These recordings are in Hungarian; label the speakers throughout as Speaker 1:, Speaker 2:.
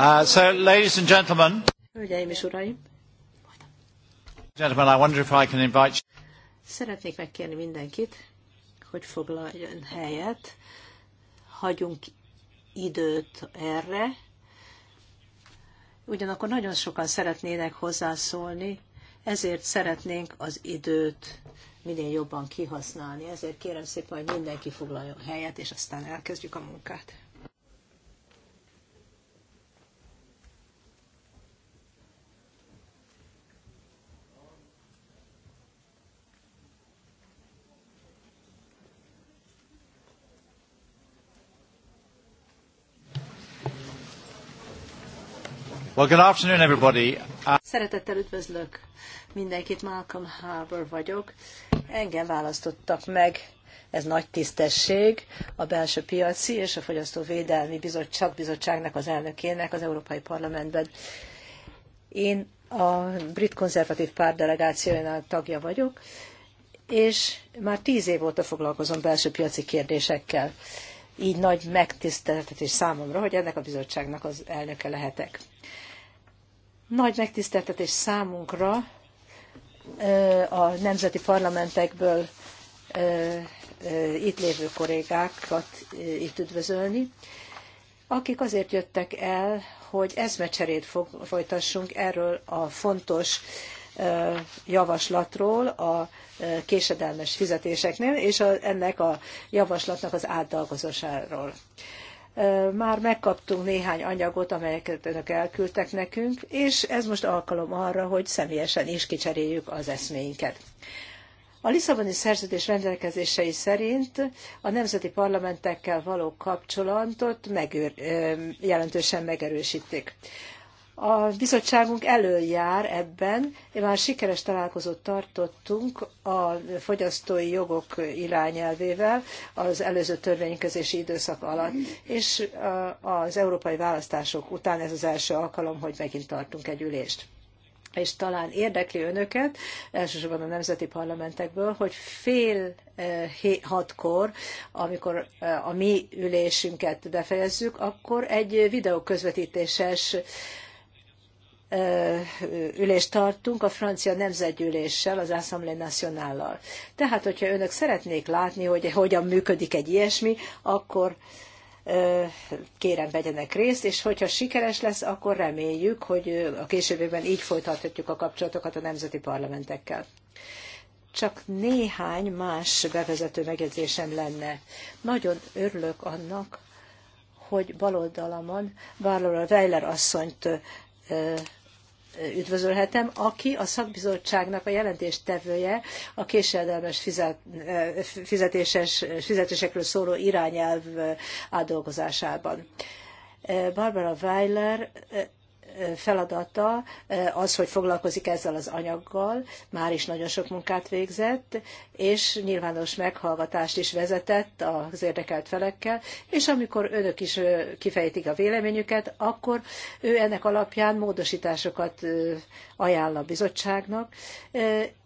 Speaker 1: Uh, so, ladies and gentlemen.
Speaker 2: Hölgyeim uraim.
Speaker 1: Gentlemen, I wonder if I can invite you.
Speaker 2: Szeretnék megkérni mindenkit, hogy foglaljon helyet. Hagyunk időt erre. Ugyanakkor nagyon sokan szeretnének hozzászólni, ezért szeretnénk az időt minél jobban kihasználni. Ezért kérem szépen, hogy mindenki foglaljon helyet, és aztán elkezdjük a munkát.
Speaker 1: Well, good afternoon, everybody.
Speaker 2: Uh, Szeretettel üdvözlök mindenkit, Malcolm Harbour vagyok. Engem választottak meg, ez nagy tisztesség, a Belső Piaci és a Fogyasztóvédelmi Bizottság bizottságnak az elnökének az Európai Parlamentben. Én a brit konzervatív párt delegációjának tagja vagyok, és már tíz év óta foglalkozom belső piaci kérdésekkel. Így nagy megtiszteltetés számomra, hogy ennek a bizottságnak az elnöke lehetek. Nagy megtiszteltetés számunkra a nemzeti parlamentekből itt lévő kollégákat itt üdvözölni, akik azért jöttek el, hogy eszmecserét folytassunk erről a fontos javaslatról a késedelmes fizetéseknél, és ennek a javaslatnak az átdolgozásáról. Már megkaptunk néhány anyagot, amelyeket önök elküldtek nekünk, és ez most alkalom arra, hogy személyesen is kicseréljük az eszméinket. A Lisszaboni szerződés rendelkezései szerint a nemzeti parlamentekkel való kapcsolatot megőr, jelentősen megerősítik. A bizottságunk előjár ebben, már sikeres találkozót tartottunk a fogyasztói jogok irányelvével az előző törvényközési időszak alatt, és az európai választások után ez az első alkalom, hogy megint tartunk egy ülést és talán érdekli önöket, elsősorban a nemzeti parlamentekből, hogy fél hatkor, amikor a mi ülésünket befejezzük, akkor egy videóközvetítéses ülést tartunk a francia nemzetgyűléssel, az Assemblée Nationallal. Tehát, hogyha önök szeretnék látni, hogy hogyan működik egy ilyesmi, akkor kérem vegyenek részt, és hogyha sikeres lesz, akkor reméljük, hogy a későbbiben így folytathatjuk a kapcsolatokat a nemzeti parlamentekkel. Csak néhány más bevezető megjegyzésem lenne. Nagyon örülök annak, hogy baloldalamon Bárlóra Weiler asszonyt üdvözölhetem, aki a szakbizottságnak a jelentéstevője a késedelmes fizetéses, fizetésekről szóló irányelv átdolgozásában. Barbara Weiler feladata eh, az, hogy foglalkozik ezzel az anyaggal, már is nagyon sok munkát végzett, és nyilvános meghallgatást is vezetett az érdekelt felekkel, és amikor önök is eh, kifejtik a véleményüket, akkor ő ennek alapján módosításokat eh, ajánl a bizottságnak,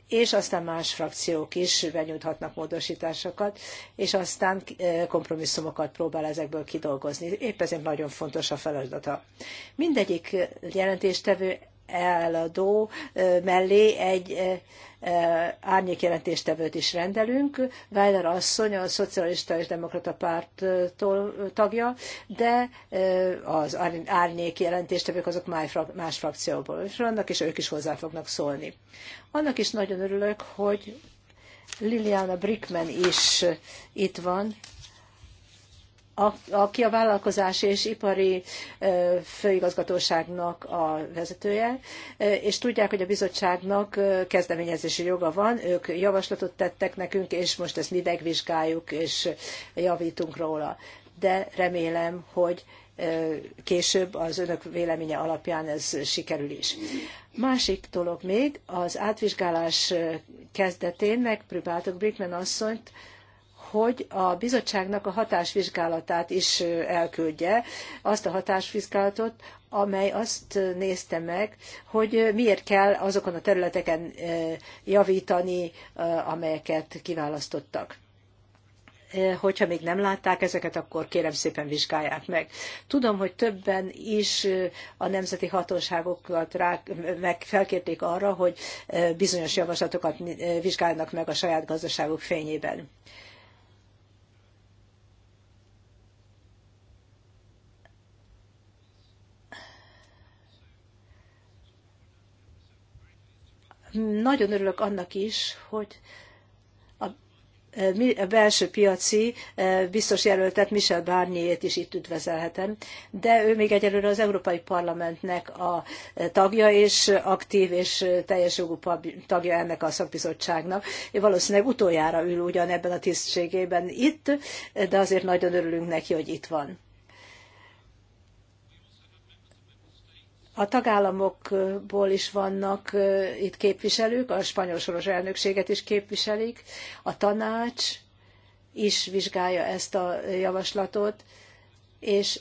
Speaker 2: és aztán más frakciók is benyújthatnak módosításokat, és aztán eh, kompromisszumokat próbál ezekből kidolgozni. Épp ezért nagyon fontos a feladata. Mindegyik eh, jelentéstevő eladó mellé egy árnyékjelentéstevőt is rendelünk. Weiler asszony a Szocialista és Demokrata Párt tagja, de az árnyékjelentéstevők azok más frakcióból is vannak, és ők is hozzá fognak szólni. Annak is nagyon örülök, hogy Liliana Brickman is itt van, aki a vállalkozás és ipari főigazgatóságnak a vezetője, és tudják, hogy a bizottságnak kezdeményezési joga van, ők javaslatot tettek nekünk, és most ezt mi megvizsgáljuk, és javítunk róla. De remélem, hogy később az önök véleménye alapján ez sikerül is. Másik dolog még, az átvizsgálás kezdetén megpróbáltuk Brickman asszonyt, hogy a bizottságnak a hatásvizsgálatát is elküldje, azt a hatásvizsgálatot, amely azt nézte meg, hogy miért kell azokon a területeken javítani, amelyeket kiválasztottak hogyha még nem látták ezeket, akkor kérem szépen vizsgálják meg. Tudom, hogy többen is a nemzeti hatóságokat rá, meg felkérték arra, hogy bizonyos javaslatokat vizsgálnak meg a saját gazdaságuk fényében. Nagyon örülök annak is, hogy a, e, belső piaci e, biztos jelöltet Michel Barnier-t is itt üdvözelhetem, de ő még egyelőre az Európai Parlamentnek a e, tagja, és aktív és teljes jogú tagja ennek a szakbizottságnak. Én valószínűleg utoljára ül ugyan ebben a tisztségében itt, de azért nagyon örülünk neki, hogy itt van A tagállamokból is vannak itt képviselők, a spanyol soros elnökséget is képviselik, a tanács is vizsgálja ezt a javaslatot, és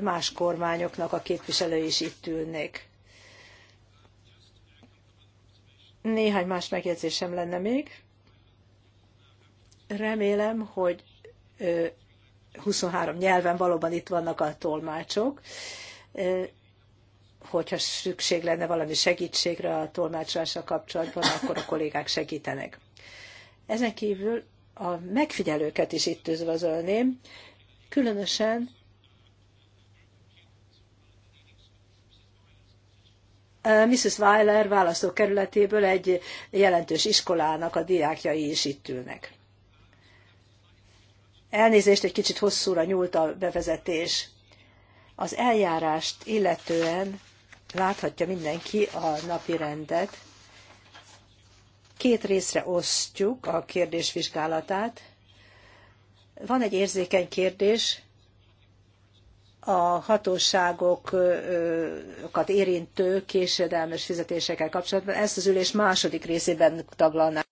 Speaker 2: más kormányoknak a képviselői is itt ülnek. Néhány más megjegyzésem lenne még. Remélem, hogy 23 nyelven valóban itt vannak a tolmácsok hogyha szükség lenne valami segítségre a tolmácsolással kapcsolatban, akkor a kollégák segítenek. Ezen kívül a megfigyelőket is itt üzvözölném, különösen Mrs. Weiler választókerületéből egy jelentős iskolának a diákjai is itt ülnek. Elnézést, egy kicsit hosszúra nyúlt a bevezetés. Az eljárást illetően láthatja mindenki a napi rendet. Két részre osztjuk a kérdés vizsgálatát. Van egy érzékeny kérdés, a hatóságokat érintő késedelmes fizetésekkel kapcsolatban. Ezt az ülés második részében taglalnák.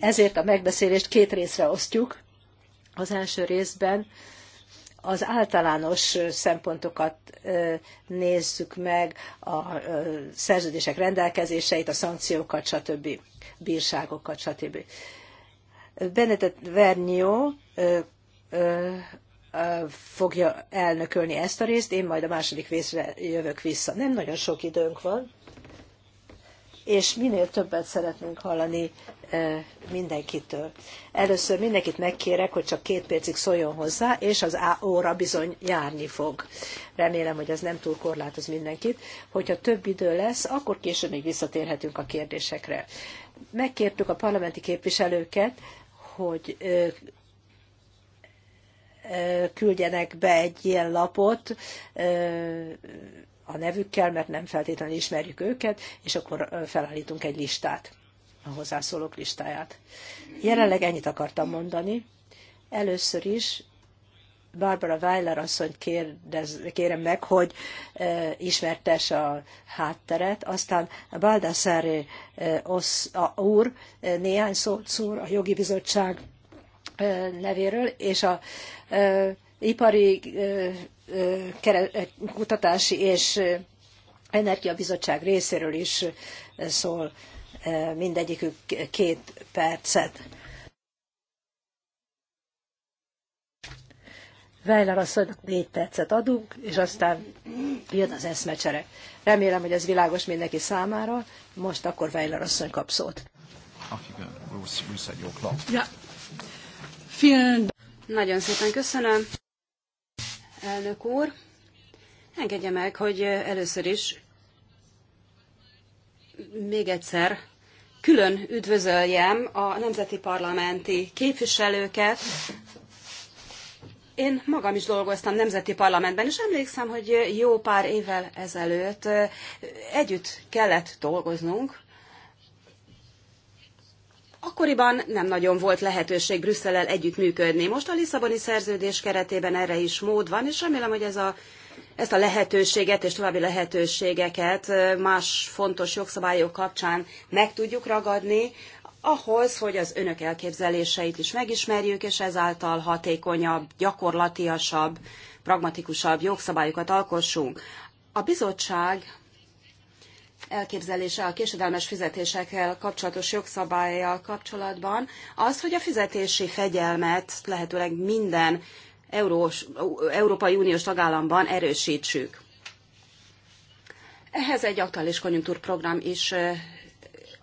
Speaker 2: Ezért a megbeszélést két részre osztjuk. Az első részben az általános szempontokat nézzük meg, a szerződések rendelkezéseit, a szankciókat, stb. bírságokat, stb. Benedett vernio fogja elnökölni ezt a részt, én majd a második részre jövök vissza. Nem nagyon sok időnk van, és minél többet szeretnénk hallani mindenkitől. Először mindenkit megkérek, hogy csak két percig szóljon hozzá, és az óra bizony járni fog. Remélem, hogy ez nem túl korlátoz mindenkit. Hogyha több idő lesz, akkor később még visszatérhetünk a kérdésekre. Megkértük a parlamenti képviselőket, hogy küldjenek be egy ilyen lapot, a nevükkel, mert nem feltétlenül ismerjük őket, és akkor felállítunk egy listát, a hozzászólók listáját. Jelenleg ennyit akartam mondani. Először is Barbara Weiler asszonyt kérdez, kérem meg, hogy e, ismertes a hátteret, aztán Baldassare e, osz, a, úr e, néhány szót szúr a jogi bizottság e, nevéről, és a e, ipari e, kutatási és energiabizottság részéről is szól mindegyikük két percet. Weiler asszonynak négy percet adunk, és aztán jön az eszmecsere. Remélem, hogy ez világos mindenki számára. Most akkor Weiler asszony
Speaker 3: kap szót. Nagyon szépen köszönöm elnök úr. Engedje meg, hogy először is még egyszer külön üdvözöljem a nemzeti parlamenti képviselőket. Én magam is dolgoztam nemzeti parlamentben, és emlékszem, hogy jó pár évvel ezelőtt együtt kellett dolgoznunk, Akkoriban nem nagyon volt lehetőség Brüsszellel együttműködni. Most a Lisszaboni szerződés keretében erre is mód van, és remélem, hogy ez a, ezt a lehetőséget és további lehetőségeket más fontos jogszabályok kapcsán meg tudjuk ragadni, ahhoz, hogy az önök elképzeléseit is megismerjük, és ezáltal hatékonyabb, gyakorlatiasabb, pragmatikusabb jogszabályokat alkossunk. A bizottság elképzelése a késedelmes fizetésekkel kapcsolatos jogszabályjal kapcsolatban az, hogy a fizetési fegyelmet lehetőleg minden Eurós, Európai Uniós tagállamban erősítsük. Ehhez egy aktuális konjunktúrprogram is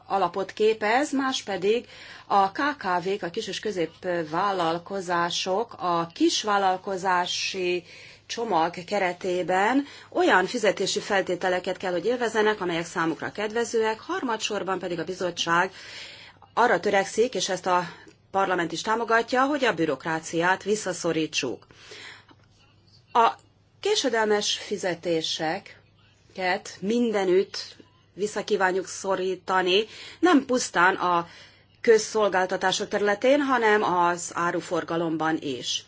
Speaker 3: alapot képez, más pedig a KKV-k, a kis és középvállalkozások, a kisvállalkozási csomag keretében olyan fizetési feltételeket kell, hogy élvezenek, amelyek számukra kedvezőek, harmadsorban pedig a bizottság arra törekszik, és ezt a parlament is támogatja, hogy a bürokráciát visszaszorítsuk. A késedelmes fizetéseket mindenütt visszakívánjuk szorítani, nem pusztán a közszolgáltatások területén, hanem az áruforgalomban is.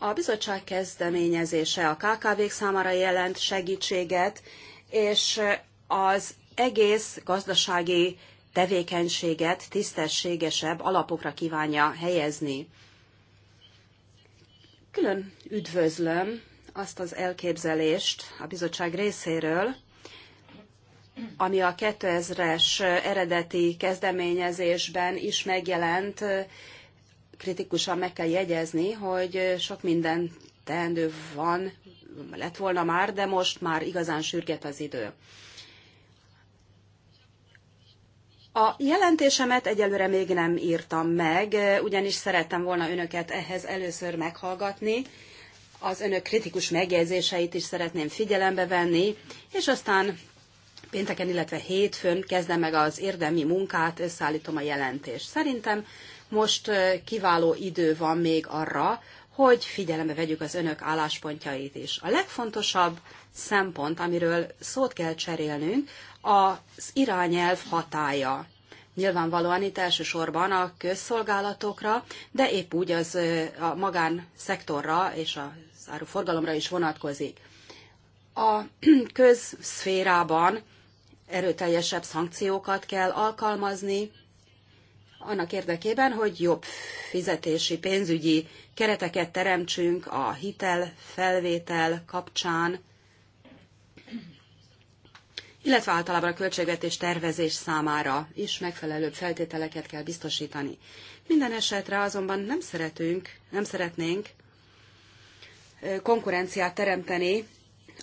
Speaker 3: A bizottság kezdeményezése a KKV-k számára jelent segítséget, és az egész gazdasági tevékenységet tisztességesebb alapokra kívánja helyezni. Külön üdvözlöm azt az elképzelést a bizottság részéről, ami a 2000-es eredeti kezdeményezésben is megjelent, kritikusan meg kell jegyezni, hogy sok minden teendő van, lett volna már, de most már igazán sürget az idő. A jelentésemet egyelőre még nem írtam meg, ugyanis szerettem volna önöket ehhez először meghallgatni. Az önök kritikus megjegyzéseit is szeretném figyelembe venni, és aztán pénteken, illetve hétfőn kezdem meg az érdemi munkát, összeállítom a jelentést. Szerintem most kiváló idő van még arra, hogy figyelembe vegyük az önök álláspontjait is. A legfontosabb szempont, amiről szót kell cserélnünk, az irányelv hatája. Nyilvánvalóan itt elsősorban a közszolgálatokra, de épp úgy az a magánszektorra és a áruforgalomra is vonatkozik. A közszférában erőteljesebb szankciókat kell alkalmazni, annak érdekében, hogy jobb fizetési pénzügyi kereteket teremtsünk a hitel felvétel kapcsán, illetve általában a költségvetés tervezés számára is megfelelőbb feltételeket kell biztosítani. Minden esetre azonban nem szeretünk, nem szeretnénk konkurenciát teremteni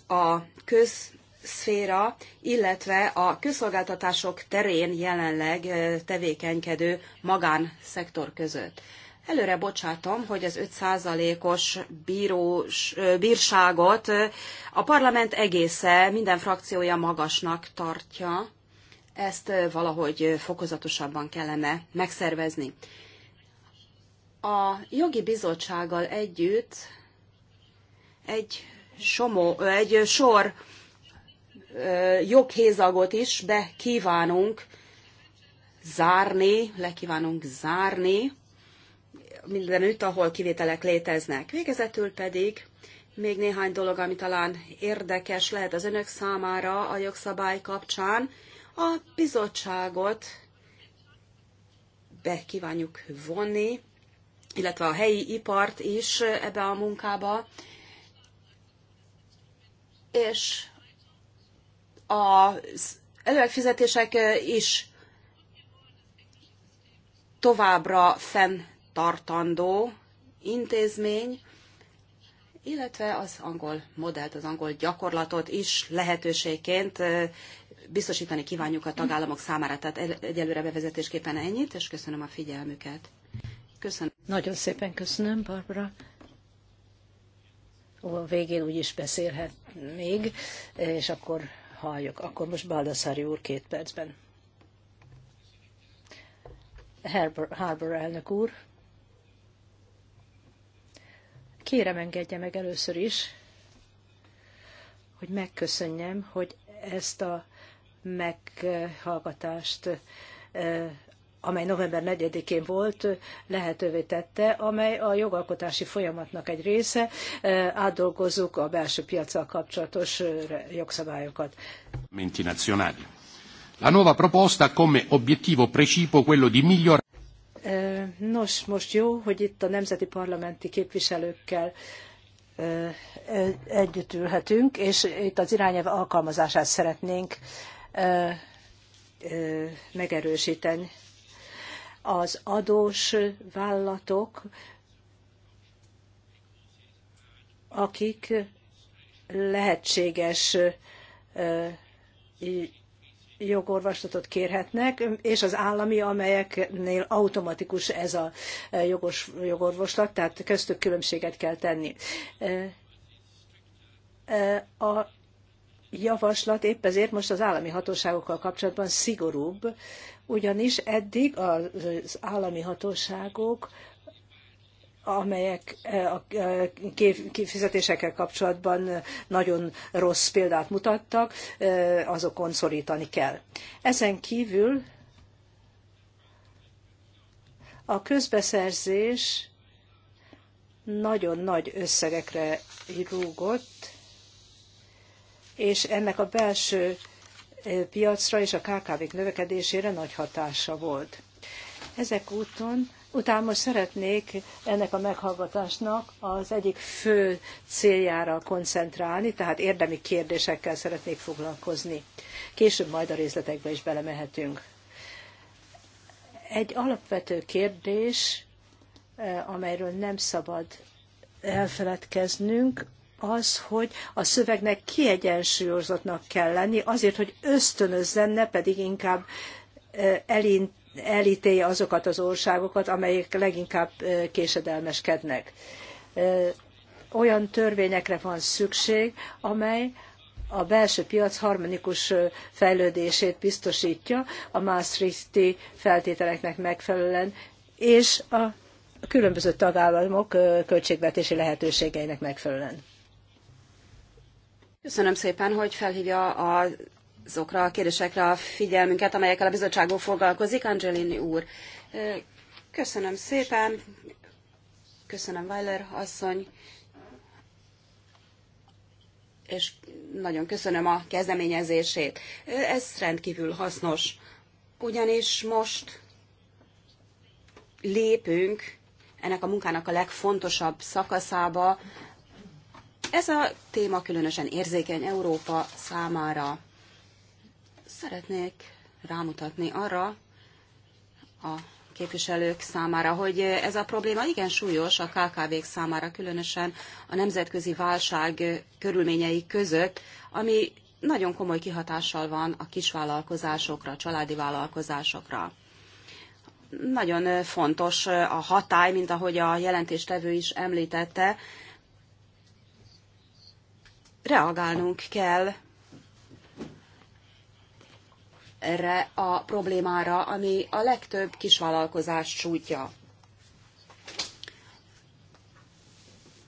Speaker 3: a köz szféra, illetve a közszolgáltatások terén jelenleg tevékenykedő magánszektor között. Előre bocsátom, hogy az 5%-os bírós, bírságot a parlament egésze, minden frakciója magasnak tartja. Ezt valahogy fokozatosabban kellene megszervezni. A jogi bizottsággal együtt egy, somó, egy sor joghézagot is be kívánunk zárni, le kívánunk zárni mindenütt, ahol kivételek léteznek. Végezetül pedig még néhány dolog, ami talán érdekes lehet az önök számára a jogszabály kapcsán. A bizottságot be kívánjuk vonni, illetve a helyi ipart is ebbe a munkába, és az előfizetések is továbbra fenntartandó intézmény, illetve az angol modellt, az angol gyakorlatot is lehetőségként biztosítani kívánjuk a tagállamok számára. Tehát egyelőre bevezetésképpen ennyit, és köszönöm a figyelmüket. Köszönöm. Nagyon szépen köszönöm, Barbara. Ó, a végén úgy is beszélhet még,
Speaker 2: és akkor halljuk. Akkor most Baldassari úr két percben. Harbour, Harbour elnök úr, kérem engedje meg először is, hogy megköszönjem, hogy ezt a meghallgatást eh, amely november 4-én volt, lehetővé tette, amely a jogalkotási folyamatnak egy része, e, átdolgozzuk a belső piacsal kapcsolatos e, jogszabályokat.
Speaker 1: Menti La nuova proposta come obiettivo precipuo quello di migliorare
Speaker 2: Nos, most jó, hogy itt a nemzeti parlamenti képviselőkkel e, együtt ülhetünk, és itt az irányelv alkalmazását szeretnénk megerősíteni az adós vállalatok, akik lehetséges jogorvoslatot kérhetnek, és az állami, amelyeknél automatikus ez a jogos, jogorvoslat, tehát köztük különbséget kell tenni. A javaslat épp ezért most az állami hatóságokkal kapcsolatban szigorúbb, ugyanis eddig az állami hatóságok amelyek eh, a eh, kifizetésekkel kapcsolatban nagyon rossz példát mutattak, eh, azokon szorítani kell. Ezen kívül a közbeszerzés nagyon nagy összegekre rúgott, és ennek a belső piacra és a KKV-k növekedésére nagy hatása volt. Ezek úton Utána most szeretnék ennek a meghallgatásnak az egyik fő céljára koncentrálni, tehát érdemi kérdésekkel szeretnék foglalkozni. Később majd a részletekbe is belemehetünk. Egy alapvető kérdés, eh, amelyről nem szabad elfeledkeznünk, az, hogy a szövegnek kiegyensúlyozottnak kell lenni, azért, hogy ösztönözzen, ne pedig inkább elint elítélje azokat az országokat, amelyek leginkább késedelmeskednek. Olyan törvényekre van szükség, amely a belső piac harmonikus fejlődését biztosítja a Maastrichti feltételeknek megfelelően, és a különböző tagállamok költségvetési lehetőségeinek megfelelően.
Speaker 3: Köszönöm szépen, hogy felhívja azokra a kérdésekre a figyelmünket, amelyekkel a bizottságunk foglalkozik. Angelini úr, köszönöm szépen, köszönöm Weiler asszony, és nagyon köszönöm a kezdeményezését. Ez rendkívül hasznos, ugyanis most lépünk ennek a munkának a legfontosabb szakaszába, ez a téma különösen érzékeny Európa számára. Szeretnék rámutatni arra a képviselők számára, hogy ez a probléma igen súlyos a KKV-k számára, különösen a nemzetközi válság körülményei között, ami nagyon komoly kihatással van a kisvállalkozásokra, a családi vállalkozásokra. Nagyon fontos a hatály, mint ahogy a jelentéstevő is említette, reagálnunk kell erre a problémára, ami a legtöbb kisvállalkozást sújtja.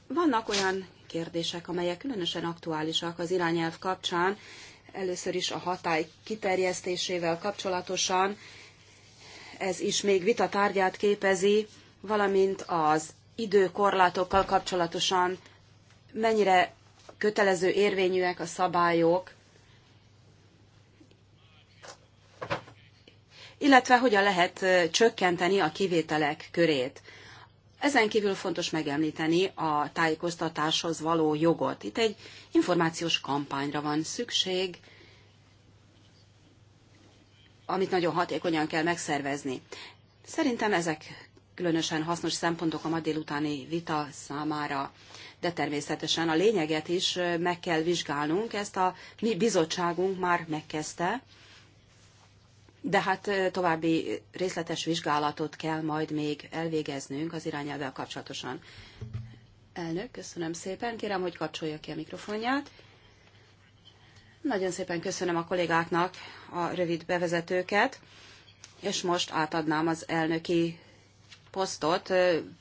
Speaker 3: Vannak olyan kérdések, amelyek különösen aktuálisak az irányelv kapcsán, először is a hatály kiterjesztésével kapcsolatosan. Ez is még vita tárgyát képezi, valamint az időkorlátokkal kapcsolatosan mennyire kötelező érvényűek a szabályok, illetve hogyan lehet csökkenteni a kivételek körét. Ezen kívül fontos megemlíteni a tájékoztatáshoz való jogot. Itt egy információs kampányra van szükség, amit nagyon hatékonyan kell megszervezni. Szerintem ezek különösen hasznos szempontok a ma délutáni vita számára de természetesen a lényeget is meg kell vizsgálnunk, ezt a mi bizottságunk már megkezdte, de hát további részletes vizsgálatot kell majd még elvégeznünk az irányelvvel kapcsolatosan. Elnök, köszönöm szépen. Kérem, hogy kapcsolja ki a mikrofonját. Nagyon szépen köszönöm a kollégáknak a rövid bevezetőket, és most átadnám az elnöki posztot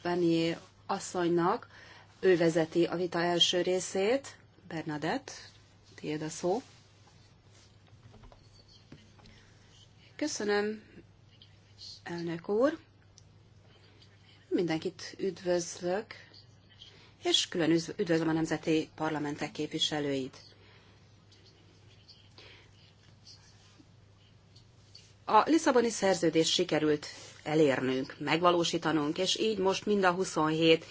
Speaker 3: Benny asszonynak, ő vezeti a vita első részét. Bernadett, tiéd a szó. Köszönöm, elnök úr. Mindenkit üdvözlök, és külön üdvözlöm a nemzeti parlamentek képviselőit. A Lisszaboni szerződés sikerült elérnünk, megvalósítanunk, és így most mind a 27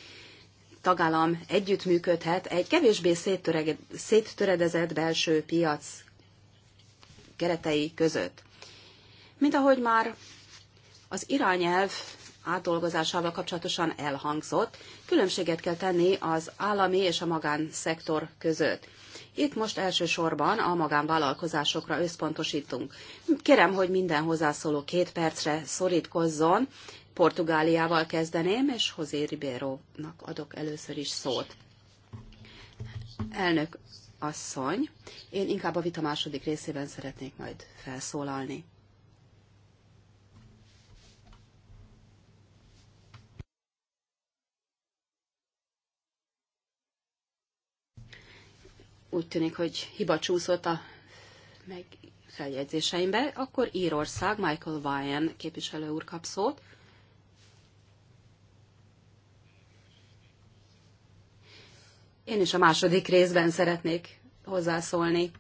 Speaker 3: tagállam együttműködhet egy kevésbé széttöredezett belső piac keretei között. Mint ahogy már az irányelv átdolgozásával kapcsolatosan elhangzott, különbséget kell tenni az állami és a magánszektor között. Itt most elsősorban a magánvállalkozásokra összpontosítunk. Kérem, hogy minden hozzászóló két percre szorítkozzon, Portugáliával kezdeném, és José ribeiro adok először is szót. Elnök asszony, én inkább a vita második részében szeretnék majd felszólalni. Úgy tűnik, hogy hiba csúszott a meg feljegyzéseimbe, akkor Írország Michael Ryan képviselő úr kap szót. Én is a második részben szeretnék hozzászólni.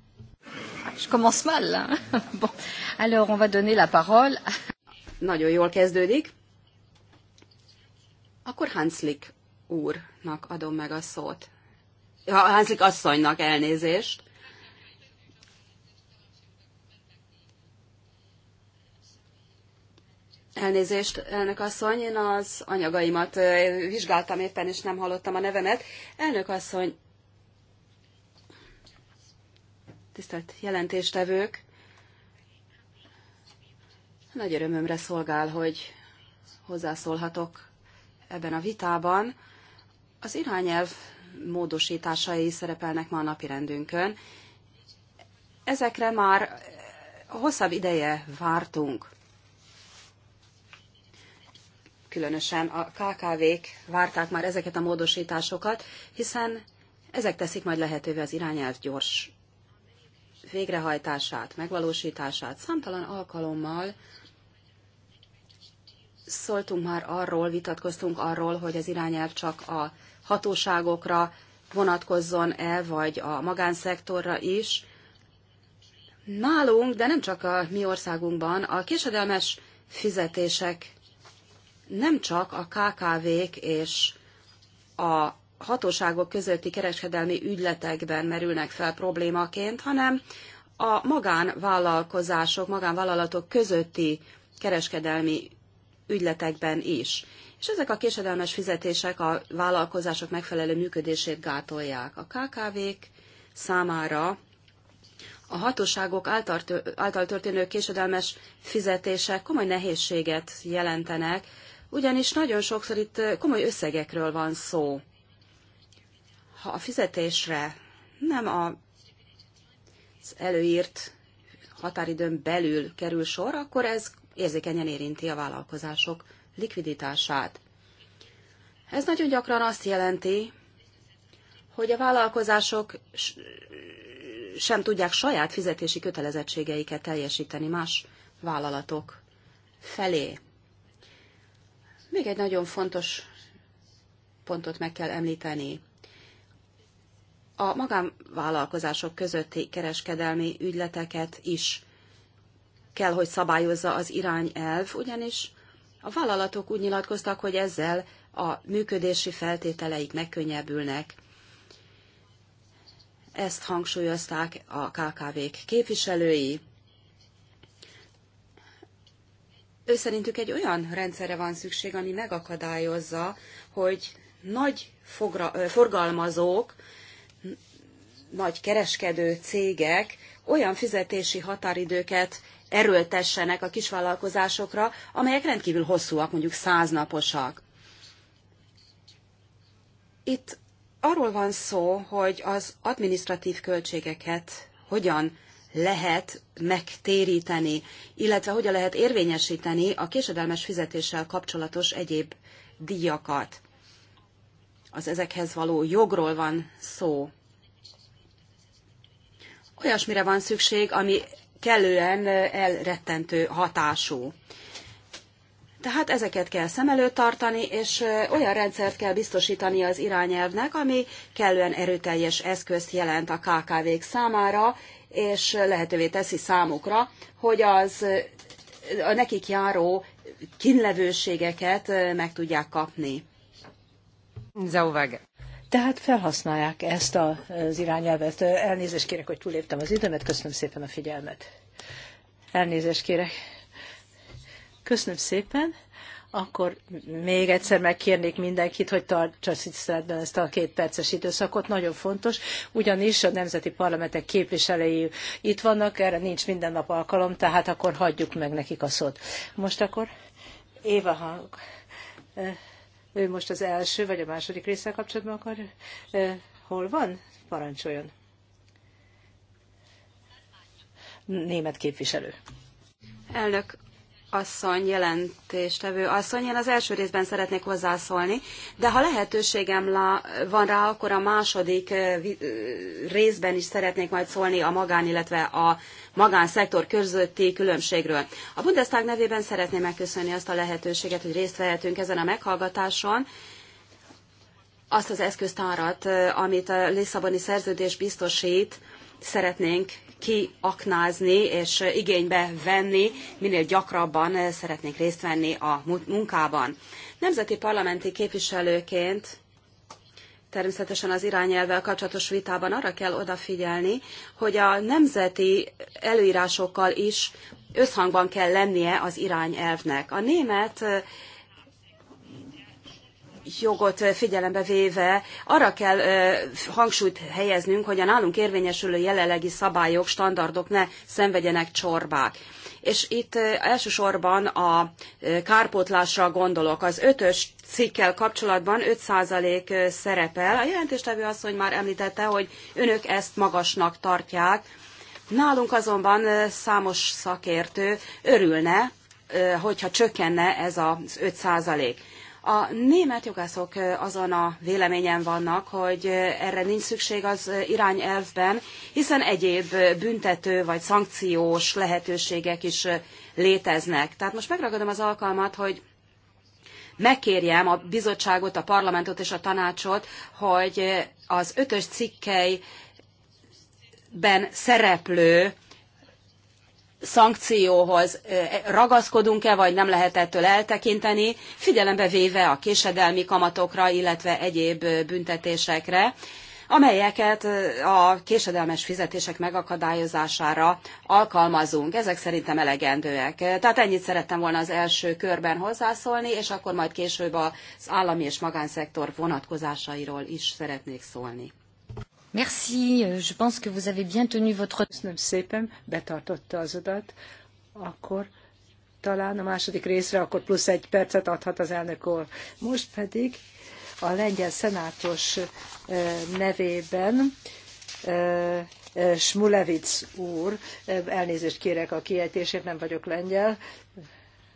Speaker 3: Je commence mal. Bon. Alors, on va donner la parole. Nagyon jól kezdődik. Akkor Hanslik úrnak adom meg a szót. Hanslik asszonynak elnézést. Elnézést, elnök asszony, én az anyagaimat vizsgáltam éppen, és nem hallottam a nevemet. Elnök asszony, tisztelt jelentéstevők, nagy örömömre szolgál, hogy hozzászólhatok ebben a vitában. Az irányelv módosításai szerepelnek ma a napirendünkön. Ezekre már hosszabb ideje vártunk különösen a KKV-k várták már ezeket a módosításokat, hiszen ezek teszik majd lehetővé az irányelv gyors végrehajtását, megvalósítását. Számtalan alkalommal szóltunk már arról, vitatkoztunk arról, hogy az irányelv csak a hatóságokra vonatkozzon-e, vagy a magánszektorra is. Nálunk, de nem csak a mi országunkban, a késedelmes fizetések nem csak a KKV-k és a hatóságok közötti kereskedelmi ügyletekben merülnek fel problémaként, hanem a magánvállalkozások, magánvállalatok közötti kereskedelmi ügyletekben is. És ezek a késedelmes fizetések a vállalkozások megfelelő működését gátolják. A KKV-k számára a hatóságok által történő késedelmes fizetések komoly nehézséget jelentenek, ugyanis nagyon sokszor itt komoly összegekről van szó. Ha a fizetésre nem a, az előírt határidőn belül kerül sor, akkor ez érzékenyen érinti a vállalkozások likviditását. Ez nagyon gyakran azt jelenti, hogy a vállalkozások sem tudják saját fizetési kötelezettségeiket teljesíteni más vállalatok felé. Még egy nagyon fontos pontot meg kell említeni. A magánvállalkozások közötti kereskedelmi ügyleteket is kell, hogy szabályozza az irányelv, ugyanis a vállalatok úgy nyilatkoztak, hogy ezzel a működési feltételeik megkönnyebbülnek. Ezt hangsúlyozták a KKV-k képviselői, ő szerintük egy olyan rendszerre van szükség, ami megakadályozza, hogy nagy fogra, forgalmazók, nagy kereskedő cégek olyan fizetési határidőket erőltessenek a kisvállalkozásokra, amelyek rendkívül hosszúak, mondjuk száznaposak. Itt arról van szó, hogy az administratív költségeket hogyan lehet megtéríteni, illetve hogyan lehet érvényesíteni a késedelmes fizetéssel kapcsolatos egyéb díjakat. Az ezekhez való jogról van szó. Olyasmire van szükség, ami kellően elrettentő hatású. Tehát ezeket kell szem előtt tartani, és olyan rendszert kell biztosítani az irányelvnek, ami kellően erőteljes eszközt jelent a KKV-k számára, és lehetővé teszi számukra, hogy az a nekik járó kínlevőségeket meg tudják kapni. Zauvage. Tehát felhasználják ezt az
Speaker 2: irányelvet. Elnézést kérek, hogy túléptem az időmet, köszönöm szépen a figyelmet. Elnézést kérek. Köszönöm szépen akkor még egyszer megkérnék mindenkit, hogy tartsa tiszteletben ezt a két perces időszakot. Nagyon fontos, ugyanis a nemzeti parlamentek képviselői itt vannak, erre nincs minden nap alkalom, tehát akkor hagyjuk meg nekik a szót. Most akkor Éva Hang, ő most az első vagy a második része kapcsolatban akar, hol van? Parancsoljon. Német képviselő.
Speaker 3: Elnök asszony, jelentéstevő asszony, én az első részben szeretnék hozzászólni, de ha lehetőségem van rá, akkor a második részben is szeretnék majd szólni a magán, illetve a magánszektor közötti különbségről. A Bundestag nevében szeretném megköszönni azt a lehetőséget, hogy részt vehetünk ezen a meghallgatáson, azt az eszköztárat, amit a Lisszaboni szerződés biztosít, szeretnénk kiaknázni és igénybe venni, minél gyakrabban szeretnék részt venni a munkában. Nemzeti parlamenti képviselőként természetesen az irányelvvel kapcsolatos vitában arra kell odafigyelni, hogy a nemzeti előírásokkal is összhangban kell lennie az irányelvnek. A német jogot figyelembe véve arra kell hangsúlyt helyeznünk, hogy a nálunk érvényesülő jelenlegi szabályok, standardok ne szenvedjenek csorbák. És itt elsősorban a kárpótlásra gondolok. Az ötös cikkel kapcsolatban 5% szerepel. A jelentéstevő asszony már említette, hogy önök ezt magasnak tartják. Nálunk azonban számos szakértő örülne, hogyha csökkenne ez az 5 százalék. A német jogászok azon a véleményen vannak, hogy erre nincs szükség az irányelvben, hiszen egyéb büntető vagy szankciós lehetőségek is léteznek. Tehát most megragadom az alkalmat, hogy megkérjem a bizottságot, a parlamentot és a tanácsot, hogy az ötös cikkelyben szereplő szankcióhoz ragaszkodunk-e, vagy nem lehet ettől eltekinteni, figyelembe véve a késedelmi kamatokra, illetve egyéb büntetésekre, amelyeket a késedelmes fizetések megakadályozására alkalmazunk. Ezek szerintem elegendőek. Tehát ennyit szerettem volna az első körben hozzászólni, és akkor majd később az állami és magánszektor vonatkozásairól is szeretnék szólni.
Speaker 2: Merci, je pense que vous avez bien tenu votre... Köszönöm szépen, betartotta az adat. Akkor talán a második részre, akkor plusz egy percet adhat az elnök úr. Most pedig a lengyel szenátos nevében Smulevic úr, elnézést kérek a kiejtésért, nem vagyok lengyel.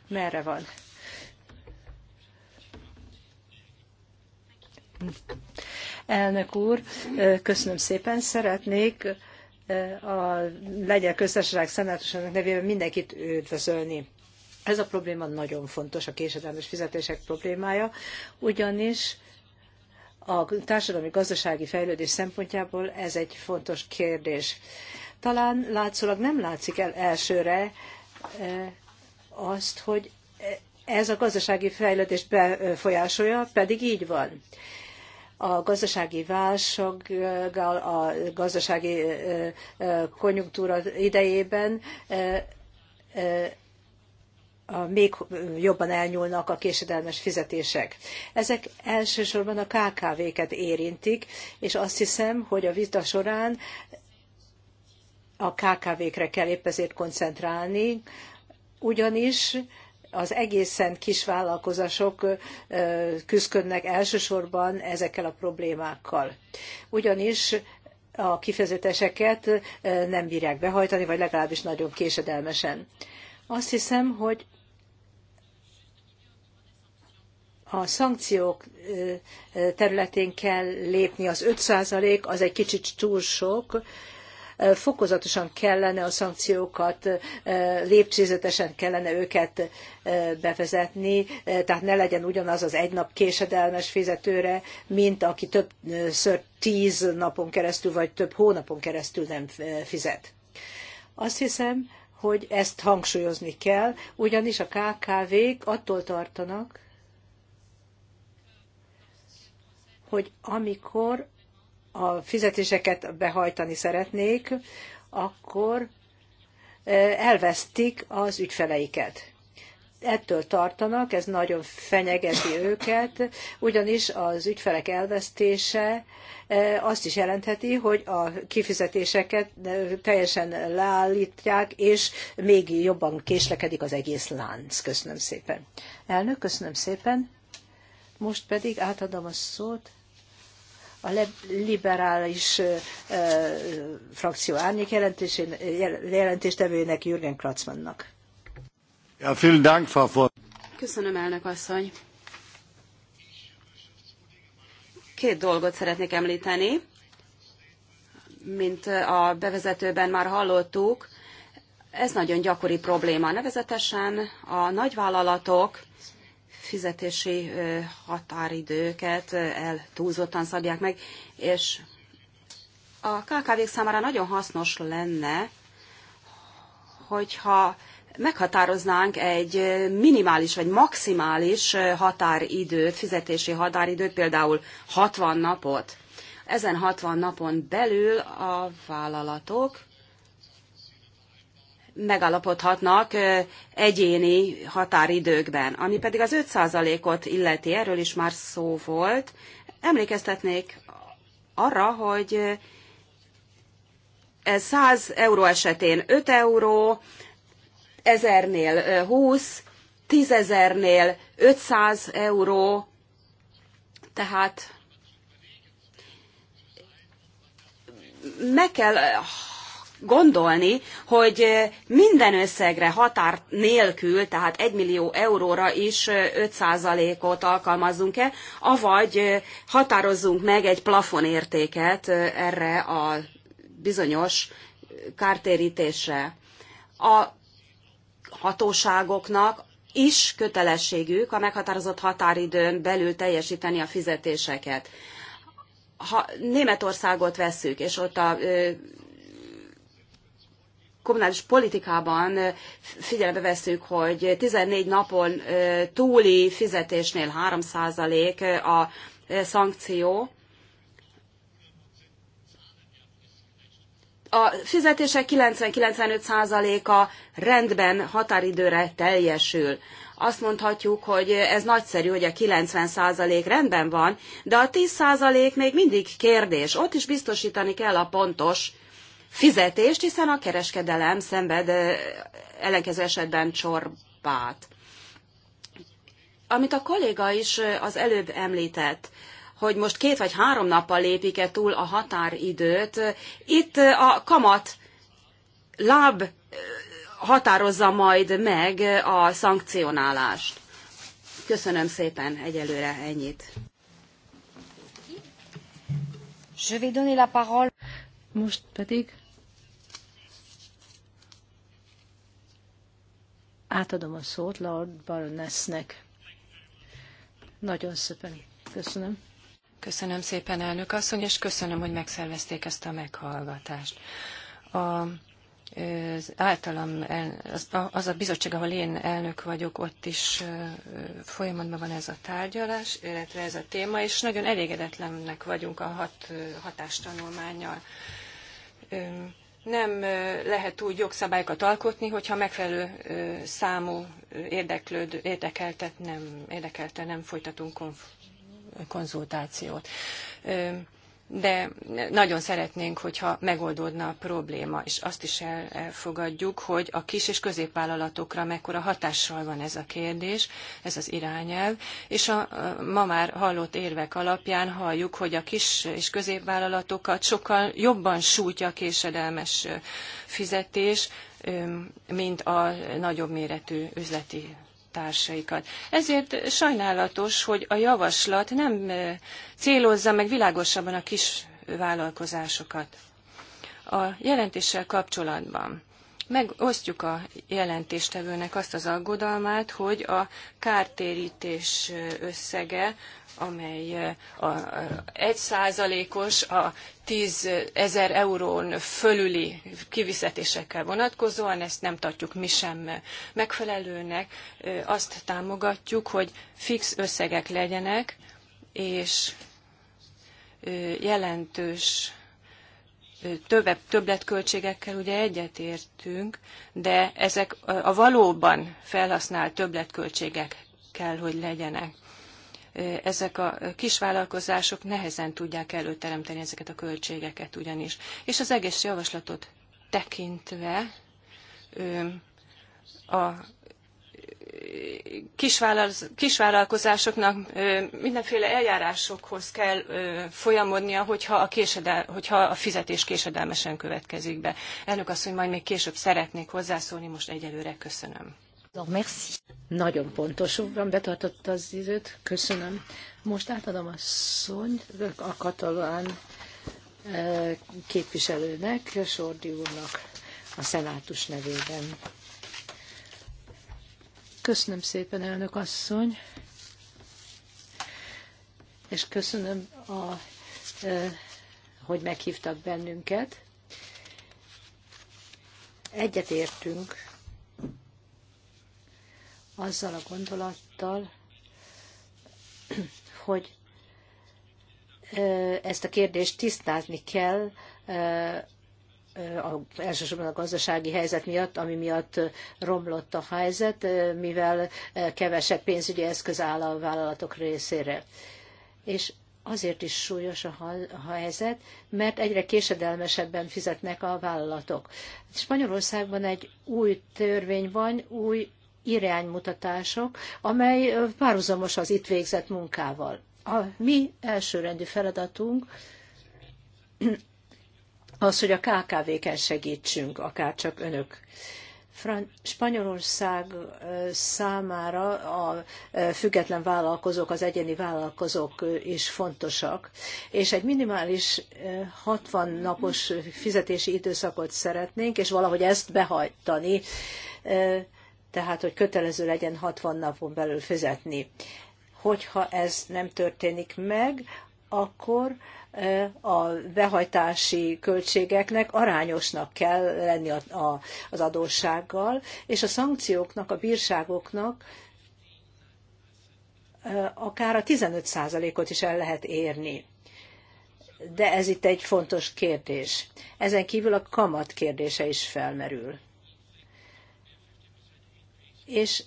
Speaker 2: Merre van? Elnök úr, köszönöm szépen. Szeretnék a Legyen Köztársaság Szenátusának nevében mindenkit üdvözölni. Ez a probléma nagyon fontos, a késedelmes fizetések problémája, ugyanis a társadalmi-gazdasági fejlődés szempontjából ez egy fontos kérdés. Talán látszólag nem látszik el elsőre azt, hogy ez a gazdasági fejlődést befolyásolja, pedig így van a gazdasági válsággal, a gazdasági konjunktúra idejében még jobban elnyúlnak a késedelmes fizetések. Ezek elsősorban a KKV-ket érintik, és azt hiszem, hogy a vita során a KKV-kre kell épp ezért koncentrálni, ugyanis az egészen kis vállalkozások küzdködnek elsősorban ezekkel a problémákkal. Ugyanis a kifizetéseket nem bírják behajtani, vagy legalábbis nagyon késedelmesen. Azt hiszem, hogy a szankciók területén kell lépni. Az 5% az egy kicsit túl sok, fokozatosan kellene a szankciókat, e, lépcsőzetesen kellene őket e, bevezetni, e, tehát ne legyen ugyanaz az egy nap késedelmes fizetőre, mint aki többször tíz napon keresztül, vagy több hónapon keresztül nem fizet. Azt hiszem, hogy ezt hangsúlyozni kell, ugyanis a KKV-k attól tartanak, hogy amikor a fizetéseket behajtani szeretnék, akkor elvesztik az ügyfeleiket. Ettől tartanak, ez nagyon fenyegeti őket, ugyanis az ügyfelek elvesztése azt is jelentheti, hogy a kifizetéseket teljesen leállítják, és még jobban késlekedik az egész lánc. Köszönöm szépen. Elnök, köszönöm szépen. Most pedig átadom a szót a liberális frakció árnyék jelentéstevőjének Jürgen Kratzmannnak.
Speaker 1: Ja, vielen Dank, Frau
Speaker 3: Köszönöm, elnök asszony. Két dolgot szeretnék említeni. Mint a bevezetőben már hallottuk, ez nagyon gyakori probléma. Nevezetesen a nagyvállalatok fizetési határidőket eltúlzottan szabják meg, és a kkv számára nagyon hasznos lenne, hogyha meghatároznánk egy minimális vagy maximális határidőt, fizetési határidőt, például 60 napot. Ezen 60 napon belül a vállalatok megállapodhatnak egyéni határidőkben. Ami pedig az 5%-ot illeti, erről is már szó volt, emlékeztetnék arra, hogy ez 100 euró esetén 5 euró, 1000-nél 20, 10.000-nél 500 euró, tehát meg kell gondolni, hogy minden összegre határ nélkül, tehát 1 millió euróra is 5%-ot alkalmazzunk-e, avagy határozzunk meg egy plafonértéket erre a bizonyos kártérítésre. A hatóságoknak is kötelességük a meghatározott határidőn belül teljesíteni a fizetéseket. Ha Németországot vesszük, és ott a kommunális politikában figyelembe veszük, hogy 14 napon túli fizetésnél 3% a szankció. A fizetések 90-95%-a rendben határidőre teljesül. Azt mondhatjuk, hogy ez nagyszerű, hogy a 90% rendben van, de a 10% még mindig kérdés. Ott is biztosítani kell a pontos fizetést, hiszen a kereskedelem szenved ellenkező esetben csorbát. Amit a kolléga is az előbb említett, hogy most két vagy három nappal lépik-e túl a határidőt, itt a kamat láb határozza majd meg a szankcionálást. Köszönöm szépen egyelőre ennyit. Je vais donner la parole. Most pedig
Speaker 2: Átadom a szót Lord Baronessnek.
Speaker 4: Nagyon szépen köszönöm. Köszönöm szépen, elnök asszony, és köszönöm, hogy megszervezték ezt a meghallgatást. A az általam az a bizottság, ahol én elnök vagyok, ott is folyamatban van ez a tárgyalás, illetve ez a téma, és nagyon elégedetlennek vagyunk a hat, hatástanulmányjal nem lehet úgy jogszabályokat alkotni, hogyha megfelelő számú érdeklődő, érdekeltet nem, érdekelte nem folytatunk konzultációt de nagyon szeretnénk, hogyha megoldódna a probléma, és azt is elfogadjuk, hogy a kis és középvállalatokra mekkora hatással van ez a kérdés, ez az irányelv, és a ma már hallott érvek alapján halljuk, hogy a kis és középvállalatokat sokkal jobban sújtja a késedelmes fizetés, mint a nagyobb méretű üzleti társaikat. Ezért sajnálatos, hogy a javaslat nem célozza meg világosabban a kis vállalkozásokat. A jelentéssel kapcsolatban megosztjuk a jelentéstevőnek azt az aggodalmát, hogy a kártérítés összege amely a, egy százalékos a 10 ezer eurón fölüli kivizetésekkel vonatkozóan, ezt nem tartjuk mi sem megfelelőnek. Azt támogatjuk, hogy fix összegek legyenek, és jelentős többet, többletköltségekkel ugye egyetértünk, de ezek a valóban felhasznált többletköltségek kell, hogy legyenek ezek a kisvállalkozások nehezen tudják előteremteni ezeket a költségeket ugyanis. És az egész javaslatot tekintve a kisvállalkozásoknak mindenféle eljárásokhoz kell folyamodnia, hogyha a, késedel, hogyha a fizetés késedelmesen következik be. Elnök asszony, majd még később szeretnék hozzászólni, most egyelőre köszönöm.
Speaker 2: Merci. Nagyon pontosan betartotta az időt, köszönöm. Most átadom a szót a katalán e, képviselőnek, Sordi úrnak a szenátus nevében. Köszönöm szépen, elnök asszony, és köszönöm, a, e, hogy meghívtak bennünket. Egyetértünk azzal a gondolattal, hogy ezt a kérdést tisztázni kell, a, elsősorban a gazdasági helyzet miatt, ami miatt romlott a helyzet, mivel kevesebb pénzügyi eszköz áll a vállalatok részére. És azért is súlyos a helyzet, mert egyre késedelmesebben fizetnek a vállalatok. Spanyolországban egy új törvény van, új iránymutatások, amely párhuzamos az itt végzett munkával. A mi elsőrendű feladatunk az, hogy a KKV-ken segítsünk, akárcsak önök. Spanyolország számára a független vállalkozók, az egyéni vállalkozók is fontosak, és egy minimális 60 napos fizetési időszakot szeretnénk, és valahogy ezt behajtani tehát hogy kötelező legyen 60 napon belül fizetni. Hogyha ez nem történik meg, akkor a behajtási költségeknek arányosnak kell lenni az adóssággal, és a szankcióknak, a bírságoknak akár a 15%-ot is el lehet érni. De ez itt egy fontos kérdés. Ezen kívül a kamat kérdése is felmerül és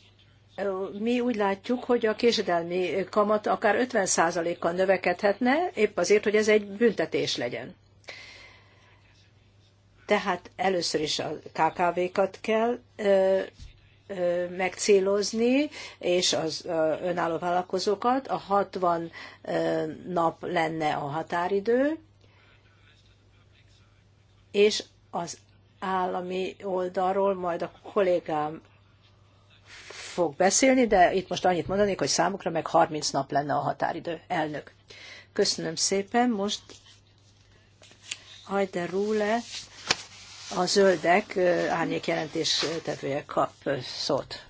Speaker 2: mi úgy látjuk, hogy a késedelmi kamat akár 50%-kal növekedhetne, épp azért, hogy ez egy büntetés legyen. Tehát először is a KKV-kat kell ö, ö, megcélozni, és az ö, önálló vállalkozókat. A 60 ö, nap lenne a határidő, és az állami oldalról majd a kollégám fog beszélni, de itt most annyit mondanék, hogy számukra meg 30 nap lenne a határidő. Elnök. Köszönöm szépen. Most Ajde Rúle, a zöldek árnyék jelentés kap szót.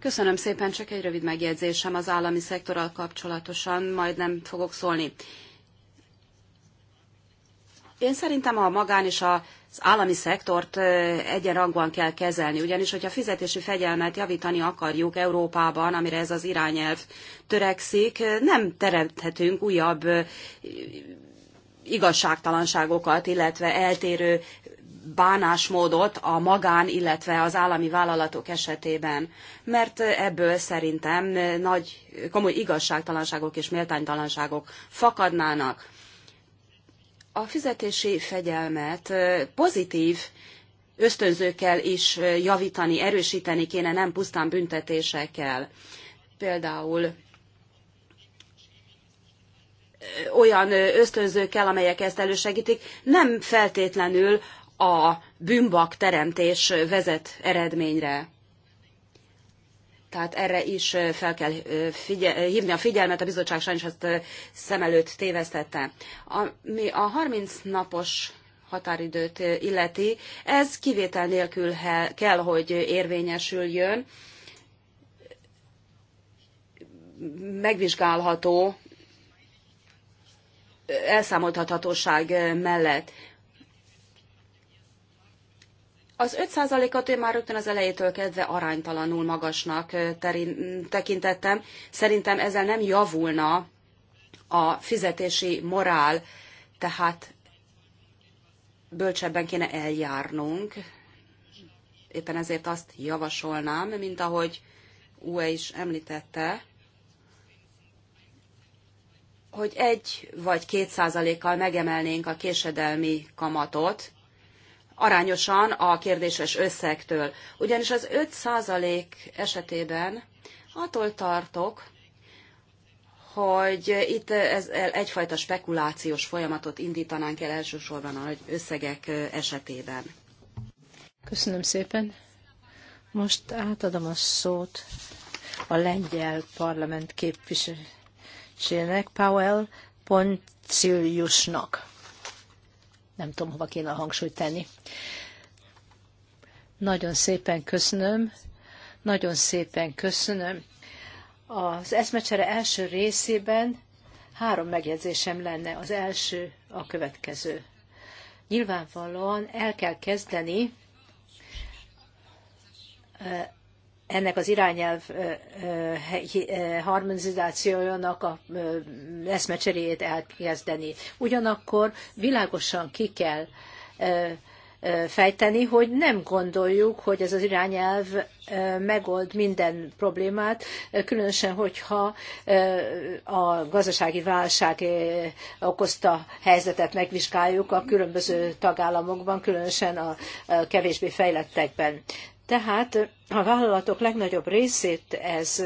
Speaker 3: Köszönöm szépen, csak egy rövid megjegyzésem az állami szektorral kapcsolatosan, majd nem fogok szólni. Én szerintem a magán és az állami szektort egyenrangúan kell kezelni, ugyanis hogyha fizetési fegyelmet javítani akarjuk Európában, amire ez az irányelv törekszik, nem teremthetünk újabb igazságtalanságokat, illetve eltérő bánásmódot a magán, illetve az állami vállalatok esetében, mert ebből szerintem nagy komoly igazságtalanságok és méltánytalanságok fakadnának a fizetési fegyelmet pozitív ösztönzőkkel is javítani, erősíteni kéne, nem pusztán büntetésekkel. Például olyan ösztönzőkkel, amelyek ezt elősegítik, nem feltétlenül a bűnbak teremtés vezet eredményre. Tehát erre is fel kell figyel, hívni a figyelmet, a bizottság sajnos ezt szem előtt tévesztette. Ami a 30 napos határidőt illeti, ez kivétel nélkül kell, hogy érvényesüljön. Megvizsgálható elszámoltathatóság mellett. Az 5%-at én már rögtön az elejétől kezdve aránytalanul magasnak terin, tekintettem. Szerintem ezzel nem javulna a fizetési morál, tehát bölcsebben kéne eljárnunk. Éppen ezért azt javasolnám, mint ahogy UE is említette, hogy egy vagy két százalékkal megemelnénk a késedelmi kamatot, arányosan a kérdéses összegtől. Ugyanis az 5% százalék esetében attól tartok, hogy itt ez egyfajta spekulációs folyamatot indítanánk el elsősorban a nagy összegek esetében.
Speaker 2: Köszönöm szépen. Most átadom a szót a lengyel parlament képviselőjének, Powell Ponciliusnak nem tudom, hova kéne a hangsúlyt tenni. Nagyon szépen köszönöm, nagyon szépen köszönöm. Az eszmecsere első részében három megjegyzésem lenne. Az első a következő. Nyilvánvalóan el kell kezdeni ennek az irányelv harmonizációjának a eszmecseréjét elkezdeni. Ugyanakkor világosan ki kell fejteni, hogy nem gondoljuk, hogy ez az irányelv megold minden problémát, különösen, hogyha a gazdasági válság okozta helyzetet megvizsgáljuk a különböző tagállamokban, különösen a kevésbé fejlettekben. Tehát a vállalatok legnagyobb részét ez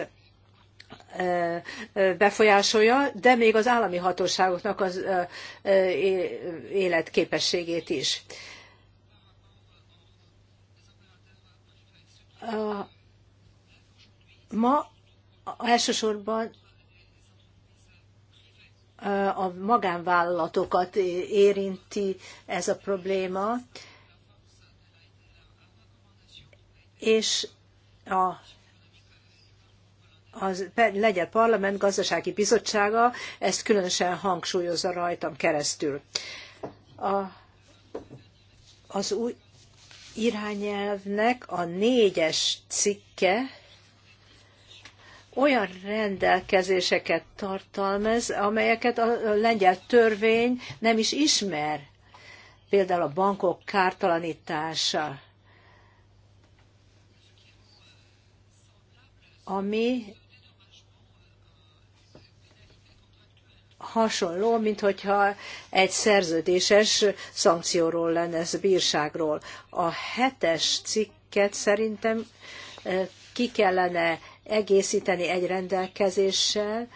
Speaker 2: befolyásolja, de még az állami hatóságoknak az életképességét is. Ma elsősorban a magánvállalatokat érinti ez a probléma, és a az legyet parlament gazdasági bizottsága ezt különösen hangsúlyozza rajtam keresztül. A, az új irányelvnek a négyes cikke olyan rendelkezéseket tartalmaz, amelyeket a lengyel törvény nem is ismer. Például a bankok kártalanítása ami hasonló, mint hogyha egy szerződéses szankcióról lenne, ez bírságról. A hetes cikket szerintem eh, ki kellene egészíteni egy rendelkezéssel,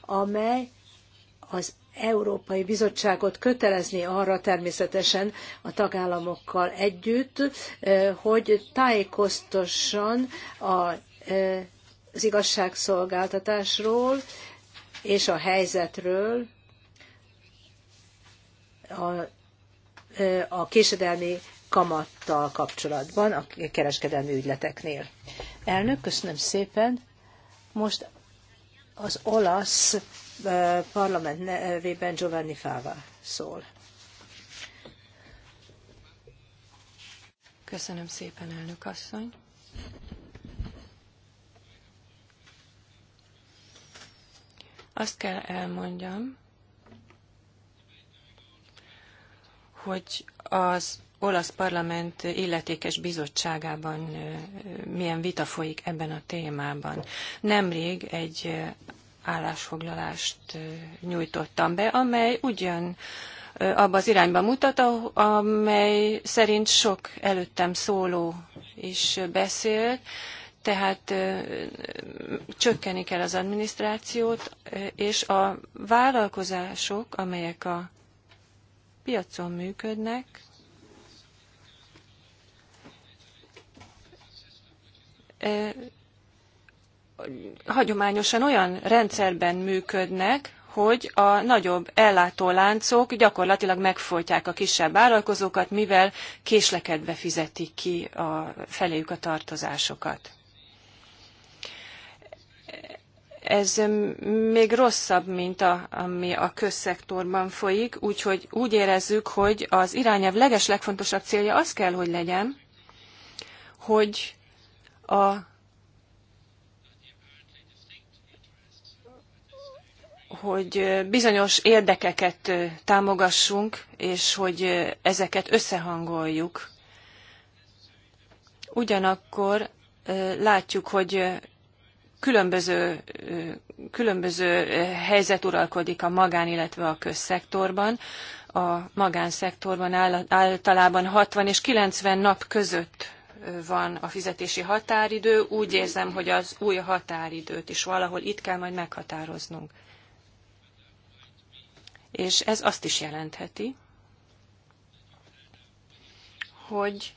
Speaker 2: amely az Európai Bizottságot kötelezni arra természetesen a tagállamokkal együtt, eh, hogy tájékoztasson a eh, az igazságszolgáltatásról és a helyzetről, a, a késedelmi kamattal kapcsolatban, a kereskedelmi ügyleteknél. Elnök, köszönöm szépen. Most az olasz parlament nevében Giovanni Fava szól.
Speaker 4: Köszönöm szépen, elnök asszony. Azt kell elmondjam, hogy az olasz parlament illetékes bizottságában milyen vita folyik ebben a témában. Nemrég egy állásfoglalást nyújtottam be, amely ugyan abba az irányba mutat, amely szerint sok előttem szóló is beszélt, tehát csökkeni kell az adminisztrációt, és a vállalkozások, amelyek a piacon működnek, hagyományosan olyan rendszerben működnek, hogy a nagyobb ellátóláncok gyakorlatilag megfolytják a kisebb vállalkozókat, mivel késlekedve fizetik ki a feléjük a tartozásokat. ez még rosszabb, mint a, ami a közszektorban folyik, úgyhogy úgy érezzük, hogy az irányelv leges legfontosabb célja az kell, hogy legyen, hogy a hogy bizonyos érdekeket támogassunk, és hogy ezeket összehangoljuk. Ugyanakkor látjuk, hogy különböző, különböző helyzet uralkodik a magán, illetve a közszektorban. A magánszektorban általában 60 és 90 nap között van a fizetési határidő. Úgy érzem, hogy az új határidőt is valahol itt kell majd meghatároznunk. És ez azt is jelentheti, hogy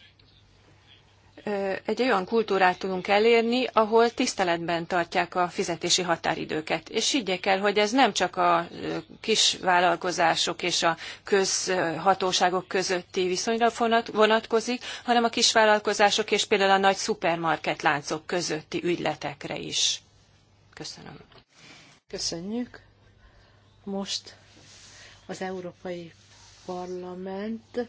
Speaker 4: egy olyan kultúrát tudunk elérni, ahol tiszteletben tartják a fizetési határidőket. És higgyék el, hogy ez nem csak a kis vállalkozások és a közhatóságok közötti viszonyra vonatkozik, hanem a kis vállalkozások és például a nagy szupermarket láncok közötti ügyletekre is. Köszönöm. Köszönjük.
Speaker 2: Most az Európai Parlament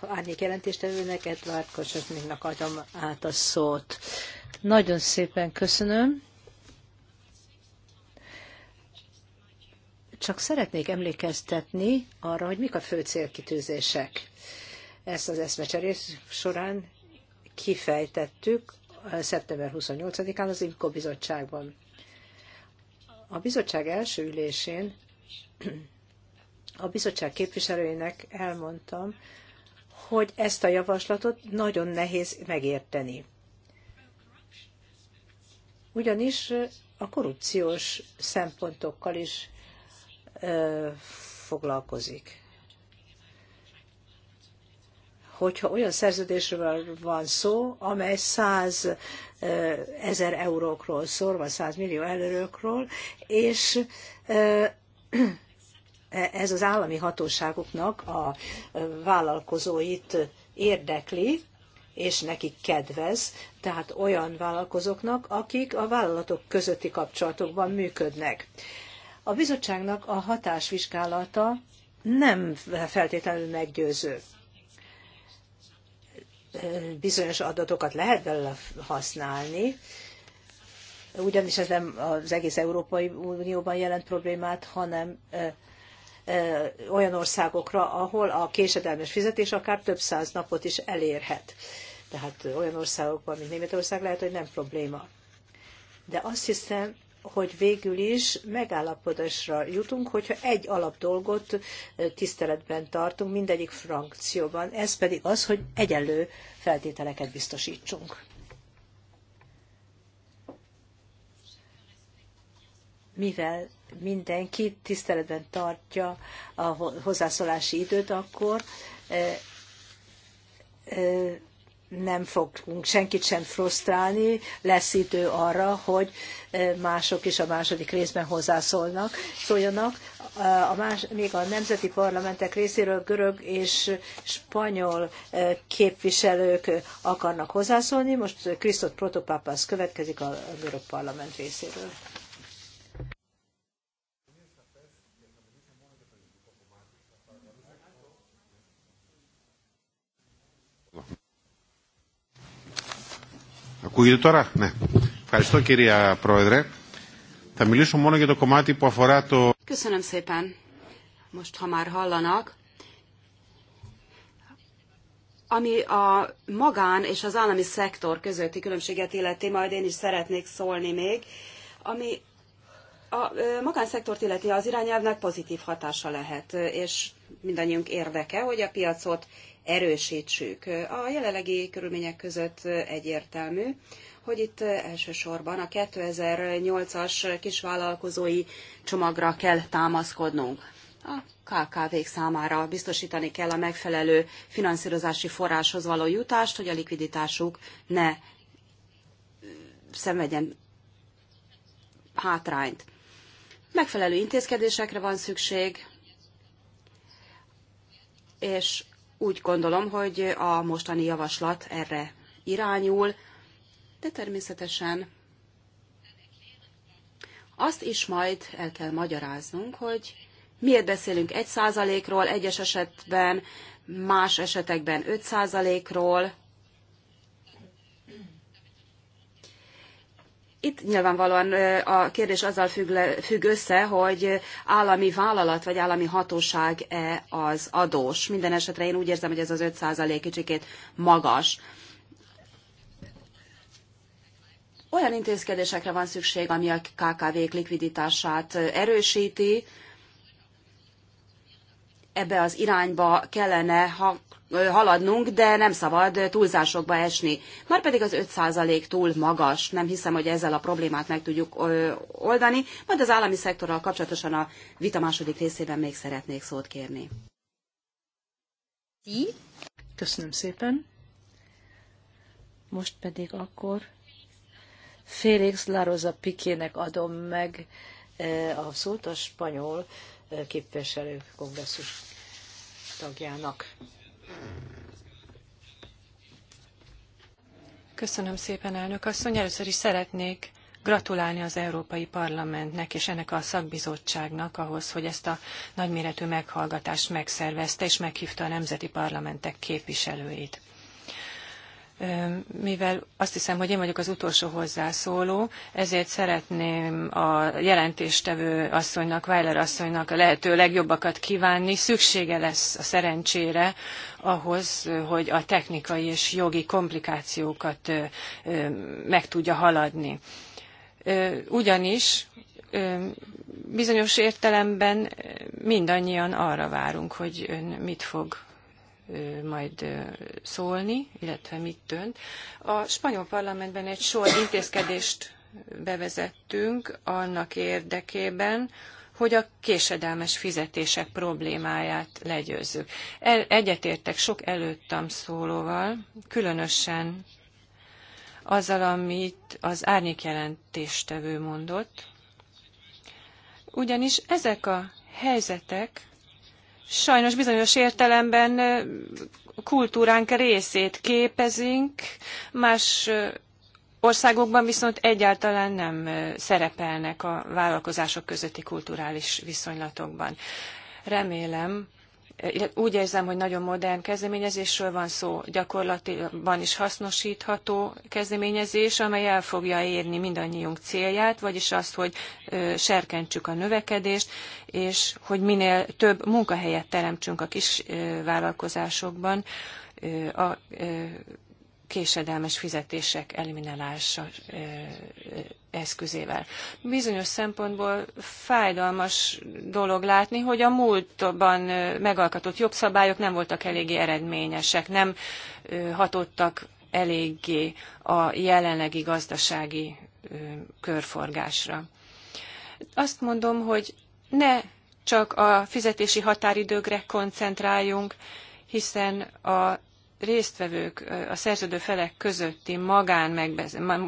Speaker 2: árnyék jelentéstevőnek, Edward Kocsosniknak adom át a szót. Nagyon szépen köszönöm. Csak szeretnék emlékeztetni arra, hogy mik a fő célkitűzések. Ezt az eszmecserés során kifejtettük szeptember 28-án az IMCO bizottságban. A bizottság első ülésén a bizottság képviselőinek elmondtam, hogy ezt a javaslatot nagyon nehéz megérteni. Ugyanis a korrupciós szempontokkal is ö, foglalkozik. Hogyha olyan szerződésről van szó, amely 100 ezer eurókról szól, vagy 100 millió eurókról, és ö, ez az állami hatóságoknak a vállalkozóit érdekli, és nekik kedvez, tehát olyan vállalkozóknak, akik a vállalatok közötti kapcsolatokban működnek. A bizottságnak a hatásvizsgálata nem feltétlenül meggyőző. Bizonyos adatokat lehet belőle használni, ugyanis ez nem az egész Európai Unióban jelent problémát, hanem olyan országokra, ahol a késedelmes fizetés akár több száz napot is elérhet. Tehát olyan országokban, mint Németország lehet, hogy nem probléma. De azt hiszem, hogy végül is megállapodásra jutunk, hogyha egy alapdolgot tiszteletben tartunk mindegyik frankcióban, ez pedig az, hogy egyenlő feltételeket biztosítsunk. Mivel mindenki tiszteletben tartja a hozzászólási időt, akkor nem fogunk senkit sem frusztrálni, lesz idő arra, hogy mások is a második részben hozzászólnak, szóljanak. A más, még a nemzeti parlamentek részéről görög és spanyol képviselők akarnak hozzászólni. Most Krisztot Protopápász következik a görög parlament részéről.
Speaker 1: Ακούγεται τώρα, ναι. Ευχαριστώ κυρία Πρόεδρε. Θα μιλήσω μόνο για το κομμάτι που αφορά το...
Speaker 3: Köszönöm szépen. Most, ha már hallanak, ami a magán és az állami szektor közötti különbséget illeti, majd én is szeretnék szólni még, ami a magánszektort illeti az irányelvnek pozitív hatása lehet, és mindannyiunk érdeke, hogy a piacot erősítsük. A jelenlegi körülmények között egyértelmű, hogy itt elsősorban a 2008-as kisvállalkozói csomagra kell támaszkodnunk. A KKV-k számára biztosítani kell a megfelelő finanszírozási forráshoz való jutást, hogy a likviditásuk ne szenvedjen hátrányt. Megfelelő intézkedésekre van szükség, és úgy gondolom, hogy a mostani javaslat erre irányul, de természetesen azt is majd el kell magyaráznunk, hogy miért beszélünk 1%-ról, egyes esetben, más esetekben 5%-ról, Itt nyilvánvalóan a kérdés azzal függ, le, függ össze, hogy állami vállalat vagy állami hatóság-e az adós. Minden esetre én úgy érzem, hogy ez az 5% kicsikét magas. Olyan intézkedésekre van szükség, ami a KKV-k likviditását erősíti, ebbe az irányba kellene ha haladnunk, de nem szabad túlzásokba esni. pedig az 5% túl magas, nem hiszem, hogy ezzel a problémát meg tudjuk oldani, majd az állami szektorral kapcsolatosan a vita második részében még szeretnék szót kérni. Köszönöm szépen.
Speaker 2: Most pedig akkor Félix Larosa Pikének adom meg a szót a spanyol képviselők kongresszus tagjának.
Speaker 4: Köszönöm szépen, elnök asszony. Először is szeretnék gratulálni az Európai Parlamentnek és ennek a szakbizottságnak ahhoz, hogy ezt a nagyméretű meghallgatást megszervezte és meghívta a nemzeti parlamentek képviselőit mivel azt hiszem, hogy én vagyok az utolsó hozzászóló, ezért szeretném a jelentéstevő asszonynak, Weiler asszonynak a lehető legjobbakat kívánni. Szüksége lesz a szerencsére ahhoz, hogy a technikai és jogi komplikációkat meg tudja haladni. Ugyanis bizonyos értelemben mindannyian arra várunk, hogy ön mit fog majd szólni, illetve mit dönt. A spanyol parlamentben egy sor intézkedést bevezettünk annak érdekében, hogy a késedelmes fizetések problémáját legyőzzük. El, egyetértek sok előttem szólóval, különösen azzal, amit az árnyékjelentéstevő mondott, ugyanis ezek a helyzetek sajnos bizonyos értelemben kultúránk részét képezünk, más országokban viszont egyáltalán nem szerepelnek a vállalkozások közötti kulturális viszonylatokban. Remélem, úgy érzem, hogy nagyon modern kezdeményezésről van szó, gyakorlatilag is hasznosítható kezdeményezés, amely el fogja érni mindannyiunk célját, vagyis azt, hogy serkentsük a növekedést, és hogy minél több munkahelyet teremtsünk a kis vállalkozásokban, a késedelmes fizetések eliminálása eszközével. Bizonyos szempontból fájdalmas dolog látni, hogy a múltban megalkotott jogszabályok nem voltak eléggé eredményesek, nem hatottak eléggé a jelenlegi gazdasági körforgásra. Azt mondom, hogy ne csak a fizetési határidőkre koncentráljunk, hiszen a résztvevők, a szerződő felek közötti magán,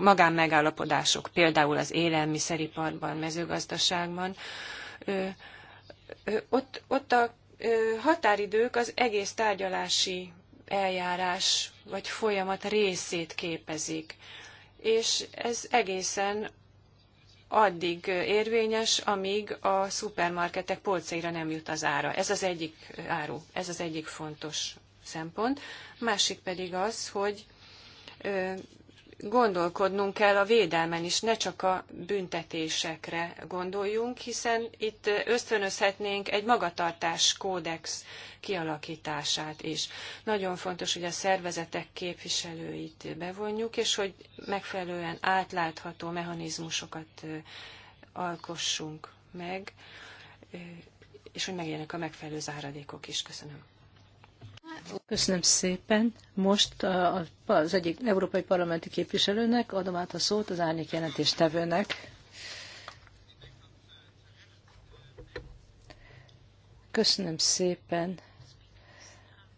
Speaker 4: magán megállapodások, például az élelmiszeriparban, mezőgazdaságban, ott, ott a határidők az egész tárgyalási eljárás vagy folyamat részét képezik. És ez egészen addig érvényes, amíg a szupermarketek polcaira nem jut az ára. Ez az egyik áru, ez az egyik fontos szempont. Másik pedig az, hogy gondolkodnunk kell a védelmen is, ne csak a büntetésekre gondoljunk, hiszen itt ösztönözhetnénk egy magatartás kódex kialakítását is. Nagyon fontos, hogy a szervezetek képviselőit bevonjuk, és hogy megfelelően átlátható mechanizmusokat alkossunk meg, és hogy megjelennek a megfelelő záradékok is. Köszönöm.
Speaker 2: Köszönöm szépen. Most az egyik európai parlamenti képviselőnek adom át a szót az árnyék jelentéstevőnek. Köszönöm szépen,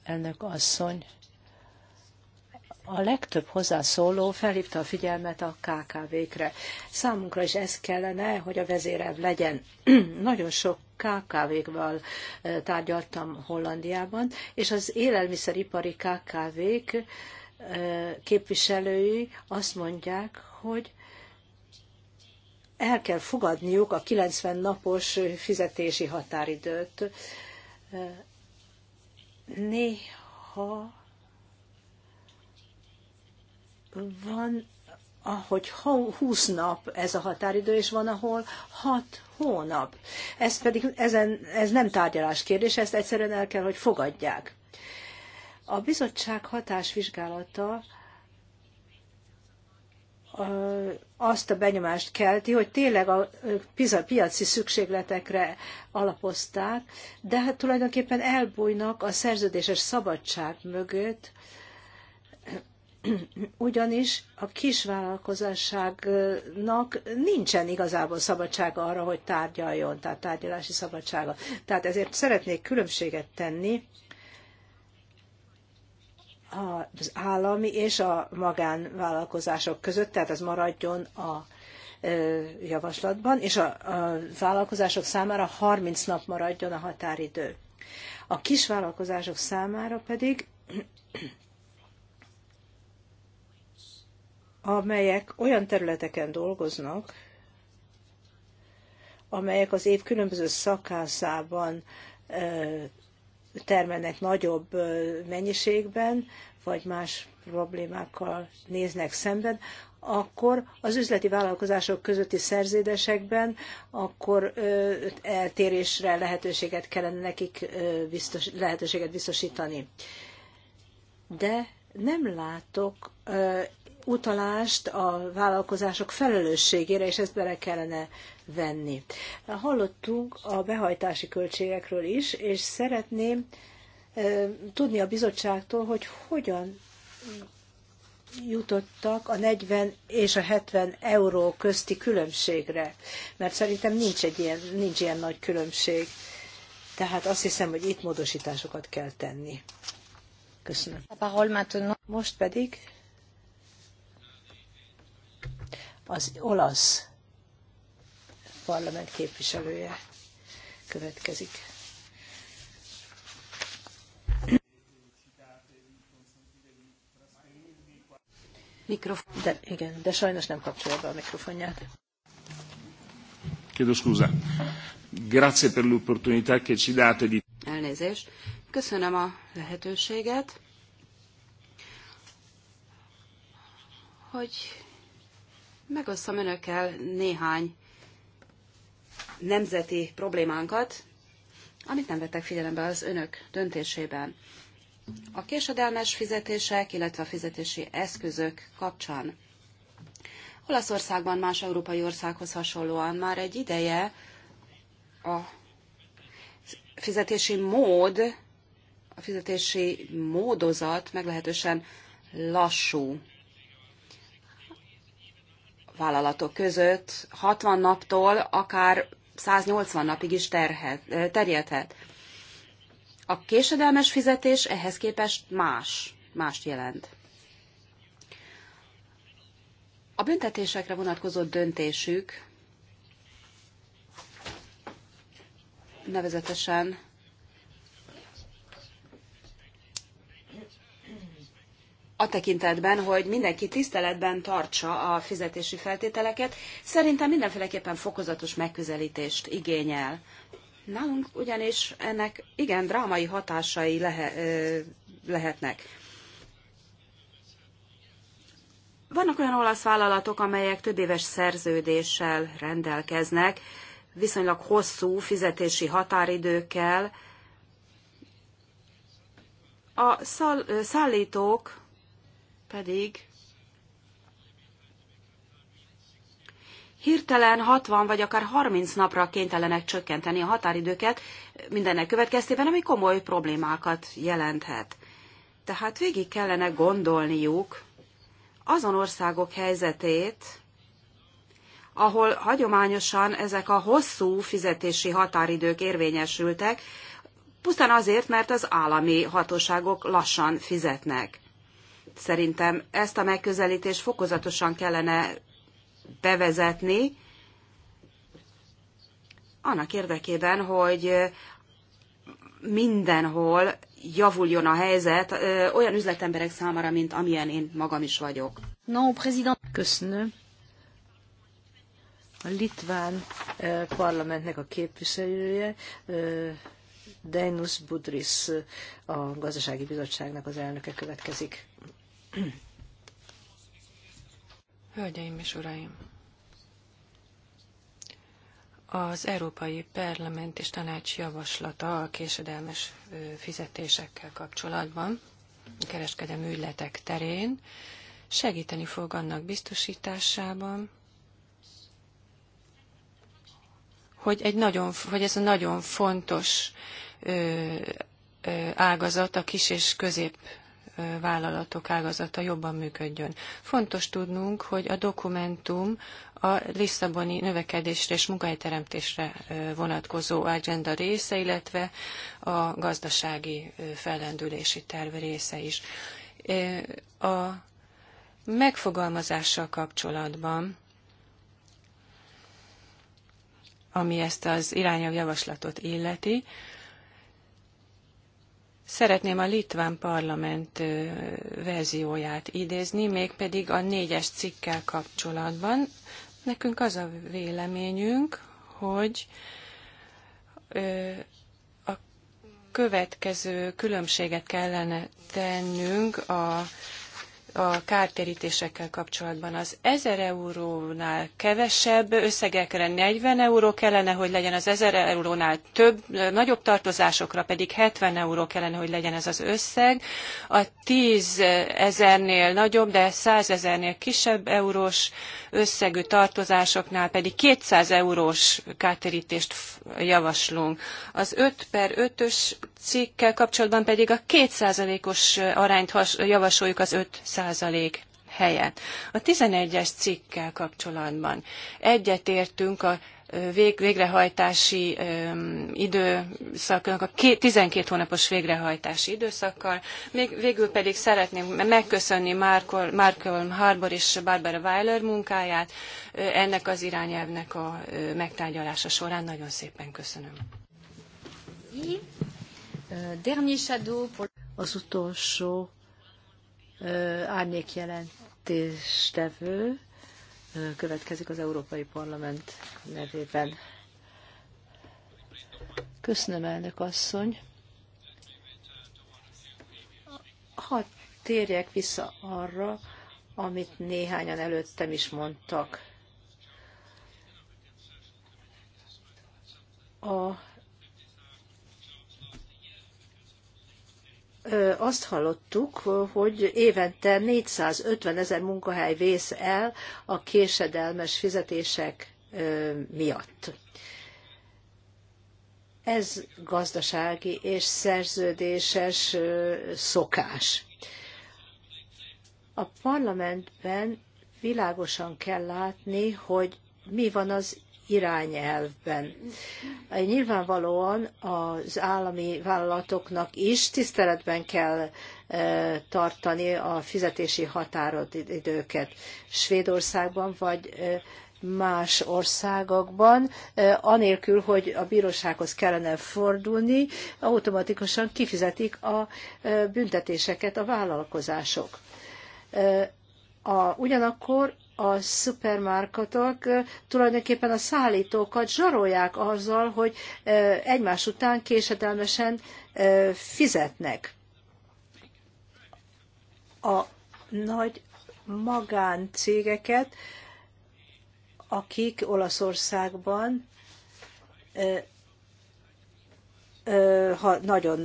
Speaker 2: elnök asszony. A legtöbb hozzászóló felhívta a figyelmet a KKV-kre. Számunkra is ez kellene, hogy a vezérelv legyen. Nagyon sok KKV-kval tárgyaltam Hollandiában, és az élelmiszeripari KKV-k képviselői azt mondják, hogy el kell fogadniuk a 90 napos fizetési határidőt. Néha van hogy 20 nap ez a határidő, és van, ahol 6 hónap. Ez pedig ezen, ez nem tárgyalás kérdése, ezt egyszerűen el kell, hogy fogadják. A bizottság hatásvizsgálata azt a benyomást kelti, hogy tényleg a piaci szükségletekre alapozták, de hát tulajdonképpen elbújnak a szerződéses szabadság mögött, ugyanis a kisvállalkozásságnak nincsen igazából szabadsága arra, hogy tárgyaljon, tehát tárgyalási szabadsága. Tehát ezért szeretnék különbséget tenni az állami és a magánvállalkozások között, tehát ez maradjon a javaslatban, és a, a vállalkozások számára 30 nap maradjon a határidő. A kisvállalkozások számára pedig amelyek olyan területeken dolgoznak, amelyek az év különböző szakaszában termelnek nagyobb mennyiségben, vagy más problémákkal néznek szemben, akkor az üzleti vállalkozások közötti szerződésekben akkor eltérésre lehetőséget kellene nekik biztos, lehetőséget biztosítani. De nem látok utalást a vállalkozások felelősségére, és ezt bele kellene venni. Hallottunk a behajtási költségekről is, és szeretném tudni a bizottságtól, hogy hogyan jutottak a 40 és a 70 euró közti különbségre, mert szerintem nincs, egy ilyen, nincs ilyen nagy különbség. Tehát azt hiszem, hogy itt módosításokat kell tenni. Köszönöm. Most pedig Az olasz parlament képviselője következik. Mikrofon. De, igen, de sajnos nem kapcsolja be a mikrofonját.
Speaker 4: Chiedo scusa. Grazie per l'opportunità che ci date di...
Speaker 3: Elnézést. Köszönöm a lehetőséget, hogy megosztom önökkel néhány nemzeti problémánkat, amit nem vettek figyelembe az önök döntésében. A késedelmes fizetések, illetve a fizetési eszközök kapcsán. Olaszországban más európai országhoz hasonlóan már egy ideje a fizetési mód, a fizetési módozat meglehetősen lassú vállalatok között 60 naptól akár 180 napig is terhet, terjedhet. A késedelmes fizetés ehhez képest más, mást jelent. A büntetésekre vonatkozó döntésük nevezetesen a tekintetben, hogy mindenki tiszteletben tartsa a fizetési feltételeket, szerintem mindenféleképpen fokozatos megközelítést igényel. Nálunk ugyanis ennek igen drámai hatásai lehe, lehetnek. Vannak olyan olasz vállalatok, amelyek több éves szerződéssel rendelkeznek, viszonylag hosszú fizetési határidőkkel. A szállítók pedig hirtelen 60 vagy akár 30 napra kénytelenek csökkenteni a határidőket mindennek következtében, ami komoly problémákat jelenthet. Tehát végig kellene gondolniuk azon országok helyzetét, ahol hagyományosan ezek a hosszú fizetési határidők érvényesültek, pusztán azért, mert az állami hatóságok lassan fizetnek szerintem ezt a megközelítést fokozatosan kellene bevezetni, annak érdekében, hogy mindenhol javuljon a helyzet olyan üzletemberek számára, mint amilyen én magam is vagyok.
Speaker 2: No, president. Köszönöm. A litván parlamentnek a képviselője, Deinus Budris, a gazdasági bizottságnak az elnöke következik.
Speaker 4: Hölgyeim és Uraim! Az Európai Parlament és Tanács javaslata a késedelmes fizetésekkel kapcsolatban, a kereskedelmi ügyletek terén segíteni fog annak biztosításában, hogy, egy nagyon, hogy ez a nagyon fontos ágazat a kis és közép vállalatok ágazata jobban működjön. Fontos tudnunk, hogy a dokumentum a Lisszaboni növekedésre és munkahelyteremtésre vonatkozó agenda része, illetve a gazdasági fellendülési terv része is. A megfogalmazással kapcsolatban ami ezt az irányelv javaslatot illeti. Szeretném a litván parlament verzióját idézni, mégpedig a négyes cikkel kapcsolatban. Nekünk az a véleményünk, hogy a következő különbséget kellene tennünk a a kártérítésekkel kapcsolatban az 1000 eurónál kevesebb összegekre 40 euró kellene, hogy legyen, az 1000 eurónál több, nagyobb tartozásokra pedig 70 euró kellene, hogy legyen ez az összeg. A 10 ezernél nagyobb, de 100 ezernél kisebb eurós összegű tartozásoknál pedig 200 eurós kártérítést javaslunk. Az 5 per 5-ös cikkkel kapcsolatban pedig a 2%-os arányt javasoljuk az 5 százalék helyett. A 11-es cikkkel kapcsolatban egyetértünk a végrehajtási időszaknak, a 12 hónapos végrehajtási időszakkal. Még, végül pedig szeretném megköszönni Malcolm, Malcolm Harbour és Barbara Weiler munkáját. Ennek az irányelvnek a megtárgyalása során nagyon szépen köszönöm. Az utolsó
Speaker 2: árnyékjelentéstevő következik az Európai Parlament nevében. Köszönöm, elnök asszony. Hadd térjek vissza arra, amit néhányan előttem is mondtak. A azt hallottuk, hogy évente 450 ezer munkahely vész el a késedelmes fizetések miatt. Ez gazdasági és szerződéses szokás. A parlamentben világosan kell látni, hogy mi van az irányelvben. Nyilvánvalóan az állami vállalatoknak is tiszteletben kell e, tartani a fizetési határidőket. Svédországban vagy e, más országokban, e, anélkül, hogy a bírósághoz kellene fordulni, automatikusan kifizetik a büntetéseket a vállalkozások. A, ugyanakkor a szupermarketok tulajdonképpen a szállítókat zsarolják azzal, hogy egymás után késedelmesen fizetnek. A nagy magáncégeket, akik Olaszországban ha nagyon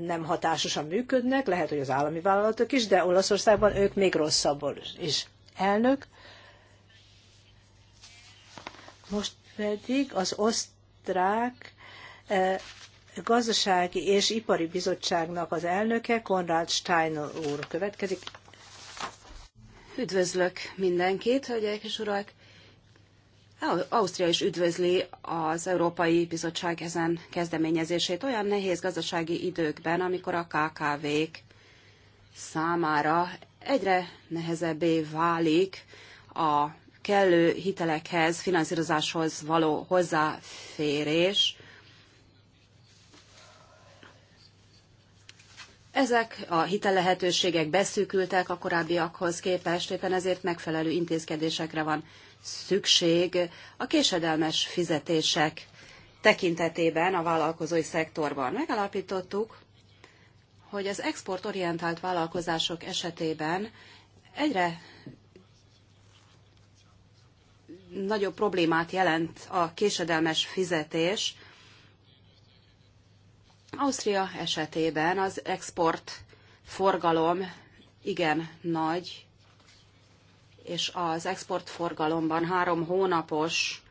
Speaker 2: nem hatásosan működnek, lehet, hogy az állami vállalatok is, de Olaszországban ők még rosszabbul is. Elnök, most pedig az osztrák gazdasági és ipari bizottságnak az elnöke, Konrad Steiner úr következik.
Speaker 3: Üdvözlök mindenkit, hölgyek és urak! Ausztria is üdvözli az Európai Bizottság ezen kezdeményezését olyan nehéz gazdasági időkben, amikor a KKV-k számára egyre nehezebbé válik a kellő hitelekhez, finanszírozáshoz való hozzáférés. Ezek a hitellehetőségek beszűkültek a korábbiakhoz képest, éppen ezért megfelelő intézkedésekre van szükség a késedelmes fizetések tekintetében a vállalkozói szektorban. Megalapítottuk, hogy az exportorientált vállalkozások esetében egyre nagyobb problémát jelent a késedelmes fizetés. Ausztria esetében az export forgalom igen nagy, és az exportforgalomban három hónapos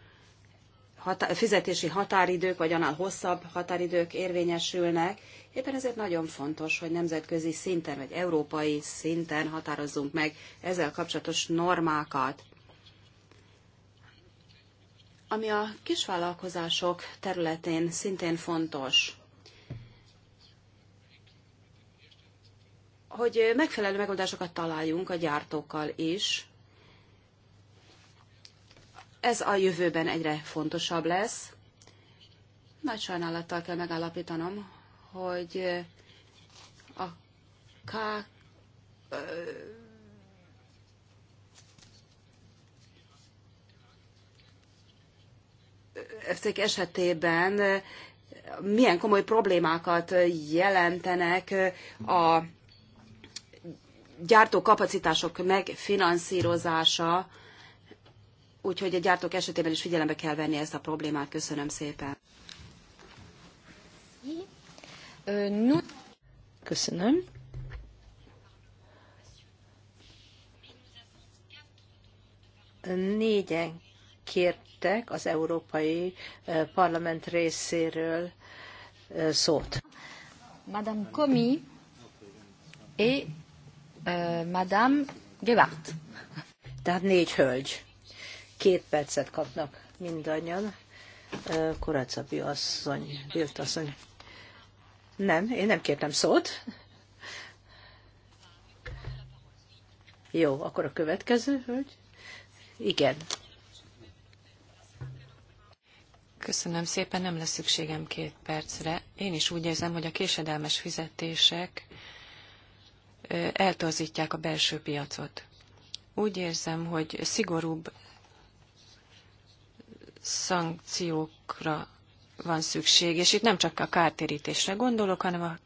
Speaker 3: hatá- fizetési határidők, vagy annál hosszabb határidők érvényesülnek. Éppen ezért nagyon fontos, hogy nemzetközi szinten, vagy európai szinten határozzunk meg ezzel kapcsolatos normákat. Ami a kisvállalkozások területén szintén fontos, hogy megfelelő megoldásokat találjunk a gyártókkal is, ez a jövőben egyre fontosabb lesz. Nagy sajnálattal kell megállapítanom, hogy a K cég esetében milyen komoly problémákat jelentenek a gyártókapacitások megfinanszírozása, Úgyhogy a gyártók esetében is figyelembe kell venni ezt a problémát. Köszönöm szépen.
Speaker 2: Köszönöm. Négyen kértek az Európai eh, Parlament részéről eh, szót. Madame Comi és eh, Madame Gebhardt. Tehát négy hölgy. Két percet kapnak mindannyian. Koracabi asszony, Bilt asszony. Nem, én nem kértem szót.
Speaker 4: Jó, akkor a következő, hölgy. igen. Köszönöm szépen, nem lesz szükségem két percre. Én is úgy érzem, hogy a késedelmes fizetések eltorzítják a belső piacot. Úgy érzem, hogy szigorúbb szankciókra van szükség, és itt nem csak a kártérítésre gondolok, hanem a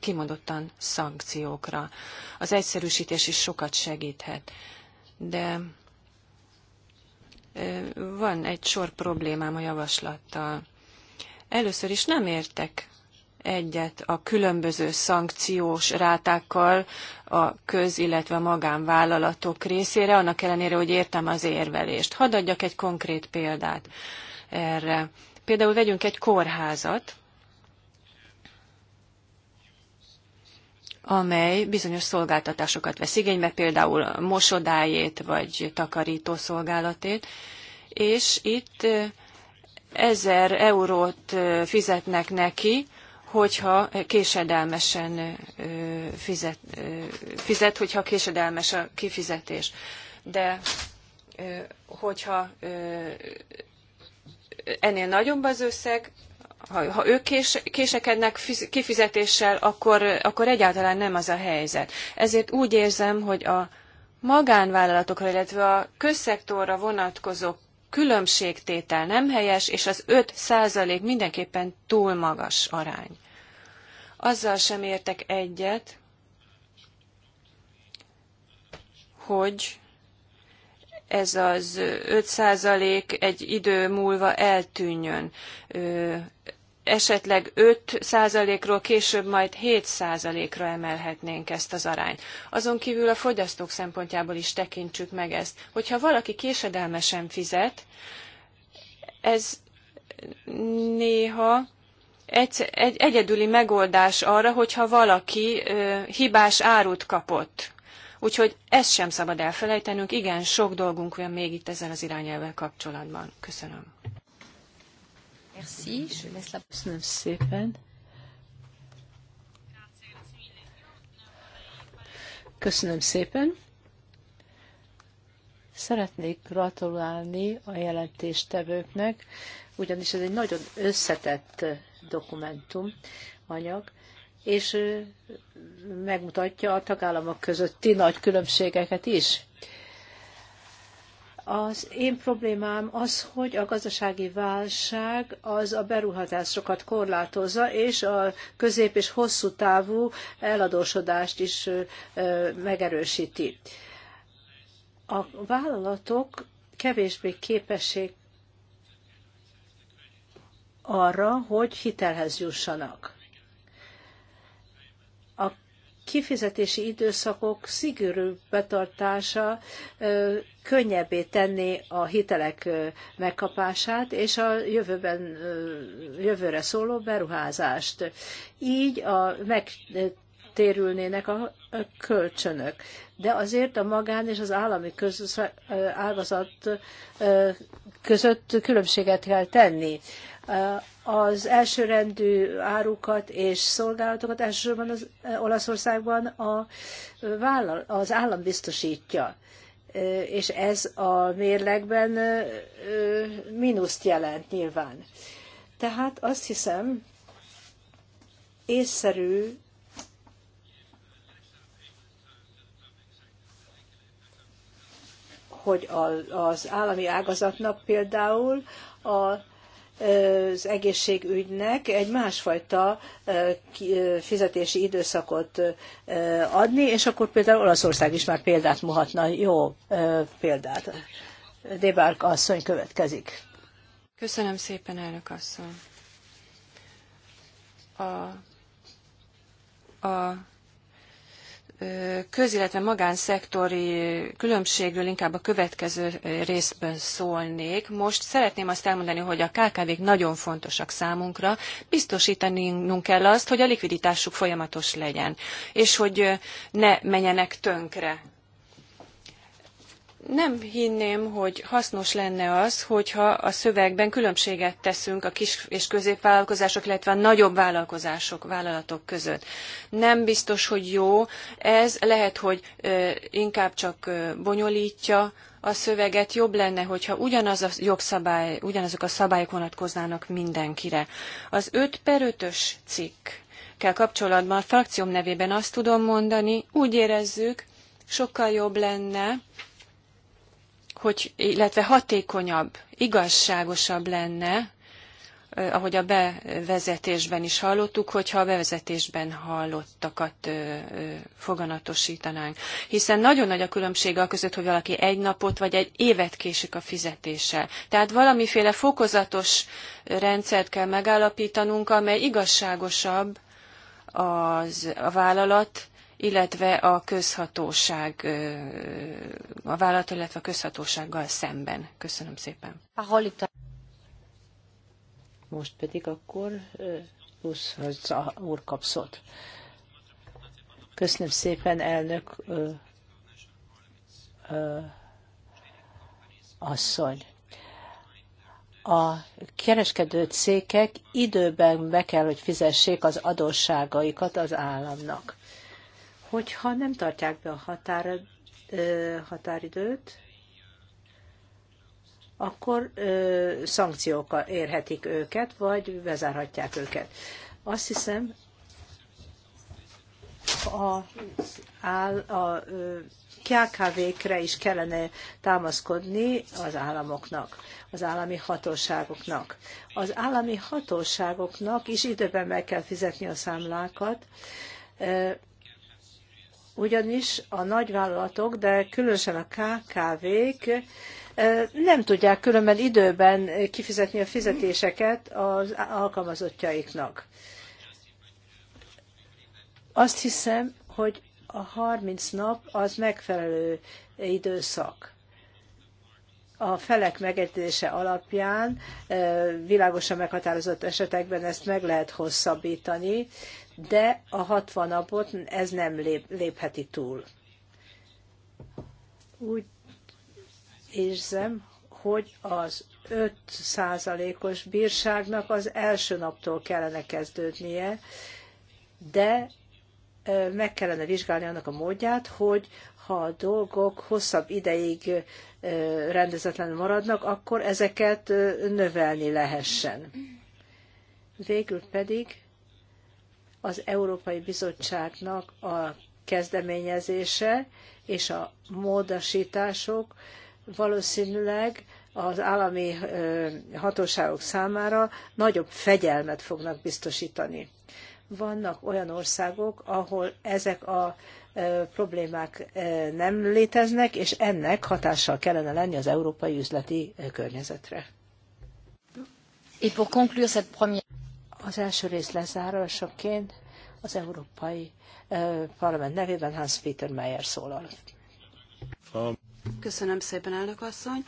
Speaker 4: kimondottan szankciókra. Az egyszerűsítés is sokat segíthet, de van egy sor problémám a javaslattal. Először is nem értek egyet a különböző szankciós rátákkal a köz, illetve a magánvállalatok részére, annak ellenére, hogy értem az érvelést. Hadd adjak egy konkrét példát erre. Például vegyünk egy kórházat, amely bizonyos szolgáltatásokat vesz igénybe, például mosodájét vagy takarító szolgálatét, és itt eh, ezer eurót eh, fizetnek neki, hogyha késedelmesen fizet, fizet, hogyha késedelmes a kifizetés. De hogyha ennél nagyobb az összeg, ha, ha ők kés, késekednek fiz, kifizetéssel, akkor, akkor egyáltalán nem az a helyzet. Ezért úgy érzem, hogy a magánvállalatokra, illetve a közszektorra vonatkozó különbségtétel nem helyes, és az 5 százalék mindenképpen túl magas arány. Azzal sem értek egyet, hogy ez az 5% egy idő múlva eltűnjön esetleg 5%-ról később majd 7%-ra emelhetnénk ezt az arányt. Azon kívül a fogyasztók szempontjából is tekintsük meg ezt. Hogyha valaki késedelmesen fizet, ez néha egy, egy egyedüli megoldás arra, hogyha valaki ö, hibás árut kapott. Úgyhogy ezt sem szabad elfelejtenünk, igen, sok dolgunk van még itt ezzel az irányelvvel kapcsolatban. Köszönöm. Merci, je laisse la... Köszönöm szépen. Köszönöm
Speaker 2: szépen. Szeretnék gratulálni a jelentéstevőknek, ugyanis ez egy nagyon összetett dokumentum, anyag, és megmutatja a tagállamok közötti nagy különbségeket is. Az én problémám az, hogy a gazdasági válság az a beruházásokat korlátozza, és a közép és hosszú távú eladósodást is megerősíti. A vállalatok kevésbé képesek arra, hogy hitelhez jussanak kifizetési időszakok szigorúbb betartása könnyebbé tenni a hitelek megkapását és a jövőben, jövőre szóló beruházást. Így a meg a kölcsönök. De azért a magán és az állami ágazat között különbséget kell tenni az elsőrendű árukat és szolgálatokat elsősorban az Olaszországban a vállal, az állam biztosítja. És ez a mérlegben mínuszt jelent nyilván. Tehát azt hiszem, észszerű hogy az állami ágazatnak például a az egészségügynek egy másfajta fizetési időszakot adni, és akkor például Olaszország is már példát muhatna, jó példát. Debárk asszony következik.
Speaker 4: Köszönöm szépen, elnök asszony. A, a köz, illetve magánszektori különbségről inkább a következő részben szólnék. Most szeretném azt elmondani, hogy a KKV-k nagyon fontosak számunkra. Biztosítanunk kell azt, hogy a likviditásuk folyamatos legyen, és hogy ne menjenek tönkre nem hinném, hogy hasznos lenne az, hogyha a szövegben különbséget teszünk a kis és középvállalkozások, illetve a nagyobb vállalkozások, vállalatok között. Nem biztos, hogy jó. Ez lehet, hogy inkább csak bonyolítja a szöveget. Jobb lenne, hogyha ugyanaz a jogszabály, ugyanazok a szabályok vonatkoznának mindenkire. Az 5 per 5-ös cikkkel kapcsolatban a frakcióm nevében azt tudom mondani, úgy érezzük, sokkal jobb lenne, hogy, illetve hatékonyabb, igazságosabb lenne, ahogy a bevezetésben is hallottuk, hogyha a bevezetésben hallottakat foganatosítanánk. Hiszen nagyon nagy a különbség a között, hogy valaki egy napot vagy egy évet késik a fizetése. Tehát valamiféle fokozatos rendszert kell megállapítanunk, amely igazságosabb az, a vállalat illetve a közhatóság, a vállalat, illetve a közhatósággal szemben. Köszönöm szépen. Most
Speaker 2: pedig akkor Busz úr kapszott. Köszönöm szépen, elnök ö, ö, asszony. A kereskedő cégek időben be kell, hogy fizessék az adósságaikat az államnak hogyha nem tartják be a határ, határidőt, akkor ö, szankciók érhetik őket, vagy bezárhatják őket. Azt hiszem, a, a, a KKV-kre is kellene támaszkodni az államoknak, az állami hatóságoknak. Az állami hatóságoknak is időben meg kell fizetni a számlákat, ugyanis a nagyvállalatok, de különösen a KKV-k eh, nem tudják különben időben kifizetni a fizetéseket az alkalmazottjaiknak. Azt hiszem, hogy a 30 nap az megfelelő időszak a felek megegyezése alapján eh, világosan meghatározott esetekben ezt meg lehet hosszabbítani, de a 60 napot ez nem lép, lépheti túl. Úgy érzem, hogy az 5 százalékos bírságnak az első naptól kellene kezdődnie, de meg kellene vizsgálni annak a módját, hogy ha a dolgok hosszabb ideig rendezetlen maradnak, akkor ezeket növelni lehessen. Végül pedig az Európai Bizottságnak a kezdeményezése és a módosítások valószínűleg az állami hatóságok számára nagyobb fegyelmet fognak biztosítani. Vannak olyan országok, ahol ezek a problémák nem léteznek, és ennek hatással kellene lenni az európai üzleti környezetre. Et pour conclure cette première... Az első rész lezárásaként az Európai Parlament nevében Hans Peter Meyer szólal.
Speaker 3: Köszönöm szépen, elnök asszony.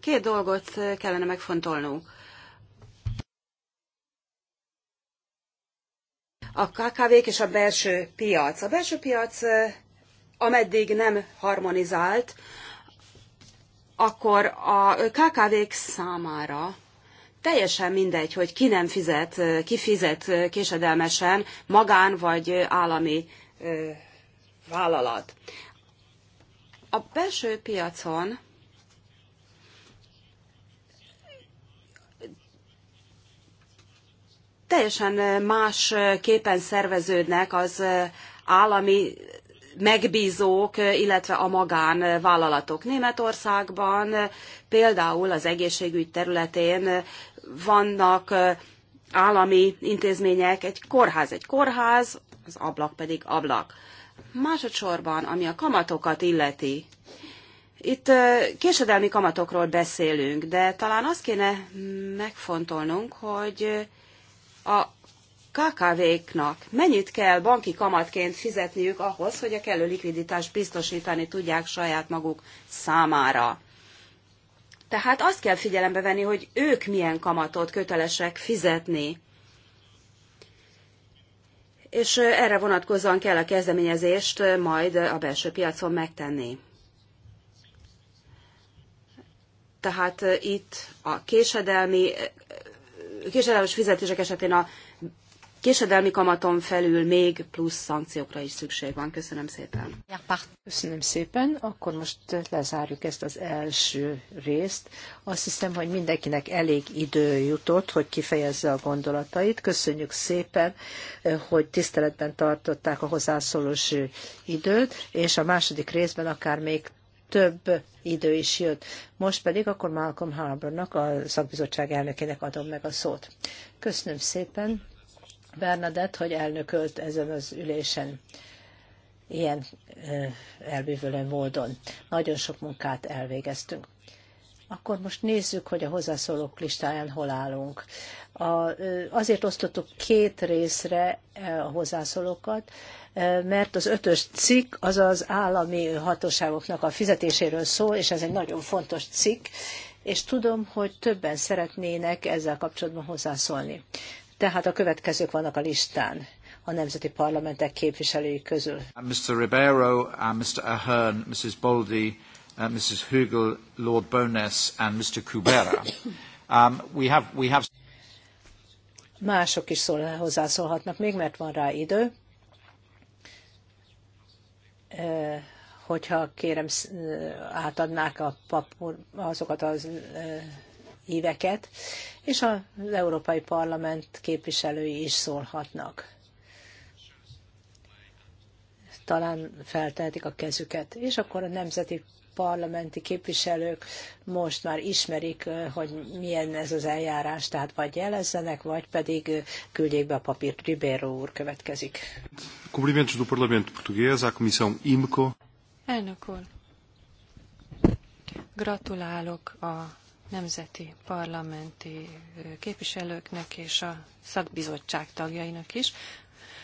Speaker 3: Két dolgot kellene megfontolnunk. A KKV-k és a belső piac. A belső piac, ameddig nem harmonizált, akkor a KKV-k számára teljesen mindegy, hogy ki nem fizet, ki fizet késedelmesen magán vagy állami vállalat. A belső piacon teljesen más képen szerveződnek az állami megbízók, illetve a magánvállalatok. Németországban például az egészségügy területén vannak állami intézmények, egy kórház egy kórház, az ablak pedig ablak. Másodszorban, ami a kamatokat illeti, itt késedelmi kamatokról beszélünk, de talán azt kéne megfontolnunk, hogy a KKV-knak mennyit kell banki kamatként fizetniük ahhoz, hogy a kellő likviditást biztosítani tudják saját maguk számára. Tehát azt kell figyelembe venni, hogy ők milyen kamatot kötelesek fizetni. És erre vonatkozóan kell a kezdeményezést majd a belső piacon megtenni. Tehát itt a késedelmi, késedelmes fizetések esetén a késedelmi kamaton felül még plusz szankciókra is szükség van. Köszönöm szépen.
Speaker 2: Köszönöm szépen. Akkor most lezárjuk ezt az első részt. Azt hiszem, hogy mindenkinek elég idő jutott, hogy kifejezze a gondolatait. Köszönjük szépen, hogy tiszteletben tartották a hozzászólós időt, és a második részben akár még több idő is jött. Most pedig akkor Malcolm Harbournak, a szakbizottság elnökének adom meg a szót. Köszönöm szépen. Bernadett, hogy elnökölt ezen az ülésen ilyen elbűvölő módon. Nagyon sok munkát elvégeztünk. Akkor most nézzük, hogy a hozzászólók listáján hol állunk. A, azért osztottuk két részre a hozzászólókat, mert az ötös cikk az az állami hatóságoknak a fizetéséről szól, és ez egy nagyon fontos cikk, és tudom, hogy többen szeretnének ezzel kapcsolatban hozzászólni. Tehát a következők vannak a listán a nemzeti parlamentek képviselői közül.
Speaker 1: Mr. Ribeiro, Mr. Ahern, Mrs. Boldy, uh, Mrs. Hugel, Lord Bones and Mr. Kubera. Um, we have, we have...
Speaker 2: Mások is szól, hozzászólhatnak még, mert van rá idő. Hogyha kérem, átadnák a papur, azokat az éveket, és az Európai Parlament képviselői is szólhatnak. Talán feltehetik a kezüket, és akkor a nemzeti parlamenti képviselők most már ismerik, hogy milyen ez az eljárás, tehát vagy jelezzenek, vagy pedig küldjék be a papírt. Ribeiro úr következik.
Speaker 1: Cumprimentos do Parlamento Português à Comissão IMCO.
Speaker 4: Elnök úr, gratulálok a nemzeti parlamenti képviselőknek és a szakbizottság tagjainak is.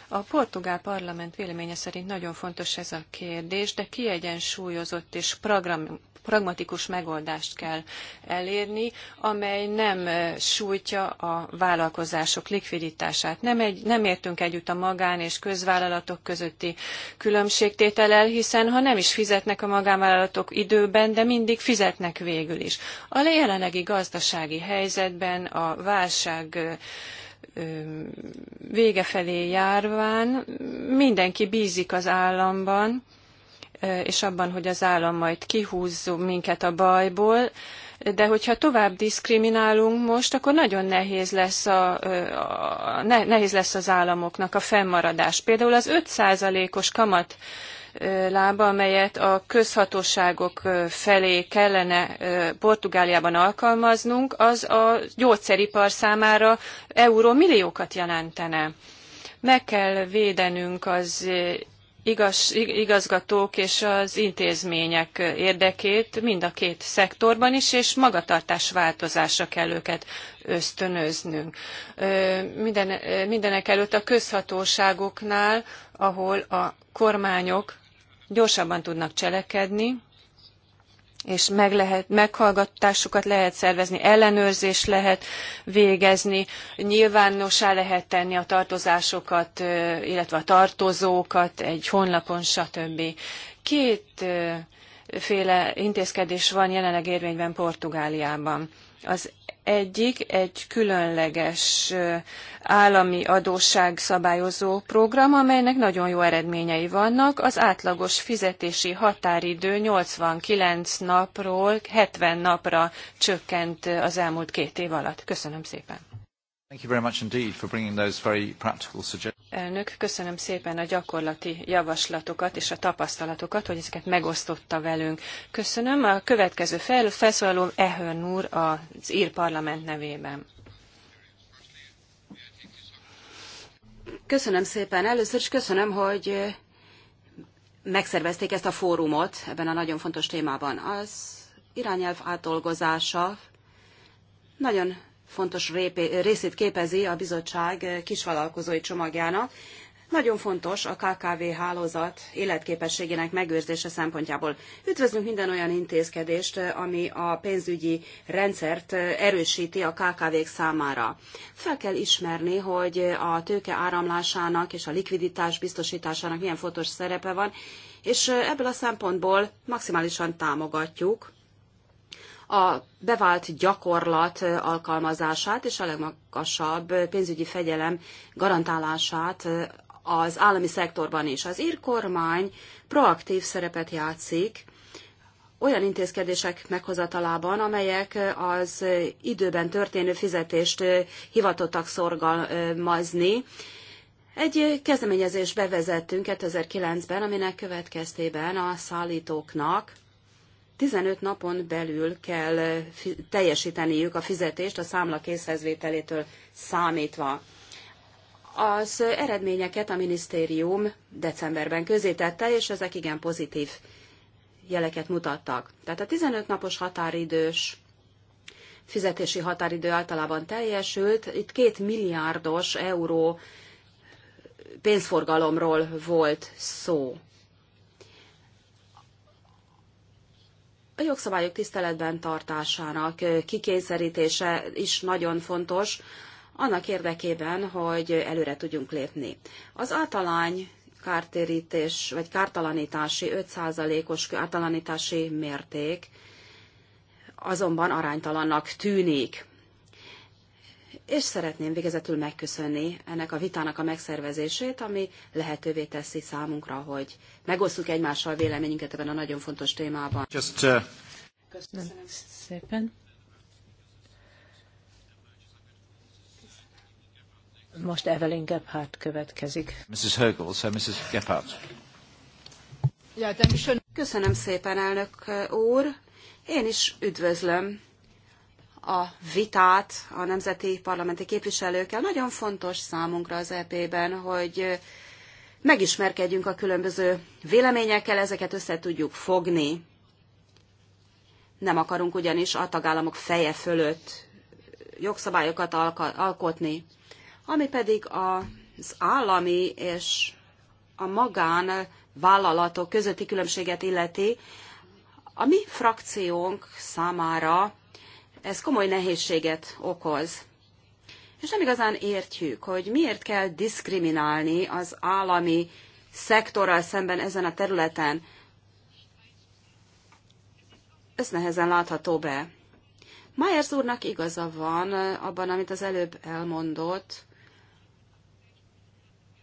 Speaker 4: A portugál parlament véleménye szerint nagyon fontos ez a kérdés, de kiegyensúlyozott és program, pragmatikus megoldást kell elérni, amely nem sújtja a vállalkozások likviditását. Nem, egy, nem értünk együtt a magán és közvállalatok közötti különbségtétellel, hiszen ha nem is fizetnek a magánvállalatok időben, de mindig fizetnek végül is. A jelenlegi gazdasági helyzetben a válság vége felé járván mindenki bízik az államban, és abban, hogy az állam majd kihúzza minket a bajból, de hogyha tovább diszkriminálunk most, akkor nagyon nehéz lesz, a, a nehéz lesz az államoknak a fennmaradás. Például az 5%-os kamat lába, amelyet a közhatóságok felé kellene Portugáliában alkalmaznunk, az a gyógyszeripar számára euró milliókat jelentene. Meg kell védenünk az igaz, igazgatók és az intézmények érdekét mind a két szektorban is, és magatartás változásra kell őket ösztönöznünk. Minden, mindenek előtt a közhatóságoknál, ahol a kormányok gyorsabban tudnak cselekedni, és meg lehet, meghallgatásokat lehet szervezni, ellenőrzés lehet végezni, nyilvánossá lehet tenni a tartozásokat, illetve a tartozókat egy honlapon, stb. Két féle intézkedés van jelenleg érvényben Portugáliában. Az egyik egy különleges állami adósságszabályozó program, amelynek nagyon jó eredményei vannak. Az átlagos fizetési határidő 89 napról 70 napra csökkent az elmúlt két év alatt. Köszönöm szépen! Elnök, köszönöm szépen a gyakorlati javaslatokat és a tapasztalatokat, hogy ezeket megosztotta velünk. Köszönöm. A következő felszólaló Ehön úr az ír parlament nevében.
Speaker 3: Köszönöm szépen. Először is köszönöm, hogy eh, megszervezték ezt a fórumot ebben a nagyon fontos témában. Az irányelv átdolgozása nagyon fontos részét képezi a bizottság kisvállalkozói csomagjának. Nagyon fontos a KKV hálózat életképességének megőrzése szempontjából. Üdvözlünk minden olyan intézkedést, ami a pénzügyi rendszert erősíti a KKV-k számára. Fel kell ismerni, hogy a tőke áramlásának és a likviditás biztosításának milyen fontos szerepe van, és ebből a szempontból maximálisan támogatjuk a bevált gyakorlat alkalmazását és a legmagasabb pénzügyi fegyelem garantálását az állami szektorban is. Az ír kormány proaktív szerepet játszik olyan intézkedések meghozatalában, amelyek az időben történő fizetést hivatottak szorgalmazni. Egy kezdeményezést bevezettünk 2009-ben, aminek következtében a szállítóknak 15 napon belül kell teljesíteniük a fizetést a számla készhezvételétől számítva. Az eredményeket a minisztérium decemberben közétette, és ezek igen pozitív jeleket mutattak. Tehát a 15 napos határidős fizetési határidő általában teljesült. Itt két milliárdos euró pénzforgalomról volt szó. A jogszabályok tiszteletben tartásának kikényszerítése is nagyon fontos, annak érdekében, hogy előre tudjunk lépni. Az általány kártérítés vagy kártalanítási 5%-os kártalanítási mérték azonban aránytalannak tűnik és szeretném végezetül megköszönni ennek a vitának a megszervezését, ami lehetővé teszi számunkra, hogy megosztjuk egymással véleményünket ebben a nagyon fontos témában. Just,
Speaker 1: uh...
Speaker 4: Köszönöm szépen.
Speaker 3: Most Evelyn Gephardt következik.
Speaker 1: Mrs. Hogel, so Mrs. Gebhardt.
Speaker 3: Köszönöm szépen, elnök úr. Én is üdvözlöm a vitát a nemzeti parlamenti képviselőkkel. Nagyon fontos számunkra az EP-ben, hogy megismerkedjünk a különböző véleményekkel, ezeket össze tudjuk fogni. Nem akarunk ugyanis a tagállamok feje fölött jogszabályokat alkotni, ami pedig az állami és a magán vállalatok közötti különbséget illeti, a mi frakciónk számára ez komoly nehézséget okoz. És nem igazán értjük, hogy miért kell diszkriminálni az állami szektorral szemben ezen a területen. Ez nehezen látható be. Myers úrnak igaza van abban, amit az előbb elmondott.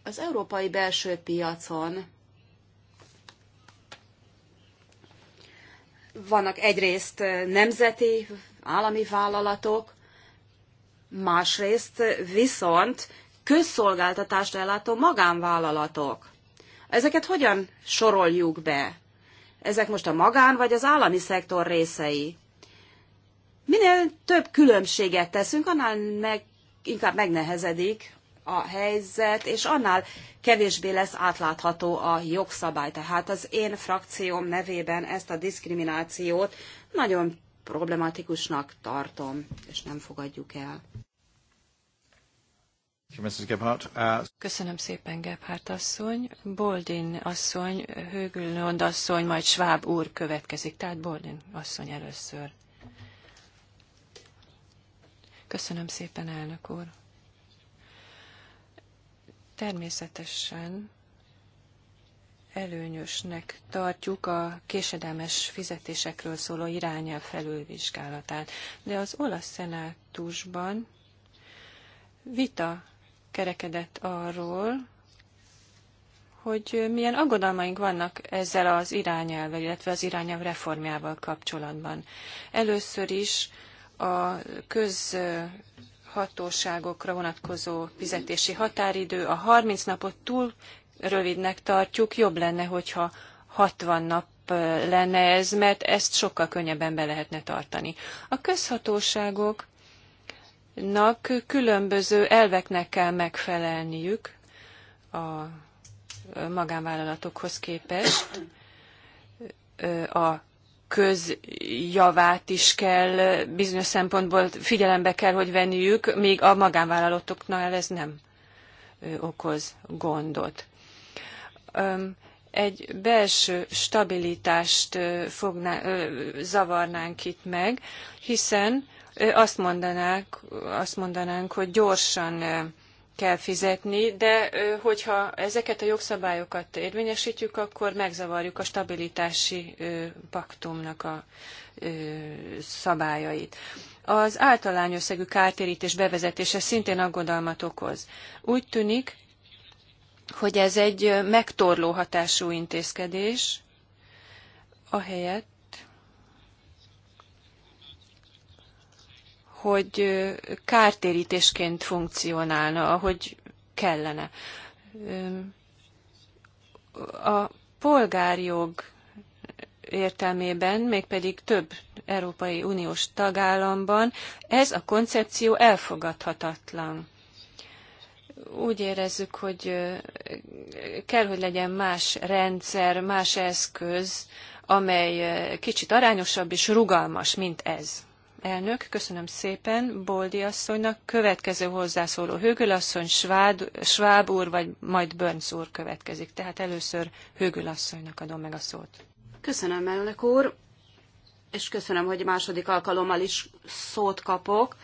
Speaker 3: Az európai belső piacon vannak egyrészt nemzeti állami vállalatok, másrészt viszont közszolgáltatást ellátó magánvállalatok. Ezeket hogyan soroljuk be? Ezek most a magán vagy az állami szektor részei. Minél több különbséget teszünk, annál meg, inkább megnehezedik a helyzet, és annál kevésbé lesz átlátható a jogszabály. Tehát az én frakcióm nevében ezt a diszkriminációt nagyon
Speaker 4: problematikusnak tartom, és nem fogadjuk el. Uh, Köszönöm szépen, Gebhardt asszony. Boldin asszony, Högülnond asszony, majd Schwab úr következik. Tehát Boldin asszony először. Köszönöm szépen, elnök úr. Természetesen előnyösnek tartjuk a késedelmes fizetésekről szóló irányelv felülvizsgálatát. De az olasz szenátusban vita kerekedett arról, hogy milyen aggodalmaink vannak ezzel az irányelvel, illetve az irányelv reformjával kapcsolatban. Először is a közhatóságokra vonatkozó fizetési határidő a 30 napot túl rövidnek tartjuk, jobb lenne, hogyha 60 nap lenne ez, mert ezt sokkal könnyebben be lehetne tartani. A közhatóságoknak különböző elveknek kell megfelelniük a magánvállalatokhoz képest. A közjavát is kell, bizonyos szempontból figyelembe kell, hogy venniük, még a magánvállalatoknál ez nem okoz gondot egy belső stabilitást fogná, zavarnánk itt meg, hiszen azt mondanánk, azt mondanánk, hogy gyorsan kell fizetni, de hogyha ezeket a jogszabályokat érvényesítjük, akkor megzavarjuk a stabilitási paktumnak a szabályait. Az általányösszegű kártérítés bevezetése szintén aggodalmat okoz. Úgy tűnik, hogy ez egy megtorló hatású intézkedés, ahelyett, hogy kártérítésként funkcionálna, ahogy kellene. A polgárjog értelmében, mégpedig több Európai Uniós tagállamban ez a koncepció elfogadhatatlan úgy érezzük, hogy kell, hogy legyen más rendszer, más eszköz, amely kicsit arányosabb és rugalmas, mint ez. Elnök, köszönöm szépen Boldi asszonynak. Következő hozzászóló Hőgül asszony, Svád, Schwab úr, vagy majd Börnc úr következik. Tehát először Hőgül asszonynak adom meg a szót.
Speaker 3: Köszönöm, elnök úr, és köszönöm, hogy második alkalommal is szót kapok.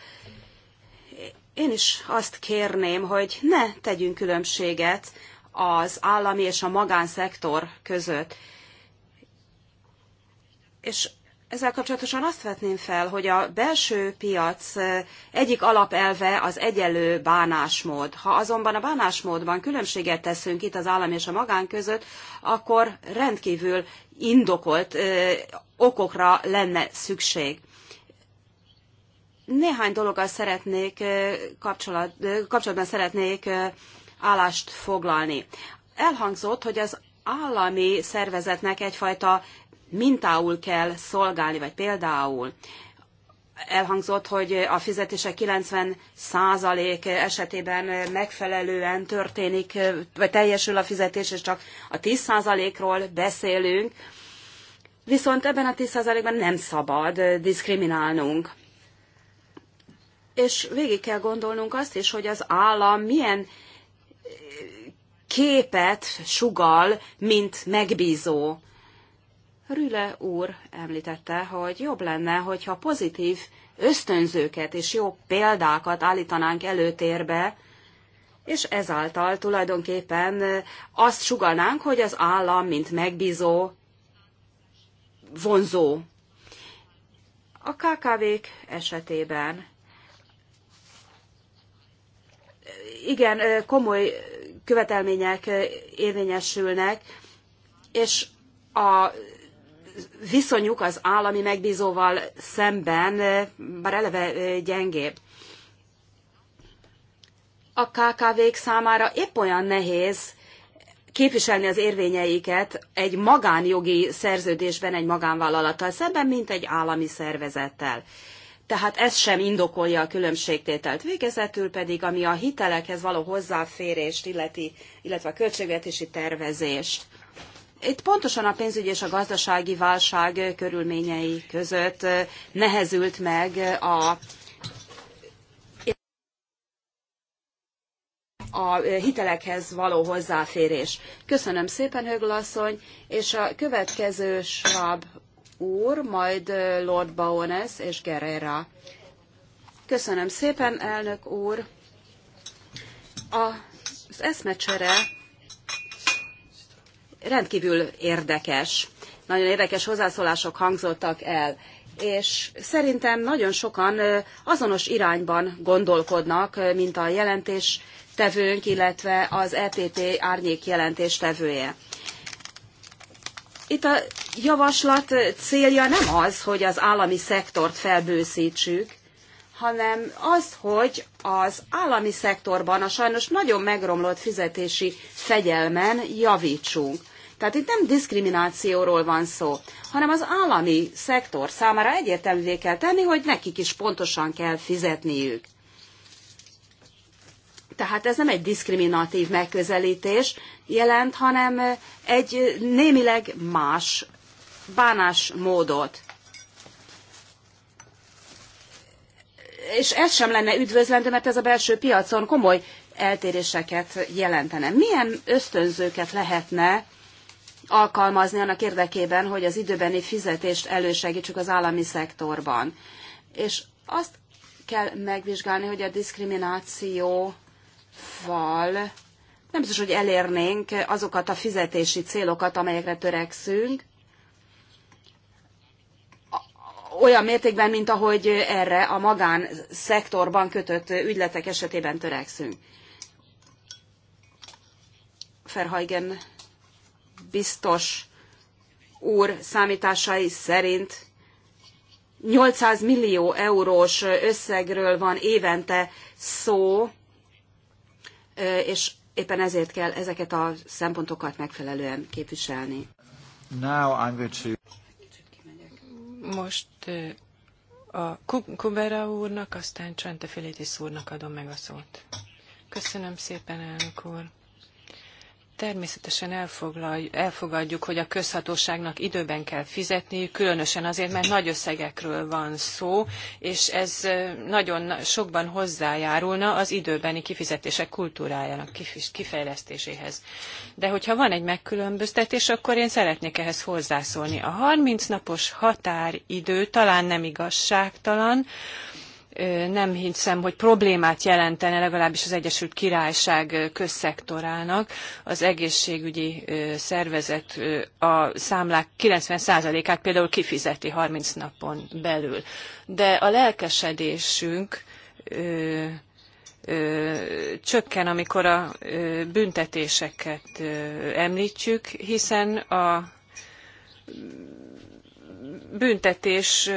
Speaker 3: Én is azt kérném, hogy ne tegyünk különbséget az állami és a magánszektor között. És ezzel kapcsolatosan azt vetném fel, hogy a belső piac eh, egyik alapelve az egyenlő bánásmód. Ha azonban a bánásmódban különbséget teszünk itt az állam és a magán között, akkor rendkívül indokolt eh, okokra lenne szükség. Néhány dologgal szeretnék kapcsolat, kapcsolatban szeretnék állást foglalni. Elhangzott, hogy az állami szervezetnek egyfajta mintául kell szolgálni, vagy például elhangzott, hogy a fizetések 90% esetében megfelelően történik, vagy teljesül a fizetés, és csak a 10%-ról beszélünk. Viszont ebben a 10%-ban nem szabad diszkriminálnunk és végig kell gondolnunk azt is, hogy az állam milyen eh, képet sugal, mint megbízó. Rüle úr említette, hogy jobb lenne, hogyha pozitív ösztönzőket és jó példákat állítanánk előtérbe, és ezáltal tulajdonképpen eh, azt sugalnánk, hogy az állam, mint megbízó, vonzó. A KKV-k esetében igen komoly követelmények érvényesülnek, és a viszonyuk az állami megbízóval szemben már eleve gyengébb. A KKV-k számára épp olyan nehéz képviselni az érvényeiket egy magánjogi szerződésben egy magánvállalattal szemben, mint egy állami szervezettel tehát ez sem indokolja a különbségtételt. Végezetül pedig, ami a hitelekhez való hozzáférést illeti, illetve a költségvetési tervezést. Itt pontosan a pénzügyi és a gazdasági válság körülményei között eh, nehezült meg a a eh, hitelekhez való hozzáférés. Köszönöm szépen, Högl és a következő Schwab úr, majd Lord Baones és Guerrera. Köszönöm szépen, elnök úr. Az eszmecsere rendkívül érdekes. Nagyon érdekes hozzászólások hangzottak el és szerintem nagyon sokan azonos irányban gondolkodnak, mint a jelentés tevőnk, illetve az EPP árnyék jelentés tevője. Itt a javaslat célja nem az, hogy az állami szektort felbőszítsük, hanem az, hogy az állami szektorban a sajnos nagyon megromlott fizetési fegyelmen javítsunk. Tehát itt nem diszkriminációról van szó, hanem az állami szektor számára egyértelművé kell tenni, hogy nekik is pontosan kell fizetniük. Tehát ez nem egy diszkriminatív megközelítés jelent, hanem egy némileg más bánásmódot. És ez sem lenne üdvözlendő, mert ez a belső piacon komoly eltéréseket jelentene. Milyen ösztönzőket lehetne alkalmazni annak érdekében, hogy az időbeni fizetést elősegítsük az állami szektorban? És azt kell megvizsgálni, hogy a diszkrimináció val nem biztos, hogy elérnénk azokat a fizetési célokat, amelyekre törekszünk, olyan mértékben, mint ahogy erre a szektorban kötött ügyletek esetében törekszünk. Ferhajgen biztos úr számításai szerint 800 millió eurós összegről van évente szó, és éppen ezért kell ezeket a szempontokat megfelelően képviselni.
Speaker 1: Now I'm going to...
Speaker 4: Most a Kubera úrnak, aztán Csante Filitis úrnak adom meg a szót. Köszönöm szépen, elnök úr. Természetesen elfogadjuk, hogy a közhatóságnak időben kell fizetni, különösen azért, mert nagy összegekről van szó, és ez nagyon sokban hozzájárulna az időbeni kifizetések kultúrájának kifejlesztéséhez. De hogyha van egy megkülönböztetés, akkor én szeretnék ehhez hozzászólni. A 30 napos határidő talán nem igazságtalan, nem hiszem, hogy problémát jelentene legalábbis az Egyesült Királyság közszektorának. Az egészségügyi szervezet a számlák 90%-át például kifizeti 30 napon belül. De a lelkesedésünk ö, ö, csökken, amikor a ö, büntetéseket ö, említjük, hiszen a büntetés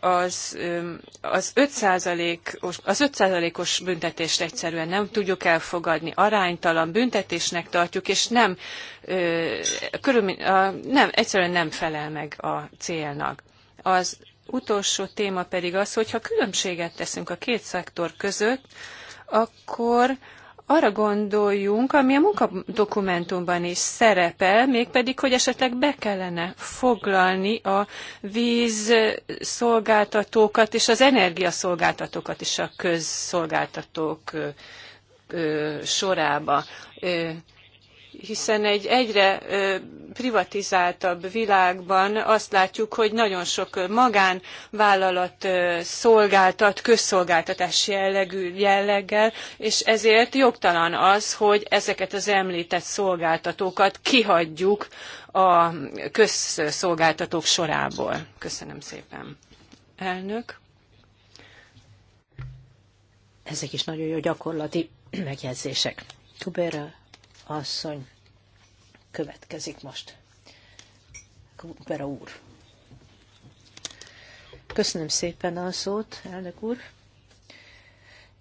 Speaker 4: az, az 5%-os, az 5%-os büntetést egyszerűen nem tudjuk elfogadni, aránytalan büntetésnek tartjuk, és nem, nem egyszerűen nem felel meg a célnak. Az utolsó téma pedig az, hogy ha különbséget teszünk a két szektor között, akkor arra gondoljunk, ami a munkadokumentumban is szerepel, mégpedig, hogy esetleg be kellene foglalni a vízszolgáltatókat és az energiaszolgáltatókat is a közszolgáltatók sorába hiszen egy egyre privatizáltabb világban azt látjuk, hogy nagyon sok magánvállalat szolgáltat közszolgáltatási jellegű jelleggel, és ezért jogtalan az, hogy ezeket az említett szolgáltatókat kihagyjuk a közszolgáltatók sorából. Köszönöm szépen. Elnök.
Speaker 2: Ezek is nagyon jó gyakorlati megjegyzések. Kubera asszony következik most. Vera úr. Köszönöm szépen a szót, elnök úr.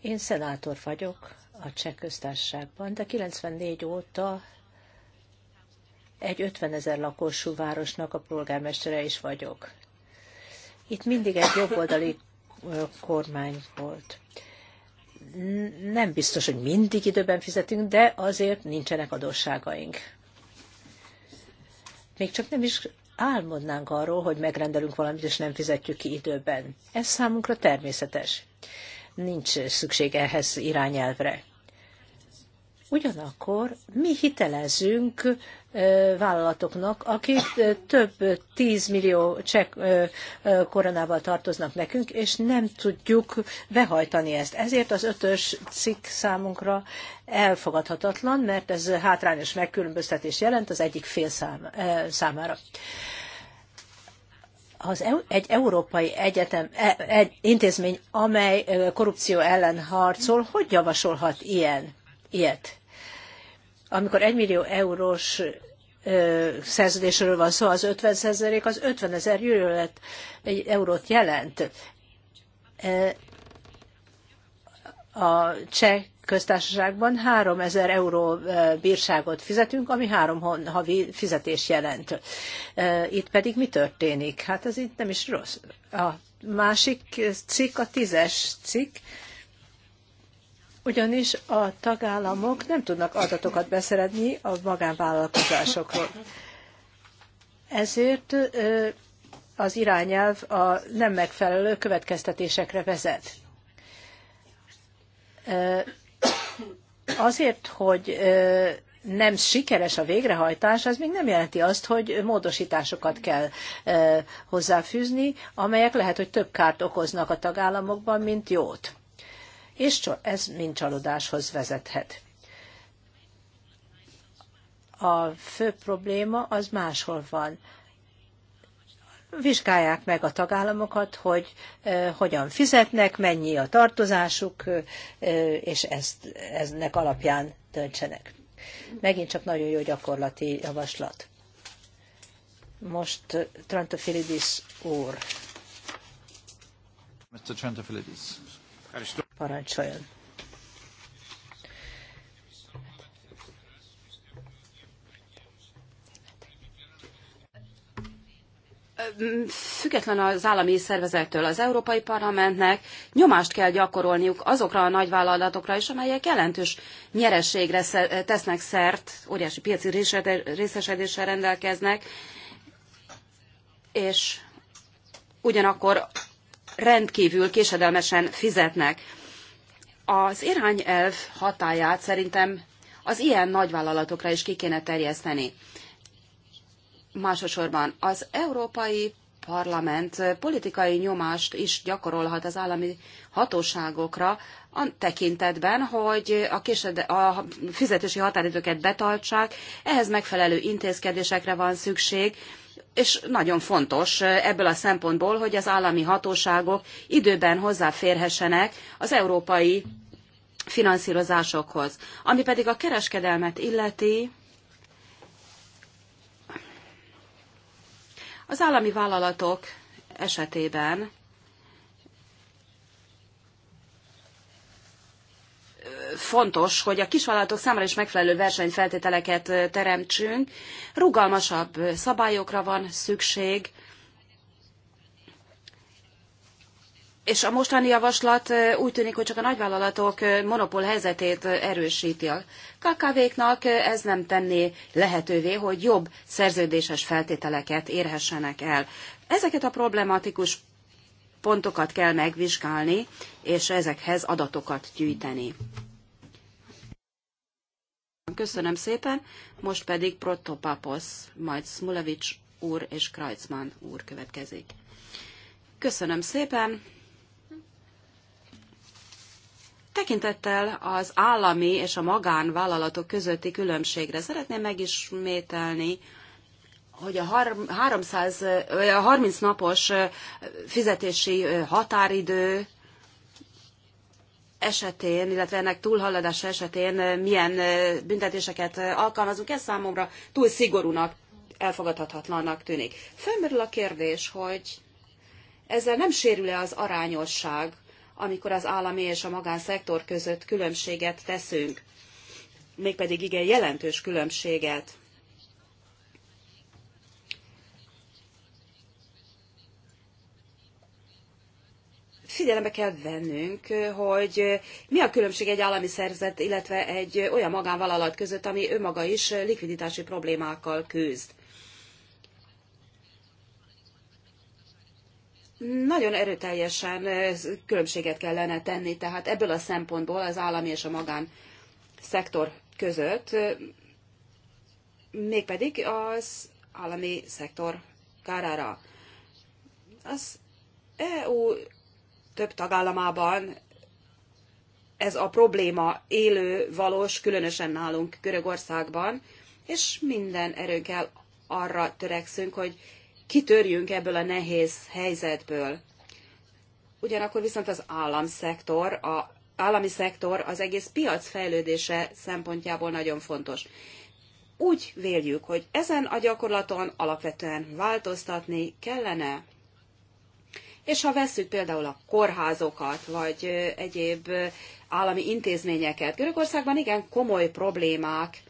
Speaker 2: Én szenátor vagyok a cseh köztársaságban, de 94 óta egy 50 ezer lakosú városnak a polgármestere is vagyok. Itt mindig egy jobboldali kormány volt nem biztos, hogy mindig időben fizetünk, de azért nincsenek adósságaink. Még csak nem is álmodnánk arról, hogy megrendelünk valamit, és nem fizetjük ki időben. Ez számunkra természetes. Nincs szükség ehhez irányelvre. Ugyanakkor mi hitelezünk vállalatoknak, akik több 10 millió csek koronával tartoznak nekünk, és nem tudjuk behajtani ezt. Ezért az ötös cikk számunkra elfogadhatatlan, mert ez hátrányos megkülönböztetés jelent az egyik fél számára az egy európai egyetem, e, egy intézmény, amely korrupció ellen harcol, hogy javasolhat ilyen? ilyet. Amikor 1 millió eurós szerződésről van szó, az 50 százalék az 50 ezer eurót jelent. A cseh köztársaságban 3 ezer euró bírságot fizetünk, ami három havi fizetés jelent. Itt pedig mi történik? Hát ez itt nem is rossz. A másik cikk, a tízes cikk, ugyanis a tagállamok nem tudnak adatokat beszerezni a magánvállalkozásokról. Ezért az irányelv a nem megfelelő következtetésekre vezet. Azért, hogy nem sikeres a végrehajtás, az még nem jelenti azt, hogy módosításokat kell hozzáfűzni, amelyek lehet, hogy több kárt okoznak a tagállamokban, mint jót és ez mind csalódáshoz vezethet. A fő probléma az máshol van vizsgálják meg a tagállamokat, hogy hogyan fizetnek, mennyi a tartozásuk, és ezt, eznek alapján döntsenek. Megint csak nagyon jó gyakorlati javaslat. Most Trantofilidis úr.
Speaker 1: Mr. Trantofilidis.
Speaker 2: Parancsoljon.
Speaker 3: független az állami szervezettől az Európai Parlamentnek nyomást kell gyakorolniuk azokra a nagyvállalatokra is, amelyek jelentős nyereségre tesznek szert, óriási piaci részesedéssel rendelkeznek, és ugyanakkor rendkívül késedelmesen fizetnek. Az irányelv hatáját szerintem az ilyen nagyvállalatokra is ki kéne terjeszteni. Másosorban az Európai Parlament politikai nyomást is gyakorolhat az állami hatóságokra, a tekintetben, hogy a, késed, a fizetési határidőket betartsák, ehhez megfelelő intézkedésekre van szükség, és nagyon fontos ebből a szempontból, hogy az állami hatóságok időben hozzáférhessenek az európai finanszírozásokhoz. Ami pedig a kereskedelmet illeti, az állami vállalatok esetében fontos, hogy a kisvállalatok számára is megfelelő versenyfeltételeket teremtsünk. Rugalmasabb szabályokra van szükség, és a mostani javaslat úgy tűnik, hogy csak a nagyvállalatok monopól helyzetét erősíti. A KKV-knak ez nem tenné lehetővé, hogy jobb szerződéses feltételeket érhessenek el. Ezeket a problematikus pontokat kell megvizsgálni, és ezekhez adatokat gyűjteni. Köszönöm szépen, most pedig Protopapos, majd Smulevics úr és Krajcman úr következik. Köszönöm szépen. Tekintettel az állami és a magánvállalatok közötti különbségre szeretném megismételni, hogy a, 300, a 30 napos fizetési határidő esetén, illetve ennek túlhaladása esetén eh, milyen eh, büntetéseket eh, alkalmazunk, ez számomra túl szigorúnak, elfogadhatatlannak tűnik. Fölmerül a kérdés, hogy ezzel nem sérül-e az arányosság, amikor az állami és a magánszektor között különbséget teszünk, mégpedig igen jelentős különbséget. figyelembe kell vennünk, hogy mi a különbség egy állami szerzet, illetve egy olyan magánvállalat között, ami önmaga is likviditási problémákkal küzd. Nagyon erőteljesen különbséget kellene tenni, tehát ebből a szempontból az állami és a magán szektor között, mégpedig az állami szektor kárára. Az EU több tagállamában ez a probléma élő, valós, különösen nálunk Görögországban, és minden erőnkkel arra törekszünk, hogy kitörjünk ebből a nehéz helyzetből. Ugyanakkor viszont az államszektor, a állami szektor az egész piac fejlődése szempontjából nagyon fontos. Úgy véljük, hogy ezen a gyakorlaton alapvetően változtatni kellene. És ha vesszük például a kórházokat, vagy egyéb állami intézményeket, Görögországban igen komoly problémák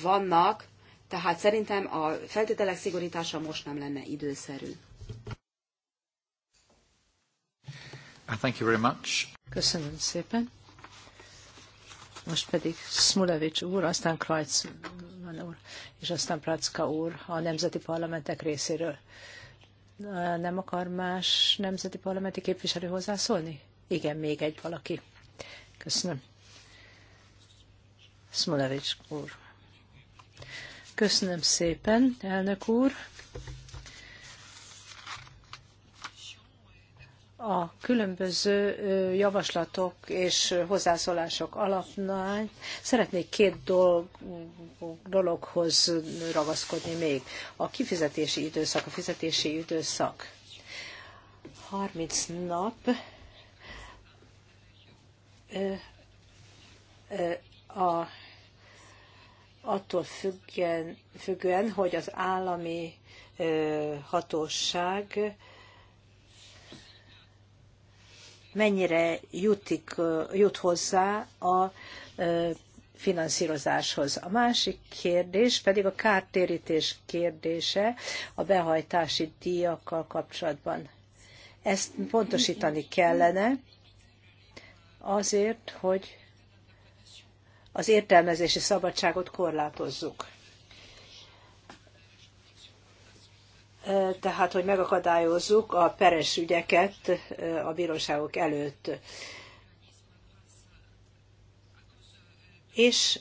Speaker 3: vannak, tehát szerintem a feltételek szigorítása most nem lenne időszerű.
Speaker 1: Uh, thank you very much.
Speaker 2: Köszönöm szépen. Most pedig Smulevics úr, aztán Krajcman úr, és aztán Pracka úr a nemzeti parlamentek részéről. Nem akar más nemzeti parlamenti képviselő hozzászólni? Igen, még egy valaki. Köszönöm. Smolevics úr. Köszönöm szépen, elnök úr. a különböző javaslatok és hozzászólások alapján szeretnék két dologhoz ragaszkodni még. A kifizetési időszak, a fizetési időszak 30 nap a, attól függen, függően, hogy az állami hatóság mennyire jutik, jut hozzá a finanszírozáshoz. A másik kérdés pedig a kártérítés kérdése a behajtási díjakkal kapcsolatban. Ezt pontosítani kellene azért, hogy az értelmezési szabadságot korlátozzuk. tehát hogy megakadályozzuk a peres ügyeket a bíróságok előtt. És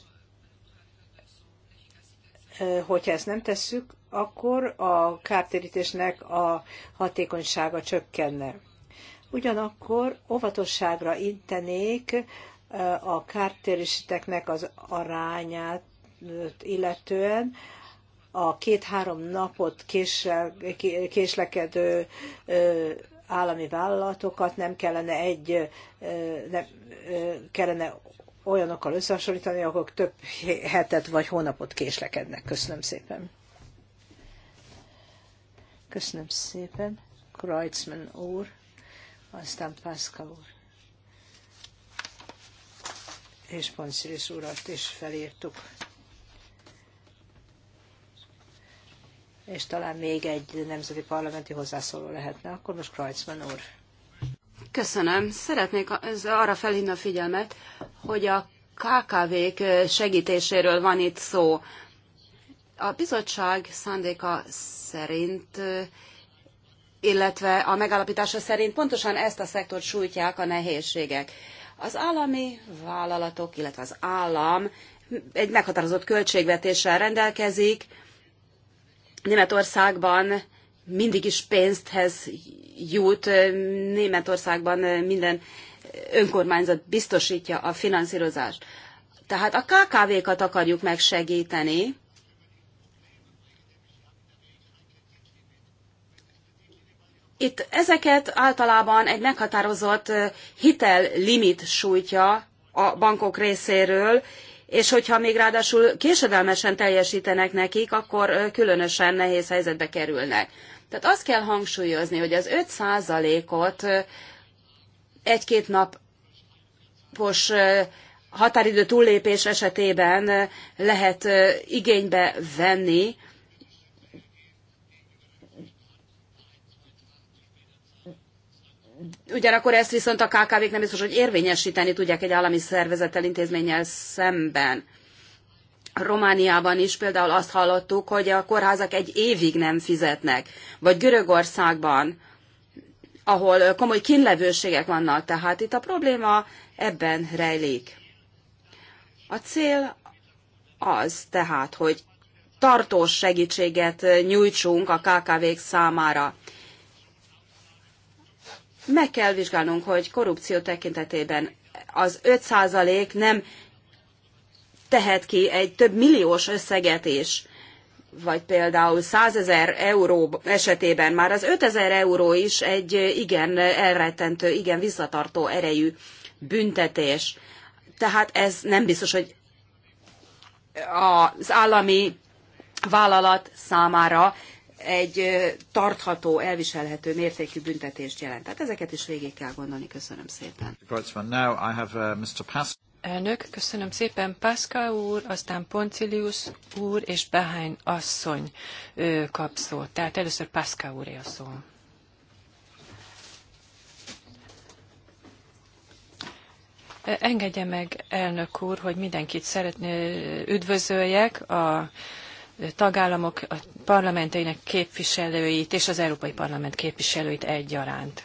Speaker 2: hogyha ezt nem tesszük, akkor a kártérítésnek a hatékonysága csökkenne. Ugyanakkor óvatosságra intenék a kártérítéseknek az arányát illetően, a két-három napot késlekedő állami vállalatokat nem kellene egy, nem kellene olyanokkal összehasonlítani, akik több hetet vagy hónapot késlekednek. Köszönöm szépen. Köszönöm szépen. Kreutzmann úr, aztán Pászka úr. És Panszilis urat is felírtuk. és
Speaker 3: talán még egy nemzeti parlamenti hozzászóló lehetne. Akkor most Kreuzmann úr. Köszönöm. Szeretnék arra felhívni a figyelmet, hogy a KKV-k segítéséről van itt szó. A bizottság szándéka szerint, illetve a megállapítása szerint pontosan ezt a szektort sújtják a nehézségek. Az állami vállalatok, illetve az állam egy meghatározott költségvetéssel rendelkezik, Németországban mindig is pénzthez jut, Németországban minden önkormányzat biztosítja a finanszírozást. Tehát a KKV-kat akarjuk megsegíteni, Itt ezeket általában egy meghatározott hitellimit sújtja a bankok részéről, és hogyha még ráadásul késedelmesen teljesítenek nekik, akkor különösen nehéz helyzetbe kerülnek. Tehát azt kell hangsúlyozni, hogy az 5%-ot egy-két napos határidő túllépés esetében lehet igénybe venni, ugyanakkor ezt viszont a KKV-k nem biztos, hogy érvényesíteni tudják egy állami szervezettel, intézménnyel szemben. Romániában is például azt hallottuk, hogy a kórházak egy évig nem fizetnek, vagy Görögországban, ahol komoly kínlevőségek vannak, tehát itt a probléma ebben rejlik. A cél az tehát, hogy tartós segítséget nyújtsunk a KKV-k számára. Meg kell vizsgálnunk, hogy korrupció tekintetében az 5% nem tehet ki egy több milliós összeget is vagy például 100 ezer euró esetében már az ezer euró is egy igen elrettentő, igen visszatartó erejű büntetés. Tehát ez nem biztos, hogy az állami vállalat számára egy tartható, elviselhető mértékű büntetést jelent. Tehát ezeket is végig kell
Speaker 4: gondolni. Köszönöm szépen.
Speaker 1: Now I have, uh, Mr.
Speaker 4: Elnök, köszönöm szépen. Pászka úr, aztán Poncilius úr és Behány asszony kap szót. Tehát először Pászka úré a szó. Engedje meg, elnök úr, hogy mindenkit szeretné üdvözöljek a tagállamok a parlamenteinek képviselőit és az Európai Parlament képviselőit egyaránt.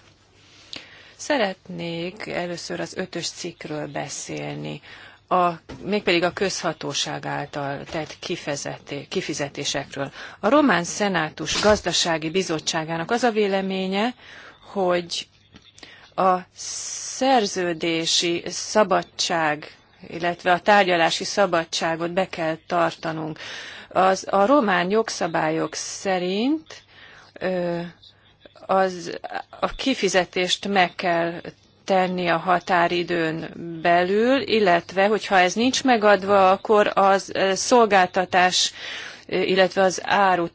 Speaker 4: Szeretnék először az ötös cikkről beszélni, a, mégpedig a közhatóság által tett kifizetésekről. A Román Szenátus Gazdasági Bizottságának az a véleménye, hogy a szerződési szabadság illetve a tárgyalási szabadságot be kell tartanunk. Az, a román jogszabályok szerint ö, az, a kifizetést meg kell tenni a határidőn belül, illetve hogyha ez nincs megadva, akkor az szolgáltatás, illetve az áru,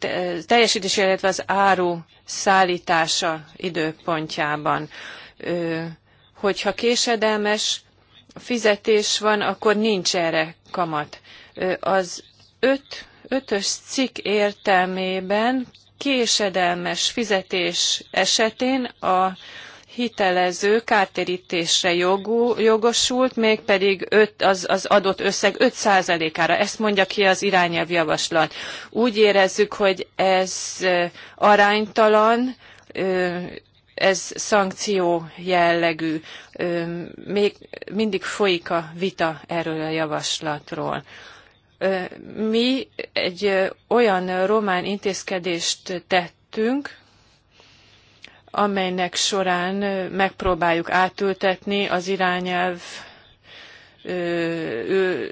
Speaker 4: teljesítés, illetve az áru szállítása időpontjában. Hogyha késedelmes fizetés van, akkor nincs erre kamat. Az öt, ötös cikk értelmében késedelmes fizetés esetén a hitelező kártérítésre jogú, jogosult, mégpedig öt, az, az adott összeg 5%-ára. Ezt mondja ki az irányelvjavaslat. Úgy érezzük, hogy ez aránytalan, ez szankció jellegű, még mindig folyik a vita erről a javaslatról. Mi egy olyan román intézkedést tettünk, amelynek során megpróbáljuk átültetni az irányelv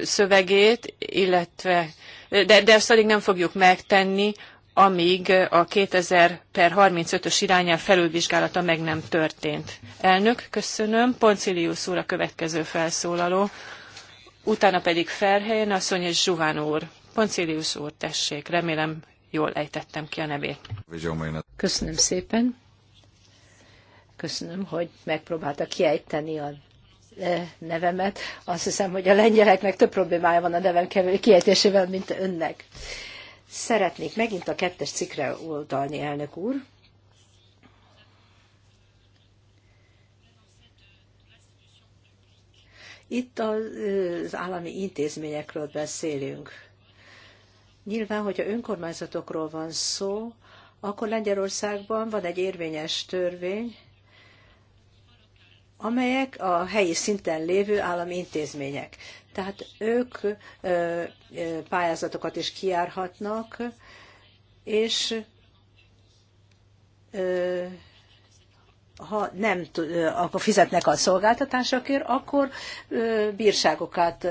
Speaker 4: szövegét, illetve de, de ezt addig nem fogjuk megtenni, amíg a 2000 per 35-ös irányel felülvizsgálata meg nem történt. Elnök, köszönöm. Poncilius úr a következő felszólaló, utána pedig Ferhelyen asszony és Zsuhán úr. Poncilius úr, tessék, remélem jól ejtettem ki a nevét.
Speaker 2: Köszönöm szépen.
Speaker 4: Köszönöm, hogy megpróbálta
Speaker 2: kiejteni a e, nevemet. Azt hiszem, hogy a lengyeleknek több problémája van a nevem kiejtésével, mint önnek. Szeretnék megint a kettes cikre oldalni, elnök úr. Itt az állami intézményekről beszélünk. Nyilván, hogyha önkormányzatokról van szó, akkor Lengyelországban van egy érvényes törvény, amelyek a helyi szinten lévő állami intézmények. Tehát ők pályázatokat is kiárhatnak, és ha nem akkor fizetnek a szolgáltatásokért, akkor bírságokat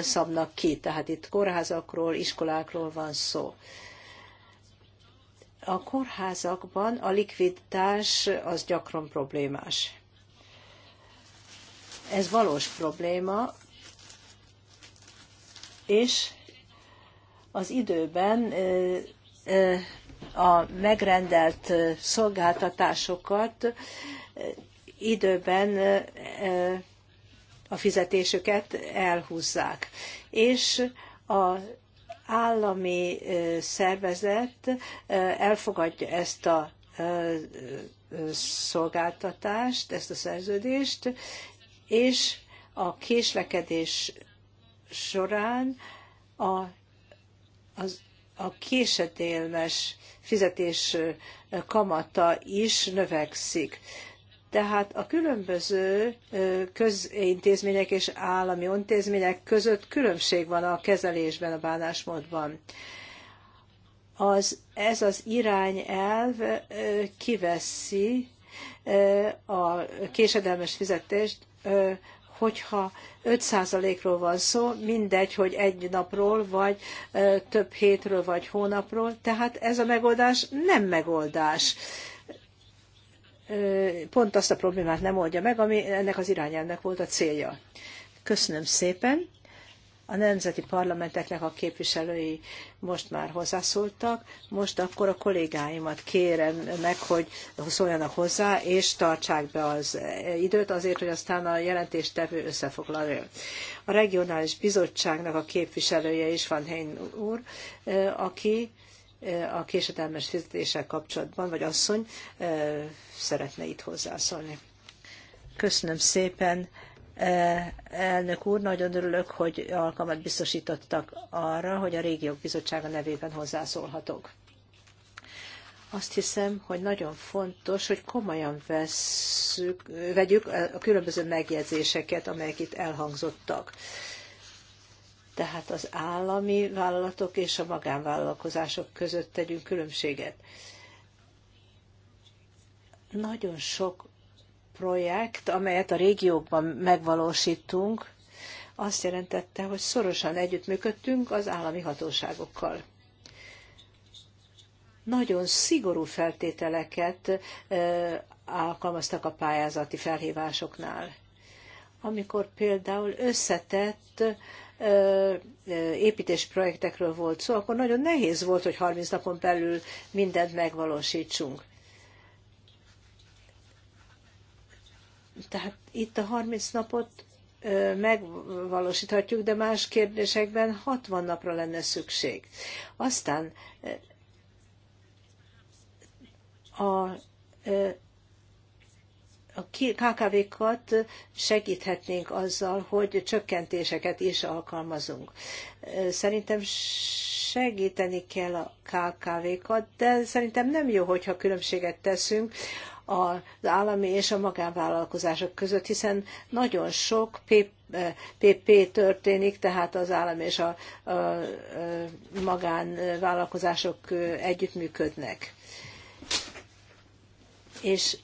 Speaker 2: szabnak ki. Tehát itt kórházakról, iskolákról van szó. A kórházakban a likviditás az gyakran problémás. Ez valós probléma, és az időben a megrendelt szolgáltatásokat időben a fizetésüket elhúzzák. És a állami szervezet elfogadja ezt a szolgáltatást, ezt a szerződést, és a késlekedés során a, az, a késetélmes fizetés kamata is növekszik. Tehát a különböző közintézmények és állami intézmények között különbség van a kezelésben, a bánásmódban. Az, ez az irányelv kiveszi a késedelmes fizetést hogyha 5%-ról van szó, mindegy, hogy egy napról, vagy több hétről, vagy hónapról, tehát ez a megoldás nem megoldás. Pont azt a problémát nem oldja meg, ami ennek az irányelvnek volt a célja. Köszönöm szépen a nemzeti parlamenteknek a képviselői most már hozzászóltak, most akkor a kollégáimat kérem meg, hogy szóljanak hozzá, és tartsák be az időt azért, hogy aztán a jelentéstevő összefoglalja. A regionális bizottságnak a képviselője is van Hein úr, aki a késedelmes fizetéssel kapcsolatban, vagy asszony szeretne itt hozzászólni. Köszönöm szépen E, elnök úr, nagyon örülök, hogy alkalmat biztosítottak arra, hogy a régiók bizottsága nevében hozzászólhatok. Azt hiszem, hogy nagyon fontos, hogy komolyan vesszük, vegyük a különböző megjegyzéseket, amelyek itt elhangzottak. Tehát az állami vállalatok és a magánvállalkozások között tegyünk különbséget. Nagyon sok projekt, amelyet a régiókban megvalósítunk, azt jelentette, hogy szorosan együttműködtünk az állami hatóságokkal. Nagyon szigorú feltételeket alkalmaztak a pályázati felhívásoknál. Amikor például összetett építésprojektekről volt szó, akkor nagyon nehéz volt, hogy 30 napon belül mindent megvalósítsunk. Tehát itt a 30 napot megvalósíthatjuk, de más kérdésekben 60 napra lenne szükség. Aztán a, a KKV-kat segíthetnénk azzal, hogy csökkentéseket is alkalmazunk. Szerintem segíteni kell a KKV-kat, de szerintem nem jó, hogyha különbséget teszünk az állami és a magánvállalkozások között, hiszen nagyon sok PP történik, tehát az állami és a, magánvállalkozások együttműködnek. És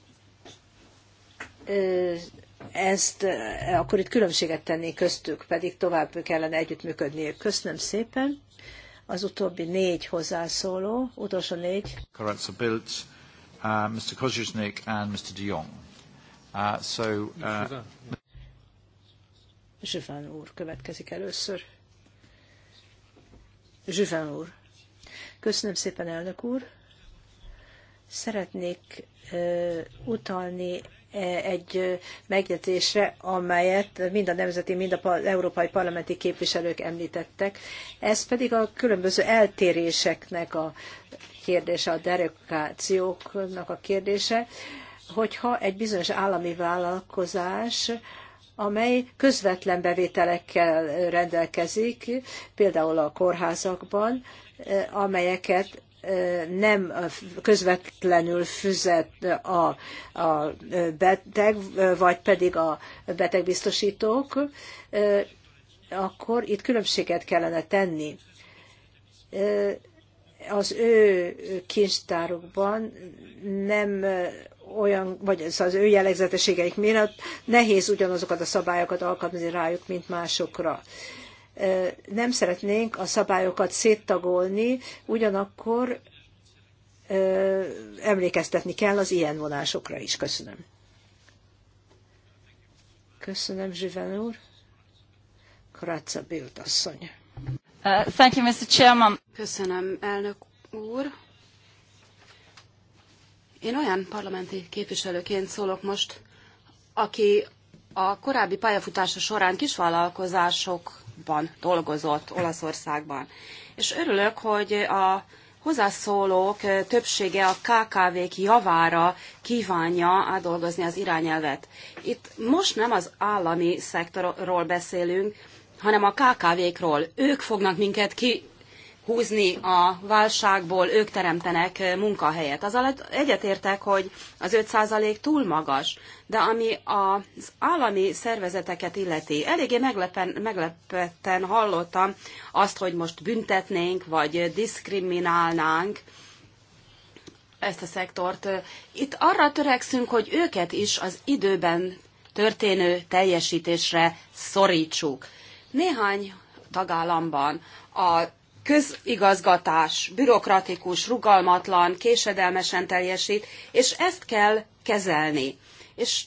Speaker 2: ezt, akkor itt különbséget tenni köztük, pedig tovább kellene együttműködniük. Köszönöm szépen. Az utóbbi négy hozzászóló, utolsó négy.
Speaker 1: Uh, Mr. Kozuznik and Mr. de Jong. Uh, so,
Speaker 2: uh, úr következik először. Zsiván úr. Köszönöm szépen, elnök úr. Szeretnék uh, utalni egy megjegyzésre, amelyet mind a nemzeti, mind a európai parlamenti képviselők említettek. Ez pedig a különböző eltéréseknek a kérdése, a derogációknak a kérdése, hogyha egy bizonyos állami vállalkozás amely közvetlen bevételekkel rendelkezik, például a kórházakban, eh, amelyeket eh, nem közvetlenül fizet a, a beteg, vagy pedig a betegbiztosítók, eh, akkor itt különbséget kellene tenni az ő kincstárukban nem olyan, vagy az, szóval az ő jellegzetességeik miatt nehéz ugyanazokat a szabályokat alkalmazni rájuk, mint másokra. Nem szeretnénk a szabályokat széttagolni, ugyanakkor emlékeztetni kell az ilyen vonásokra is. Köszönöm. Köszönöm, Zsiven úr. Karácsa Bild asszony.
Speaker 3: Uh, thank you, Mr. Chairman. Köszönöm, elnök úr. Én olyan parlamenti képviselőként szólok most, aki a korábbi pályafutása során kisvállalkozásokban dolgozott Olaszországban. És örülök, hogy a hozzászólók többsége a KKV-k javára kívánja átdolgozni az irányelvet. Itt most nem az állami szektorról beszélünk, hanem a KKV-król. Ők fognak minket kihúzni a válságból, ők teremtenek eh, munkahelyet. Azzal egyetértek, hogy az 5% túl magas, de ami az állami szervezeteket illeti, eléggé meglepen, meglepetten hallottam azt, hogy most büntetnénk, vagy diszkriminálnánk ezt a szektort. Itt arra törekszünk, hogy őket is az időben történő teljesítésre szorítsuk. Néhány tagállamban a közigazgatás bürokratikus, rugalmatlan, késedelmesen teljesít, és ezt kell kezelni. És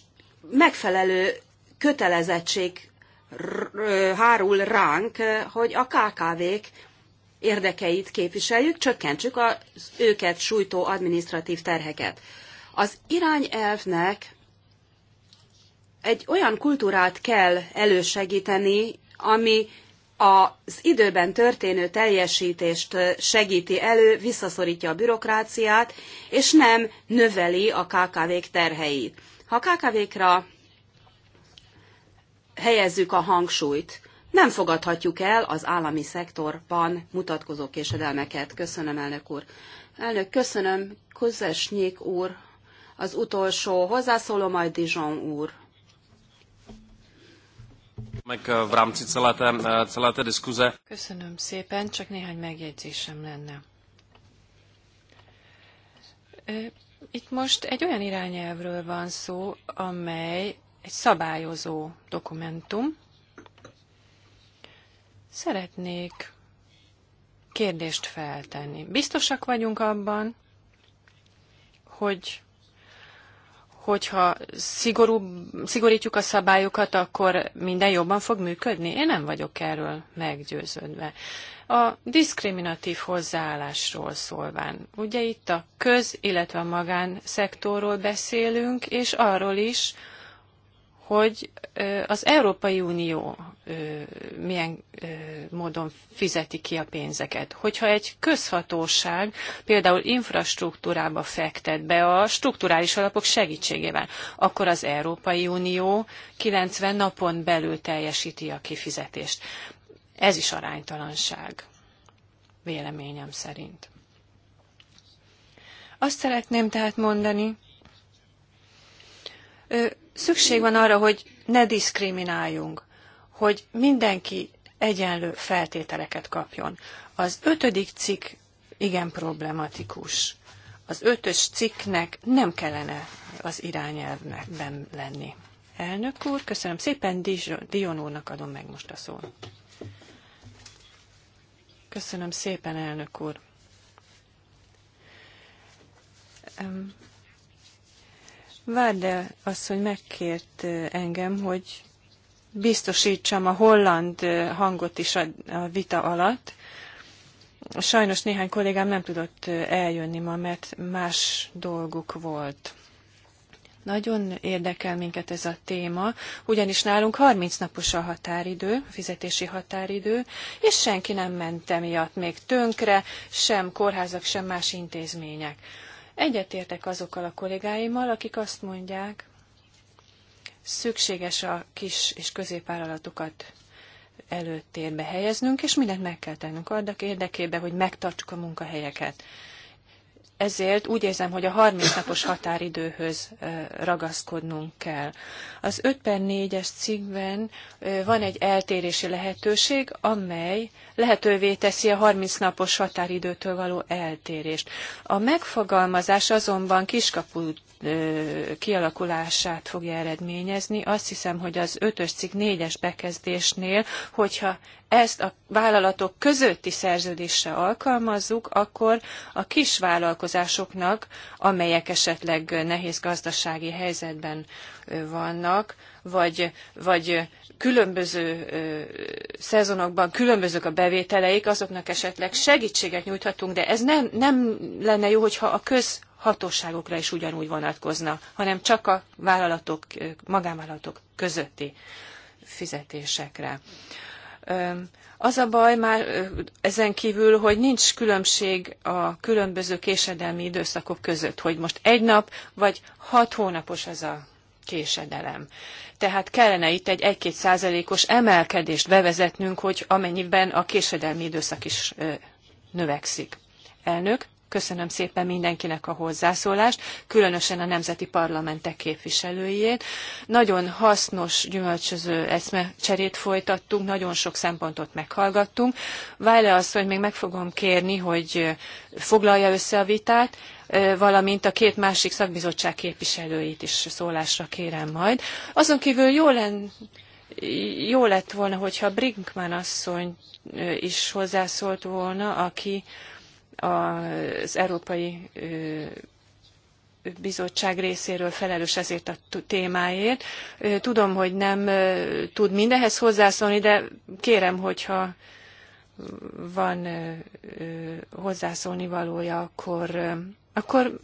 Speaker 3: megfelelő kötelezettség hárul ránk, hogy a KKV-k érdekeit képviseljük, csökkentsük az őket sújtó administratív terheket. Az irányelvnek egy olyan kultúrát kell elősegíteni, ami az időben történő teljesítést segíti elő, visszaszorítja a bürokráciát, és nem növeli a KKV-k terheit. Ha a KKV-kra helyezzük a hangsúlyt, nem fogadhatjuk el az állami szektorban mutatkozó késedelmeket. Köszönöm, elnök úr. Elnök, köszönöm, Kozesnyék úr, az utolsó hozzászóló, majd Dizson úr. Meg eh, v rámci celé té, eh, celé té diskuze.
Speaker 4: Köszönöm szépen, csak néhány megjegyzésem lenne. Itt most egy olyan irányelvről van szó, amely egy szabályozó dokumentum. Szeretnék kérdést feltenni. Biztosak vagyunk abban, hogy hogyha szigorú, szigorítjuk a szabályokat, akkor minden jobban fog működni? Én nem vagyok erről meggyőződve. A diszkriminatív hozzáállásról szólván. Ugye itt a köz, illetve a magánszektorról beszélünk, és arról is, hogy az Európai Unió milyen módon fizeti ki a pénzeket. Hogyha egy közhatóság például infrastruktúrába fektet be a strukturális alapok segítségével, akkor az Európai Unió 90 napon belül teljesíti a kifizetést. Ez is aránytalanság, véleményem szerint. Azt szeretném tehát mondani, szükség van arra, hogy ne diszkrimináljunk, hogy mindenki egyenlő feltételeket kapjon. Az ötödik cikk igen problematikus. Az ötös cikknek nem kellene az irányelvben lenni. Elnök úr, köszönöm szépen, Dion úrnak adom meg most a szót. Köszönöm szépen, elnök úr. Várde asszony megkért engem, hogy biztosítsam a holland hangot is a, vita alatt. Sajnos néhány kollégám nem tudott eljönni ma, mert más dolguk volt. Nagyon érdekel minket ez a téma, ugyanis nálunk 30 napos a határidő, a fizetési határidő, és senki nem ment emiatt még tönkre, sem kórházak, sem más intézmények. Egyetértek azokkal a kollégáimmal, akik azt mondják, szükséges a kis és középvállalatokat előtérbe helyeznünk, és mindent meg kell tennünk annak érdekében, hogy megtartsuk a munkahelyeket ezért úgy érzem, hogy a 30 napos határidőhöz ragaszkodnunk kell. Az 5 per 4-es cikkben van egy eltérési lehetőség, amely lehetővé teszi a 30 napos határidőtől való eltérést. A megfogalmazás azonban kiskapu kialakulását fogja eredményezni. Azt hiszem, hogy az 5-ös cikk 4-es bekezdésnél, hogyha ezt a vállalatok közötti szerződésre alkalmazzuk, akkor a kis vállalkozásoknak, amelyek esetleg nehéz gazdasági helyzetben vannak, vagy, vagy különböző szezonokban különbözők a bevételeik, azoknak esetleg segítséget nyújthatunk, de ez nem, nem lenne jó, hogyha a közhatóságokra is ugyanúgy vonatkozna, hanem csak a vállalatok, magánvállalatok közötti fizetésekre. Az a baj már ezen kívül, hogy nincs különbség a különböző késedelmi időszakok között, hogy most egy nap vagy hat hónapos ez a késedelem. Tehát kellene itt egy 1-2 százalékos emelkedést bevezetnünk, hogy amennyiben a késedelmi időszak is növekszik. Elnök, Köszönöm szépen mindenkinek a hozzászólást, különösen a nemzeti parlamentek képviselőjét. Nagyon hasznos, gyümölcsöző eszmecserét folytattunk, nagyon sok szempontot meghallgattunk. Vájle azt, hogy még meg fogom kérni, hogy foglalja össze a vitát, valamint a két másik szakbizottság képviselőit is szólásra kérem majd. Azon kívül jó, len, jó lett volna, hogyha Brinkman asszony is hozzászólt volna, aki az Európai bizottság részéről felelős ezért a témáért. Tudom, hogy nem tud mindenhez hozzászólni, de kérem, hogyha van hozzászólni valója, akkor akkor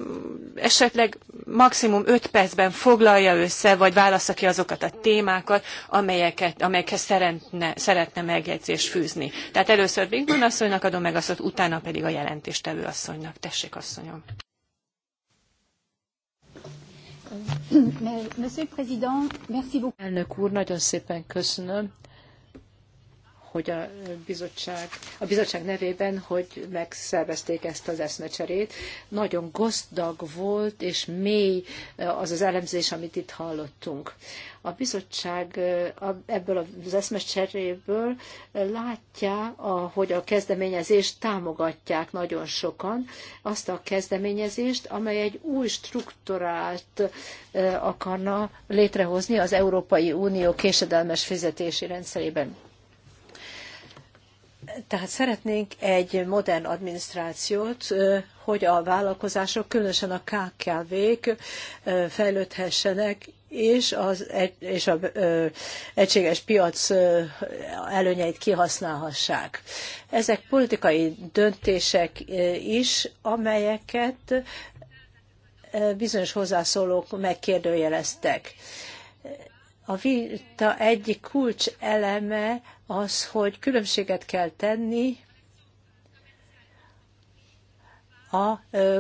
Speaker 4: esetleg maximum 5 percben foglalja össze, vagy válassza ki azokat a témákat, amelyeket, amelyekhez szeretne, szeretne megjegyzést fűzni. Tehát először Binkman asszonynak adom meg azt, utána pedig a jelentéstevő asszonynak. Tessék, asszonyom.
Speaker 3: merci beaucoup.
Speaker 2: Elnök úr, nagyon szépen köszönöm hogy a bizottság, a bizottság nevében, hogy megszervezték ezt az eszmecserét. Nagyon gazdag volt és mély eh, az az elemzés, amit itt hallottunk. A bizottság eh, ebből az eszmecseréből eh, látja, hogy a kezdeményezést támogatják nagyon sokan, azt a kezdeményezést, amely egy új struktúrát akarna létrehozni az Európai Unió késedelmes fizetési rendszerében tehát szeretnénk egy modern adminisztrációt, hogy a vállalkozások, különösen a KKV-k fejlődhessenek, és az és a, ö, egységes piac ö, előnyeit kihasználhassák. Ezek politikai döntések ö, is, amelyeket ö, bizonyos hozzászólók megkérdőjeleztek. A vita egyik kulcs eleme az, hogy különbséget kell tenni a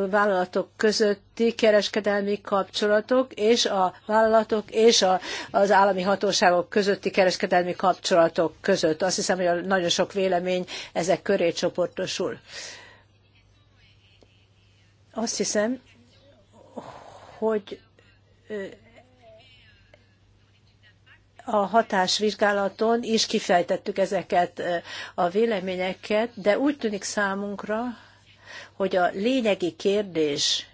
Speaker 2: vállalatok közötti kereskedelmi kapcsolatok és a vállalatok és a, az állami hatóságok közötti kereskedelmi kapcsolatok között. Azt hiszem, hogy nagyon sok vélemény ezek köré csoportosul. Azt hiszem, hogy a hatásvizsgálaton is kifejtettük ezeket a véleményeket, de úgy tűnik számunkra, hogy a lényegi kérdés,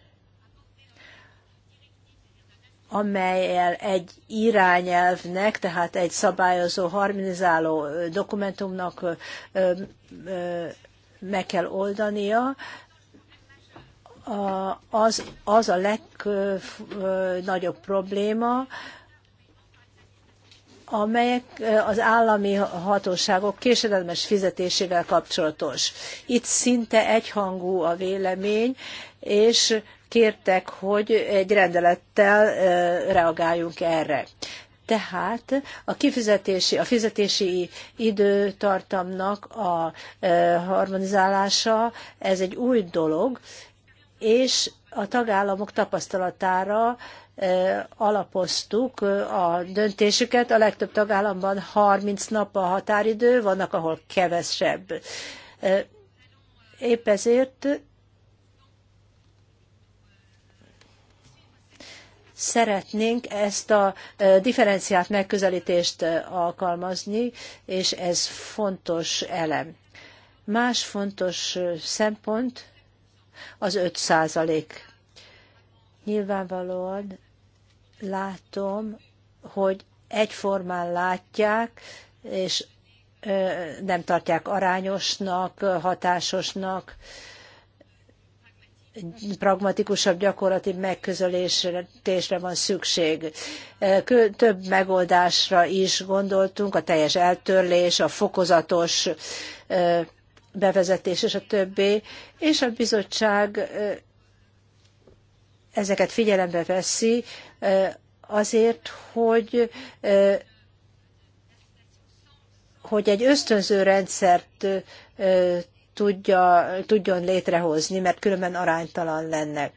Speaker 2: amelyel egy irányelvnek, tehát egy szabályozó, harmonizáló dokumentumnak meg kell oldania, az, az a legnagyobb probléma, amelyek eh, az állami hatóságok késedelmes fizetésével kapcsolatos. Itt szinte egyhangú a vélemény, és kértek, hogy egy rendelettel eh, reagáljunk erre. Tehát a kifizetési, a fizetési időtartamnak a eh, harmonizálása, ez egy új dolog, és a tagállamok tapasztalatára alapoztuk a döntésüket. A legtöbb tagállamban 30 nap a határidő, vannak, ahol kevesebb. Épp ezért szeretnénk ezt a differenciált megközelítést alkalmazni, és ez fontos elem. Más fontos szempont az 5 százalék. Nyilvánvalóan látom, hogy egyformán látják, és nem tartják arányosnak, hatásosnak, pragmatikusabb gyakorlati megközelítésre van szükség. Több megoldásra is gondoltunk, a teljes eltörlés, a fokozatos bevezetés és a többi, és a bizottság ezeket figyelembe veszi azért, hogy hogy egy ösztönző rendszert tudja, tudjon létrehozni, mert különben aránytalan lenne.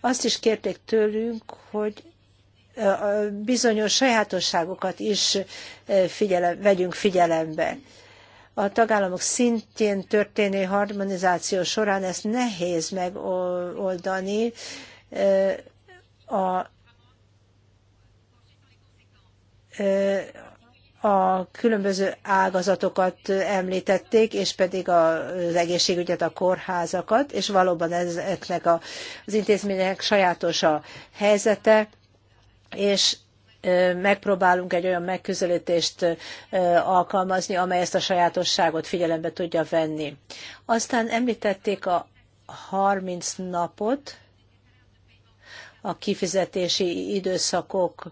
Speaker 2: Azt is kérték tőlünk, hogy bizonyos sajátosságokat is figyelem, vegyünk figyelembe. A tagállamok szintjén történő harmonizáció során ezt nehéz megoldani, a a különböző ágazatokat említették, és pedig az egészségügyet, a kórházakat, és valóban ezeknek az intézmények sajátos a helyzete, és megpróbálunk egy olyan megközelítést alkalmazni, amely ezt a sajátosságot figyelembe tudja venni. Aztán említették a 30 napot, a kifizetési időszakok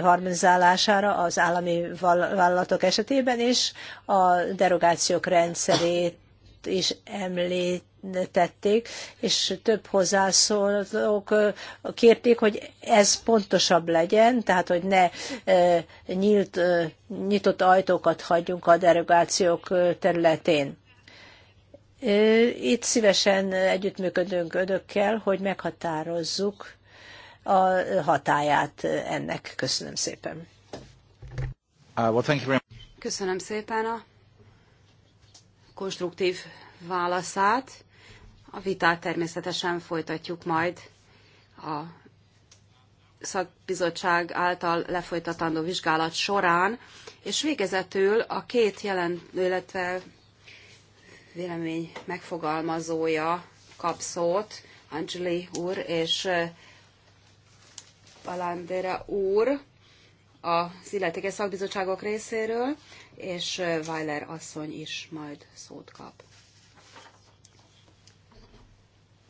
Speaker 2: harmonizálására az állami vállalatok esetében, is a derogációk rendszerét is említették, és több hozzászólók kérték, hogy ez pontosabb legyen, tehát hogy ne nyílt, nyitott ajtókat hagyjunk a derogációk területén. Itt szívesen együttműködünk önökkel, hogy meghatározzuk a hatáját ennek. Köszönöm szépen.
Speaker 1: Uh,
Speaker 3: Köszönöm szépen a konstruktív válaszát. A vitát természetesen folytatjuk majd a szakbizottság által lefolytatandó vizsgálat során, és végezetül a két jelent, illetve vélemény megfogalmazója kap szót, Angeli úr és Balandera úr az illetékes szakbizottságok részéről, és Weiler asszony is majd szót kap.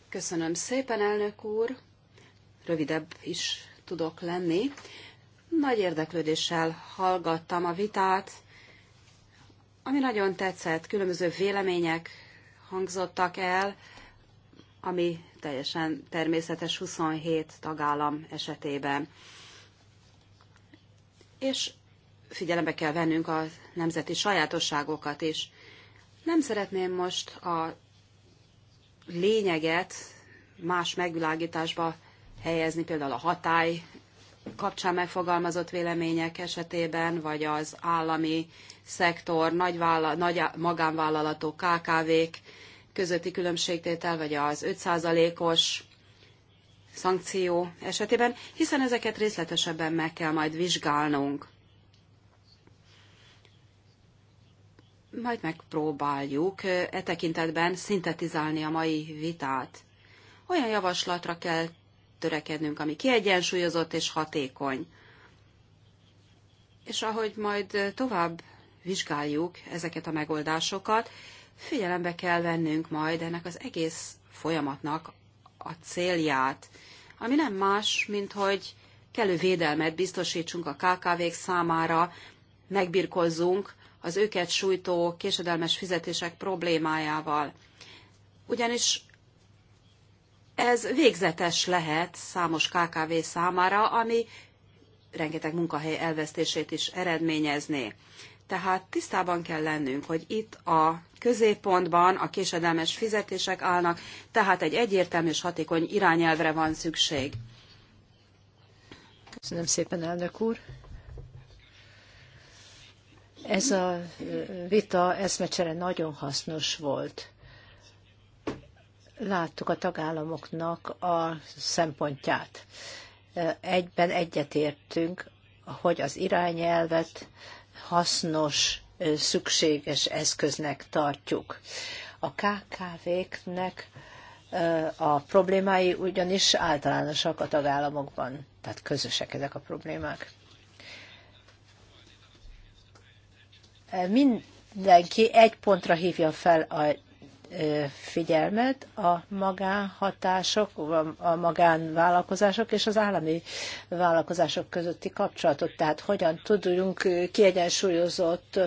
Speaker 3: Köszönöm szépen, elnök úr. Rövidebb is tudok lenni. Nagy érdeklődéssel hallgattam a vitát, ami nagyon tetszett, különböző vélemények hangzottak el, ami teljesen természetes 27 tagállam esetében. És figyelembe kell vennünk a nemzeti sajátosságokat is. Nem szeretném most a lényeget más megvilágításba helyezni, például a hatály kapcsán megfogalmazott vélemények esetében, vagy az állami szektor, nagy, vála, nagy magánvállalatok, KKV-k közötti különbségtétel, vagy az 5%-os szankció esetében, hiszen ezeket részletesebben meg kell majd vizsgálnunk. Majd megpróbáljuk e tekintetben szintetizálni a mai vitát. Olyan javaslatra kell törekednünk, ami kiegyensúlyozott és hatékony. És ahogy majd tovább vizsgáljuk ezeket a megoldásokat, figyelembe kell vennünk majd ennek az egész folyamatnak a célját, ami nem más, mint hogy kellő védelmet biztosítsunk a KKV-k számára, megbirkozzunk az őket sújtó késedelmes fizetések problémájával. Ugyanis ez végzetes lehet számos KKV számára, ami rengeteg munkahely elvesztését is eredményezné. Tehát tisztában kell lennünk, hogy itt a középpontban a késedelmes fizetések állnak, tehát egy egyértelmű és hatékony irányelvre van szükség.
Speaker 2: Köszönöm szépen, elnök úr. Ez a vita eszmecsere nagyon hasznos volt láttuk a tagállamoknak a szempontját. Egyben egyetértünk, hogy az irányelvet hasznos, szükséges eszköznek tartjuk. A KKV-knek a problémái ugyanis általánosak a tagállamokban, tehát közösek ezek a problémák. Mindenki egy pontra hívja fel a figyelmet a magánhatások, a magánvállalkozások és az állami vállalkozások közötti kapcsolatot. Tehát hogyan tudunk kiegyensúlyozott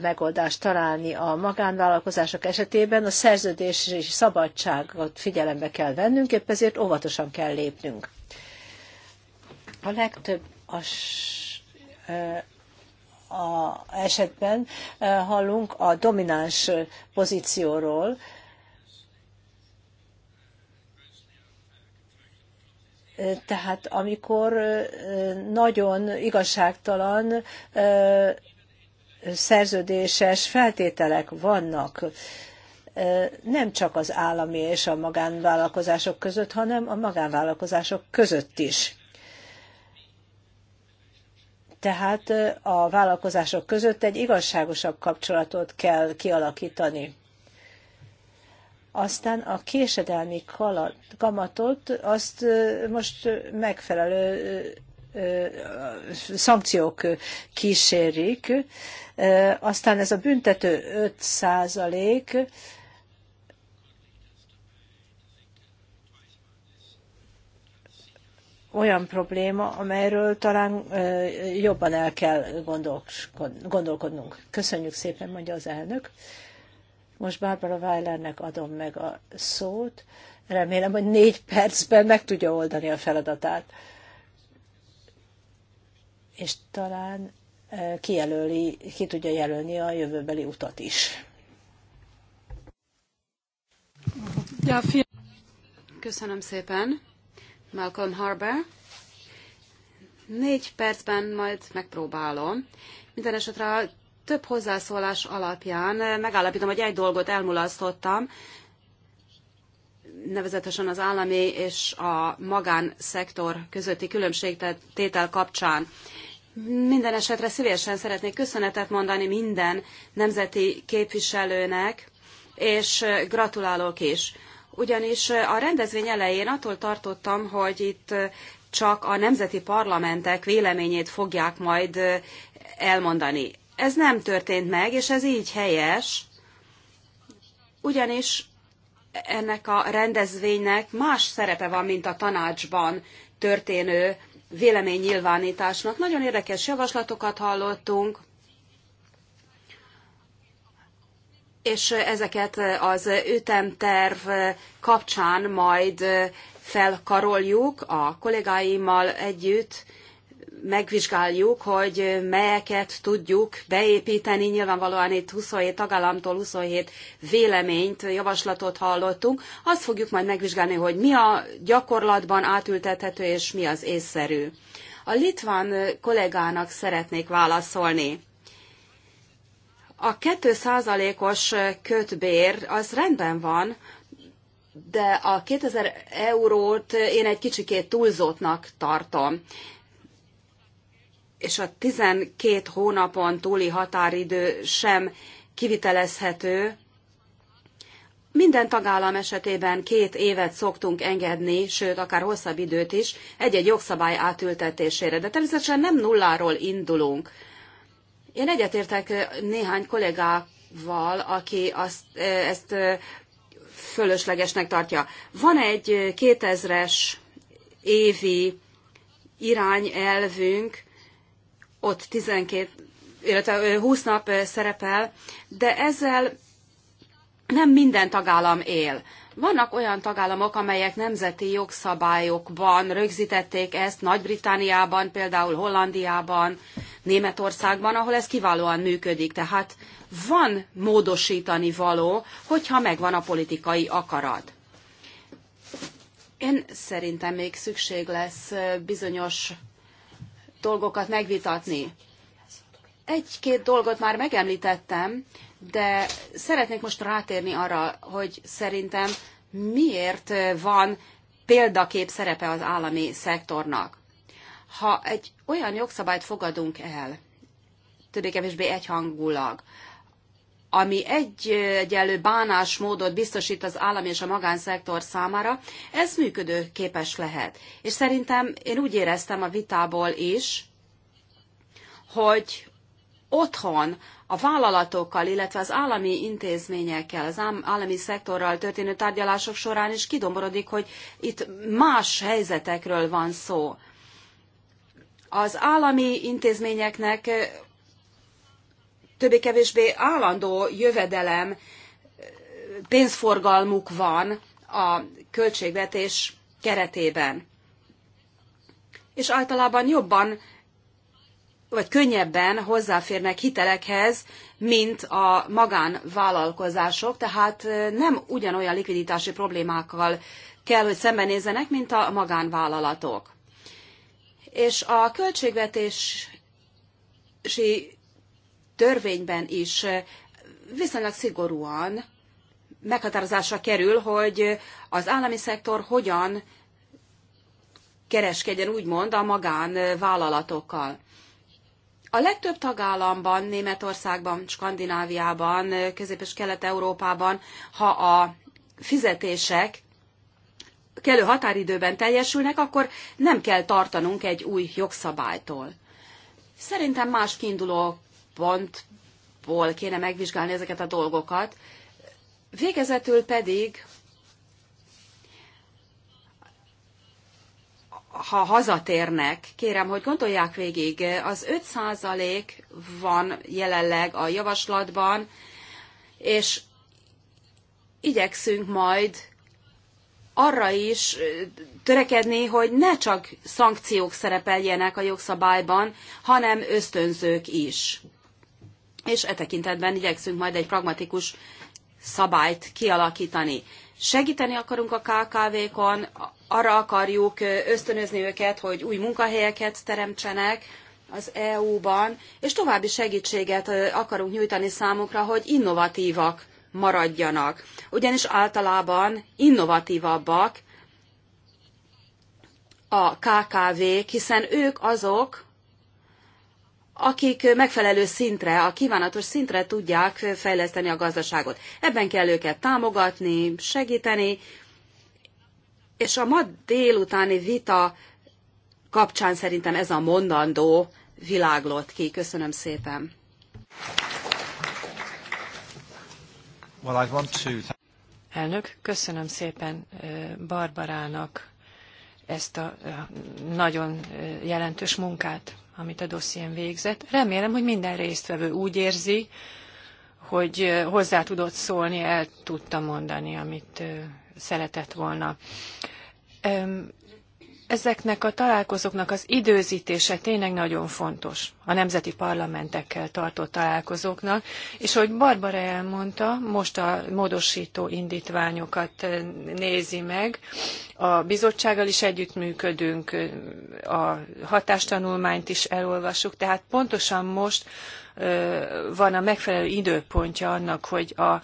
Speaker 2: megoldást találni a magánvállalkozások esetében, a szerződés és szabadságot figyelembe kell vennünk, épp ezért óvatosan kell lépnünk. A legtöbb a a esetben eh, hallunk a domináns eh, pozícióról, eh, Tehát amikor nagyon igazságtalan szerződéses feltételek vannak, nem csak az állami és a magánvállalkozások között, hanem a magánvállalkozások között is. Tehát a vállalkozások között egy igazságosabb kapcsolatot kell kialakítani. Aztán a késedelmi kamatot azt most megfelelő szankciók kísérik. Aztán ez a büntető 5 százalék, olyan probléma, amelyről talán jobban el kell gondolkodnunk. Köszönjük szépen, mondja az elnök. Most Barbara Weilernek adom meg a szót. Remélem, hogy négy percben meg tudja oldani a feladatát. És talán kijelöli, ki tudja jelölni a jövőbeli utat is.
Speaker 3: Köszönöm szépen. Malcolm Harbour. Négy percben majd megpróbálom. Minden esetre több hozzászólás alapján eh, megállapítom, hogy egy dolgot elmulasztottam, nevezetesen az állami és a magánszektor közötti különbségtétel kapcsán. Minden esetre szívesen szeretnék köszönetet mondani minden nemzeti képviselőnek, és eh, gratulálok is ugyanis a rendezvény elején attól tartottam, hogy itt csak a nemzeti parlamentek véleményét fogják majd elmondani. Ez nem történt meg, és ez így helyes, ugyanis ennek a rendezvénynek más szerepe van, mint a tanácsban történő véleménynyilvánításnak. Nagyon érdekes javaslatokat hallottunk, és ezeket az ütemterv kapcsán majd felkaroljuk a kollégáimmal együtt, megvizsgáljuk, hogy melyeket tudjuk beépíteni. Nyilvánvalóan itt 27 tagállamtól 27 véleményt, javaslatot hallottunk. Azt fogjuk majd megvizsgálni, hogy mi a gyakorlatban átültethető, és mi az észszerű. A litván kollégának szeretnék válaszolni. A 2%-os kötbér az rendben van, de a 2000 eurót én egy kicsikét túlzottnak tartom. És a 12 hónapon túli határidő sem kivitelezhető. Minden tagállam esetében két évet szoktunk engedni, sőt, akár hosszabb időt is egy-egy jogszabály átültetésére. De természetesen nem nulláról indulunk én egyetértek néhány kollégával, aki azt, ezt fölöslegesnek tartja. Van egy 2000-es évi irányelvünk, ott 12, illetve 20 nap szerepel, de ezzel nem minden tagállam él. Vannak olyan tagállamok, amelyek nemzeti jogszabályokban rögzítették ezt, Nagy-Britániában, például Hollandiában, Németországban, ahol ez kiválóan működik. Tehát van módosítani való, hogyha megvan a politikai akarat. Én szerintem még szükség lesz bizonyos dolgokat megvitatni. Egy-két dolgot már megemlítettem, de szeretnék most rátérni arra, hogy szerintem miért van példakép szerepe az állami szektornak. Ha egy olyan jogszabályt fogadunk el, többé-kevésbé egyhangulag, ami egy egyenlő bánásmódot biztosít az állami és a magánszektor számára, ez működő képes lehet. És szerintem én úgy éreztem a vitából is, hogy otthon a vállalatokkal, illetve az állami intézményekkel, az állami szektorral történő tárgyalások során is kidomborodik, hogy itt más helyzetekről van szó. Az állami intézményeknek többé-kevésbé állandó jövedelem, pénzforgalmuk van a költségvetés keretében. És általában jobban vagy könnyebben hozzáférnek hitelekhez, mint a magánvállalkozások, tehát nem ugyanolyan likviditási problémákkal kell, hogy szembenézzenek, mint a magánvállalatok. És a költségvetési törvényben is viszonylag szigorúan meghatározásra kerül, hogy az állami szektor hogyan kereskedjen úgymond a magánvállalatokkal. A legtöbb tagállamban, Németországban, Skandináviában, Közép- és Kelet-Európában, ha a fizetések kellő határidőben teljesülnek, akkor nem kell tartanunk egy új jogszabálytól. Szerintem más kiinduló pontból kéne megvizsgálni ezeket a dolgokat. Végezetül pedig ha hazatérnek, kérem, hogy gondolják végig, az 5% van jelenleg a javaslatban, és igyekszünk majd arra is törekedni, hogy ne csak szankciók szerepeljenek a jogszabályban, hanem ösztönzők is. És e tekintetben igyekszünk majd egy pragmatikus szabályt kialakítani segíteni akarunk a KKV-kon, arra akarjuk ösztönözni őket, hogy új munkahelyeket teremtsenek az EU-ban, és további segítséget akarunk nyújtani számukra, hogy innovatívak maradjanak. Ugyanis általában innovatívabbak a KKV-k, hiszen ők azok, akik megfelelő szintre, a kívánatos szintre tudják fejleszteni a gazdaságot. Ebben kell őket támogatni, segíteni, és a ma délutáni vita kapcsán szerintem ez a mondandó
Speaker 4: világlott ki. Köszönöm szépen.
Speaker 1: Well, I want to...
Speaker 4: Elnök, köszönöm szépen Barbarának ezt a nagyon jelentős munkát amit a dosszién végzett. Remélem, hogy minden résztvevő úgy érzi, hogy hozzá tudott szólni, el tudta mondani, amit szeretett volna. Ezeknek a találkozóknak az időzítése tényleg nagyon fontos a nemzeti parlamentekkel tartott találkozóknak, és hogy Barbara elmondta, most a módosító indítványokat eh, nézi meg, a bizottsággal is együttműködünk, eh, a hatástanulmányt is elolvassuk, tehát pontosan most eh, van a megfelelő időpontja annak, hogy a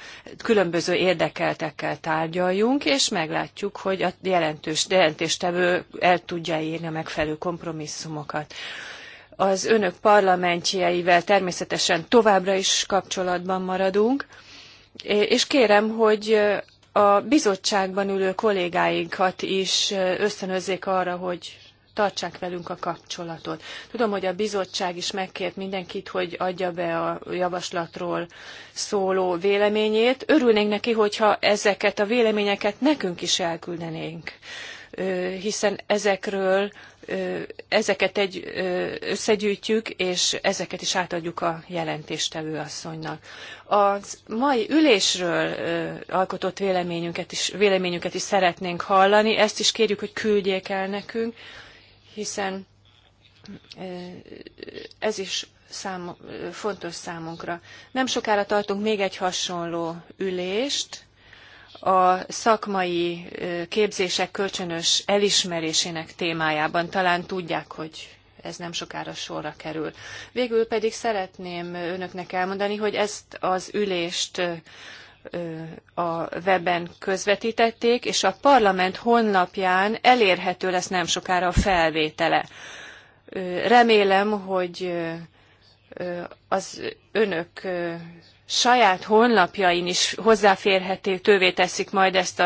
Speaker 4: különböző érdekeltekkel tárgyaljunk, és meglátjuk, hogy a jelentős jelentéstevő el tudja írni a megfelelő kompromisszumokat az önök parlamentjeivel természetesen továbbra is kapcsolatban maradunk, és kérem, hogy a bizottságban ülő kollégáinkat is ösztönözzék arra, hogy tartsák velünk a kapcsolatot. Tudom, hogy a bizottság is megkért mindenkit, hogy adja be a javaslatról szóló véleményét. Örülnénk neki, hogyha ezeket a véleményeket nekünk is elküldenénk, hiszen ezekről ezeket egy, összegyűjtjük, és ezeket is átadjuk a jelentéstevő asszonynak. A mai ülésről alkotott véleményünket is, véleményünket is szeretnénk hallani, ezt is kérjük, hogy küldjék el nekünk, hiszen ez is szám, fontos számunkra. Nem sokára tartunk még egy hasonló ülést, a szakmai képzések kölcsönös elismerésének témájában. Talán tudják, hogy ez nem sokára sorra kerül. Végül pedig szeretném önöknek elmondani, hogy ezt az ülést a weben közvetítették, és a parlament honlapján elérhető lesz nem sokára a felvétele. Remélem, hogy az önök saját honlapjain is hozzáférhetővé teszik majd ezt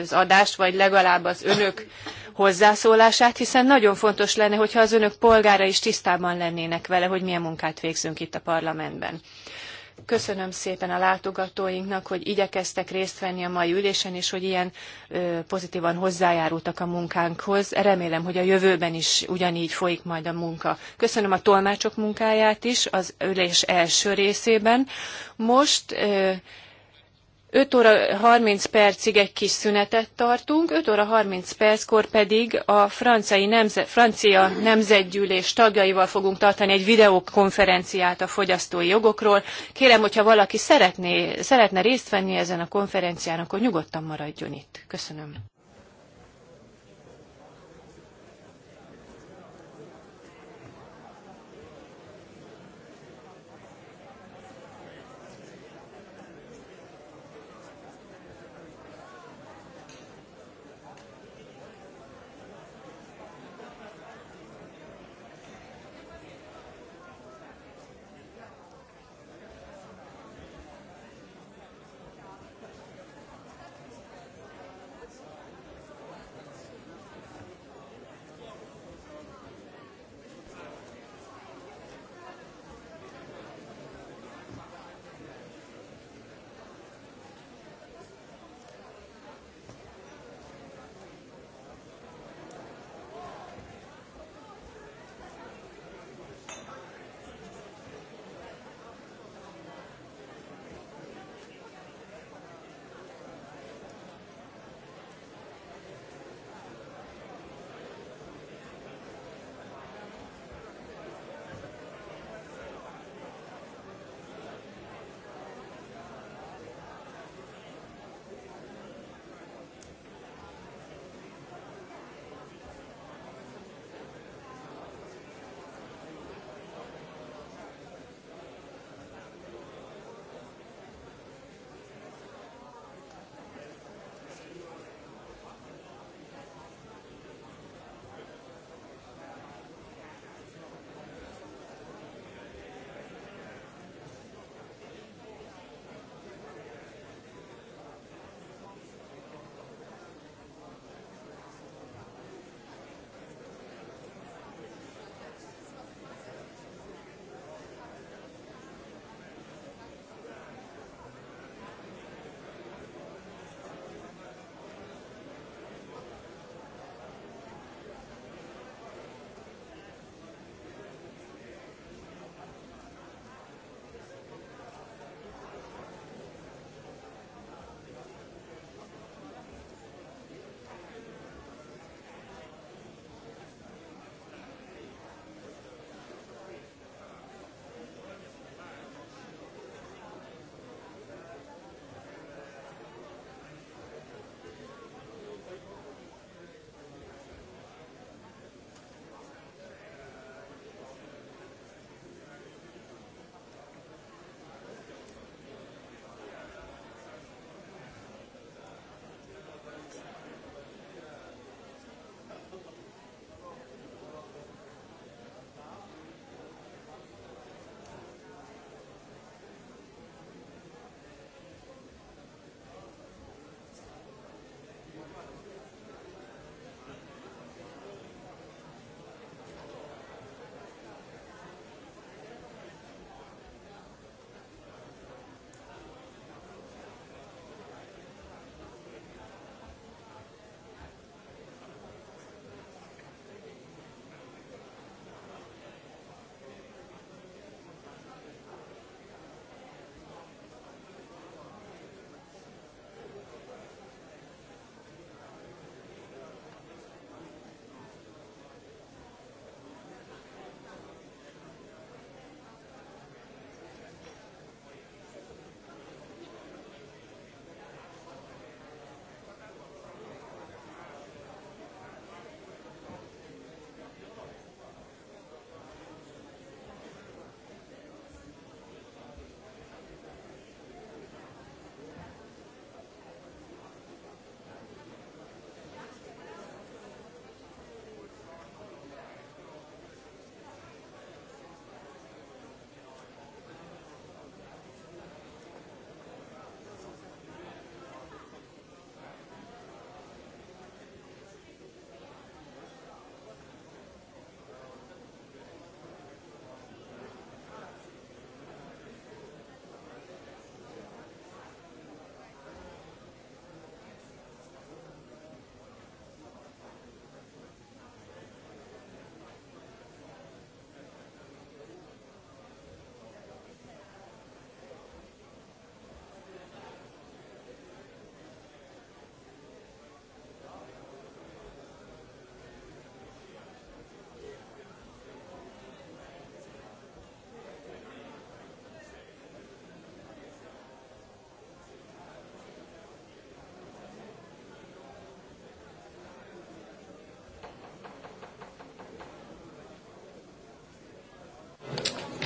Speaker 4: az adást, vagy legalább az önök hozzászólását, hiszen nagyon fontos lenne, hogyha az önök polgára is tisztában lennének vele, hogy milyen munkát végzünk itt a parlamentben. Köszönöm szépen a látogatóinknak, hogy igyekeztek részt venni a mai ülésen, és hogy ilyen ö, pozitívan hozzájárultak a munkánkhoz. Remélem, hogy a jövőben is ugyanígy folyik majd a munka. Köszönöm a tolmácsok munkáját is az ülés első részében. Most ö, 5 óra 30 percig egy kis szünetet tartunk, 5 óra 30 perckor pedig a francai nemze, francia nemzetgyűlés tagjaival fogunk tartani egy videokonferenciát a fogyasztói jogokról. Kérem, hogyha valaki szeretné, szeretne részt venni ezen a konferencián, akkor nyugodtan maradjon itt. Köszönöm.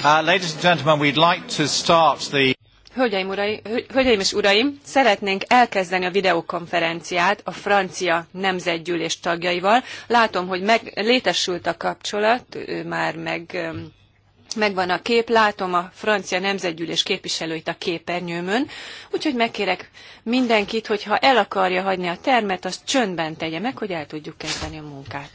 Speaker 1: Uh, ladies and gentlemen, we'd like to start the...
Speaker 4: Hölgyeim, urai, hölgyeim és uraim, szeretnénk elkezdeni a videokonferenciát a francia nemzetgyűlés tagjaival. Látom, hogy meg, létesült a kapcsolat, már meg, megvan a kép, látom a francia nemzetgyűlés képviselőit a képernyőmön, úgyhogy megkérek mindenkit, hogy ha el akarja hagyni a termet, azt csöndben tegye meg, hogy el tudjuk kezdeni a munkát.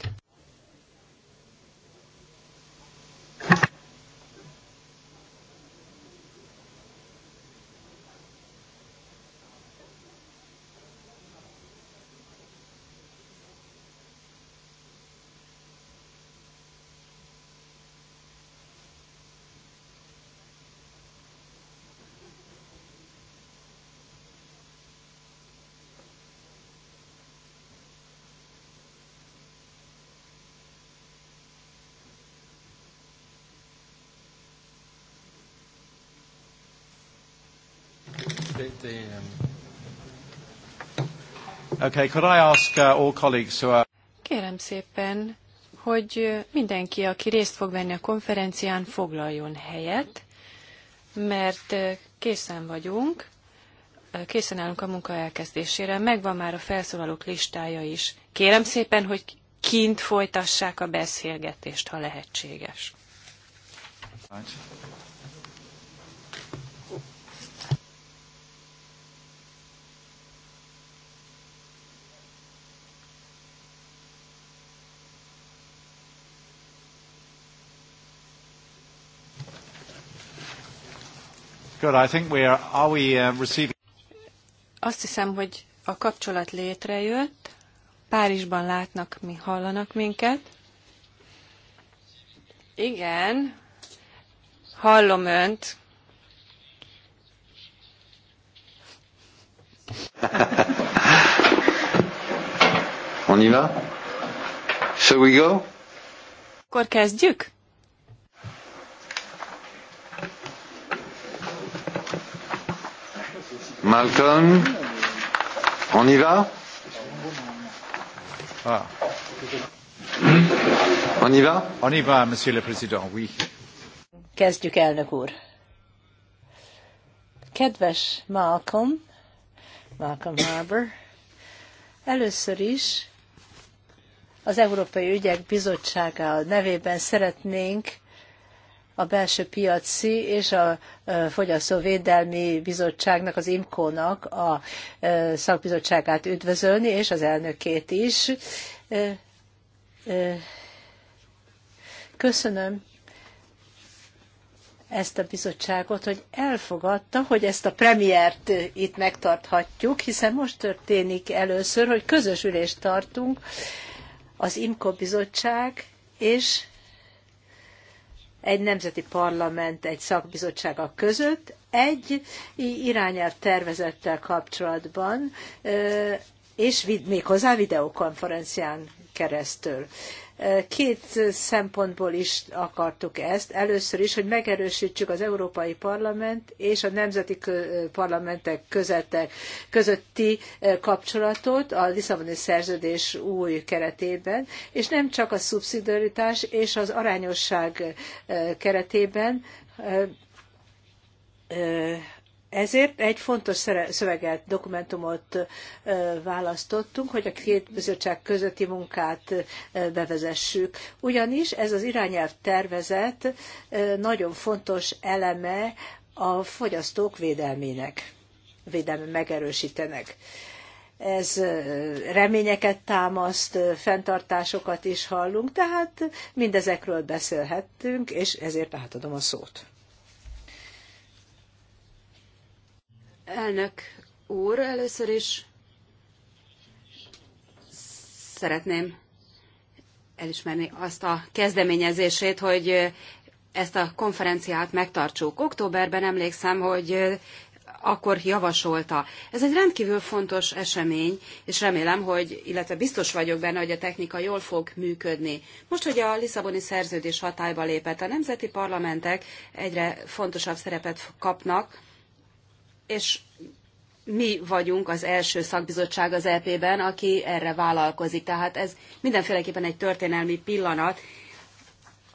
Speaker 1: Okay, could I ask uh, all colleagues who are.
Speaker 4: Kérem szépen, hogy uh, mindenki, aki részt fog venni a konferencián, foglaljon helyet, mert uh, készen vagyunk, készen állunk a munka elkezdésére, megvan már a felszólalók listája is. Kérem szépen, hogy kint folytassák a beszélgetést, ha lehetséges.
Speaker 1: Right. Good, I think we are, are we uh, receiving...
Speaker 4: Azt hiszem, hogy a kapcsolat létrejött, Párizsban látnak, mi hallanak minket. Igen, hallom önt.
Speaker 1: On y va? Shall we go?
Speaker 4: Akkor kezdjük?
Speaker 1: Malcolm, on y va ah. On y va On y va, Monsieur le Président, oui.
Speaker 2: Kezdjük, elnök úr. Kedves Malcolm, Malcolm Harbour, először is az Európai Ügyek Bizottsága nevében szeretnénk a belső piaci és a fogyasztóvédelmi bizottságnak, az IMCO-nak a szakbizottságát üdvözölni, és az elnökét is. Köszönöm ezt a bizottságot, hogy elfogadta, hogy ezt a premiért itt megtarthatjuk, hiszen most történik először, hogy közös ülést tartunk az IMCO bizottság és egy nemzeti parlament, egy szakbizottsága között egy irányelv tervezettel kapcsolatban, és vid, méghozzá videokonferencián keresztül. Két szempontból is akartuk ezt. Először is, hogy megerősítsük az Európai Parlament és a nemzeti parlamentek közötti eh, kapcsolatot a Lisszaboni szerződés új keretében, és nem csak a szubszidiaritás és az arányosság eh, keretében, eh, ezért egy fontos szöveget, dokumentumot választottunk, hogy a két bizottság közötti munkát bevezessük. Ugyanis ez az irányelv tervezet nagyon fontos eleme a fogyasztók védelmének, védelme megerősítenek. Ez reményeket támaszt, fenntartásokat is hallunk, tehát mindezekről beszélhettünk, és ezért átadom
Speaker 3: a szót. Elnök úr, először is szeretném elismerni azt a kezdeményezését, hogy ezt a konferenciát megtartsuk. Októberben emlékszem, hogy akkor javasolta. Ez egy rendkívül fontos esemény, és remélem, hogy, illetve biztos vagyok benne, hogy a technika jól fog működni. Most, hogy a Lisszaboni szerződés hatályba lépett, a nemzeti parlamentek egyre fontosabb szerepet kapnak és mi vagyunk az első szakbizottság az EP-ben, aki erre vállalkozik. Tehát ez mindenféleképpen egy történelmi pillanat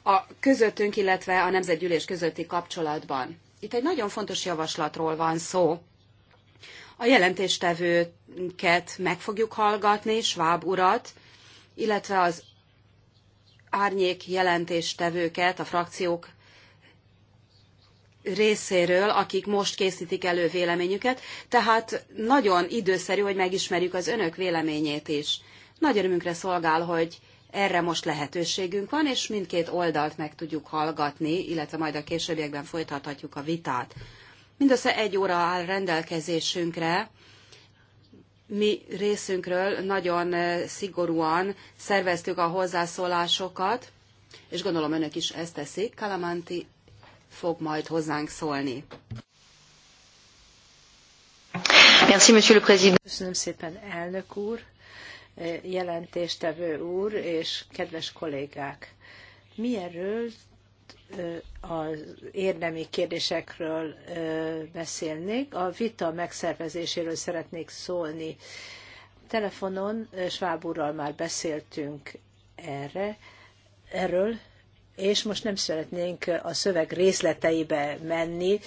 Speaker 3: a közöttünk, illetve a nemzetgyűlés közötti kapcsolatban. Itt egy nagyon fontos javaslatról van szó. A jelentéstevőket meg fogjuk hallgatni, Schwab urat, illetve az árnyék jelentéstevőket, a frakciók részéről, akik most készítik elő véleményüket, tehát nagyon időszerű, hogy megismerjük az önök véleményét is. Nagy örömünkre szolgál, hogy erre most lehetőségünk van, és mindkét oldalt meg tudjuk hallgatni, illetve majd a későbbiekben folytathatjuk a vitát. Mindössze egy óra áll rendelkezésünkre, mi részünkről nagyon eh, szigorúan szerveztük a hozzászólásokat, és gondolom önök is ezt teszik. Kalamanti fog majd hozzánk szólni.
Speaker 2: Merci, Monsieur le Président. Köszönöm szépen, elnök úr,
Speaker 3: eh, jelentéstevő
Speaker 2: úr és kedves kollégák. Milyenről eh, az érdemi kérdésekről eh, beszélnék, a vita megszervezéséről szeretnék szólni. Telefonon Schwab úrral már beszéltünk erre, erről, és most nem szeretnénk a szöveg részleteibe menni,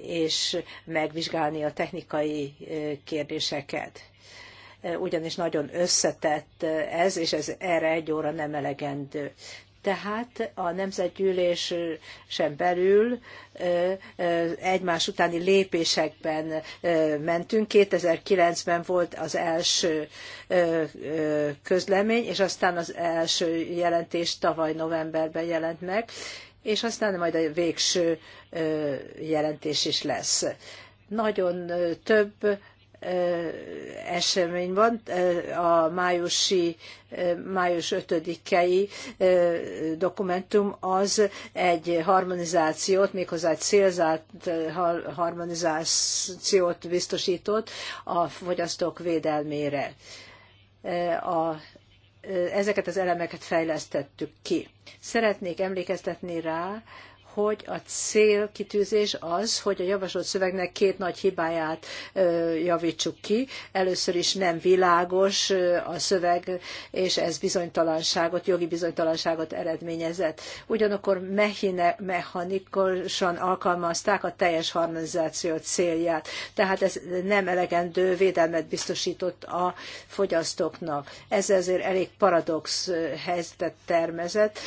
Speaker 2: és megvizsgálni a technikai kérdéseket. Ugyanis nagyon összetett ez, és ez erre egy óra nem elegendő. Tehát a nemzetgyűlésen belül egymás utáni lépésekben mentünk. 2009-ben volt az első közlemény, és aztán az első jelentés tavaly novemberben jelent meg, és aztán majd a végső jelentés is lesz. Nagyon több esemény van, a májusi, május 5-i dokumentum az egy harmonizációt, méghozzá egy célzált harmonizációt biztosított a fogyasztók védelmére. A ezeket az elemeket fejlesztettük ki. Szeretnék emlékeztetni rá, hogy a célkitűzés az, hogy a javasolt szövegnek két nagy hibáját javítsuk ki. Először is nem világos a szöveg, és ez bizonytalanságot, jogi bizonytalanságot eredményezett. Ugyanakkor mehine, mechanikusan alkalmazták a teljes harmonizáció célját, tehát ez nem elegendő védelmet biztosított a fogyasztóknak. Ez ezért elég paradox helyzetet termezett,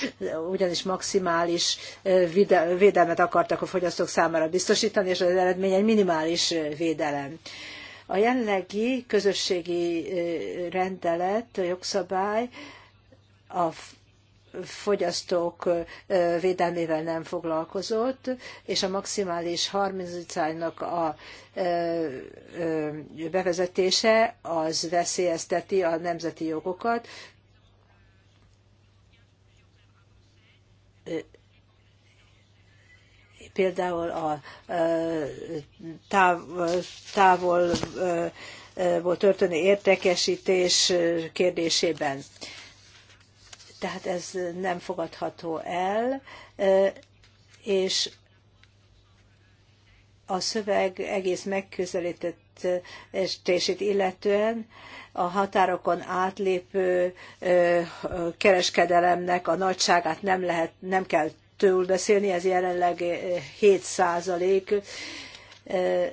Speaker 2: ugyanis maximális videó védelmet akartak a fogyasztók számára biztosítani, és az eredmény egy minimális védelem. A jelenlegi közösségi rendelet, jogszabály a fogyasztók védelmével nem foglalkozott, és a maximális 30%-nak a bevezetése az veszélyezteti a nemzeti jogokat, például a táv, távol volt történő értékesítés kérdésében. Tehát ez nem fogadható el, és a szöveg egész megközelített megközelítését illetően a határokon átlépő kereskedelemnek a nagyságát nem, lehet, nem kell től beszélni, ez jelenleg 7 eh, százalék. Eh,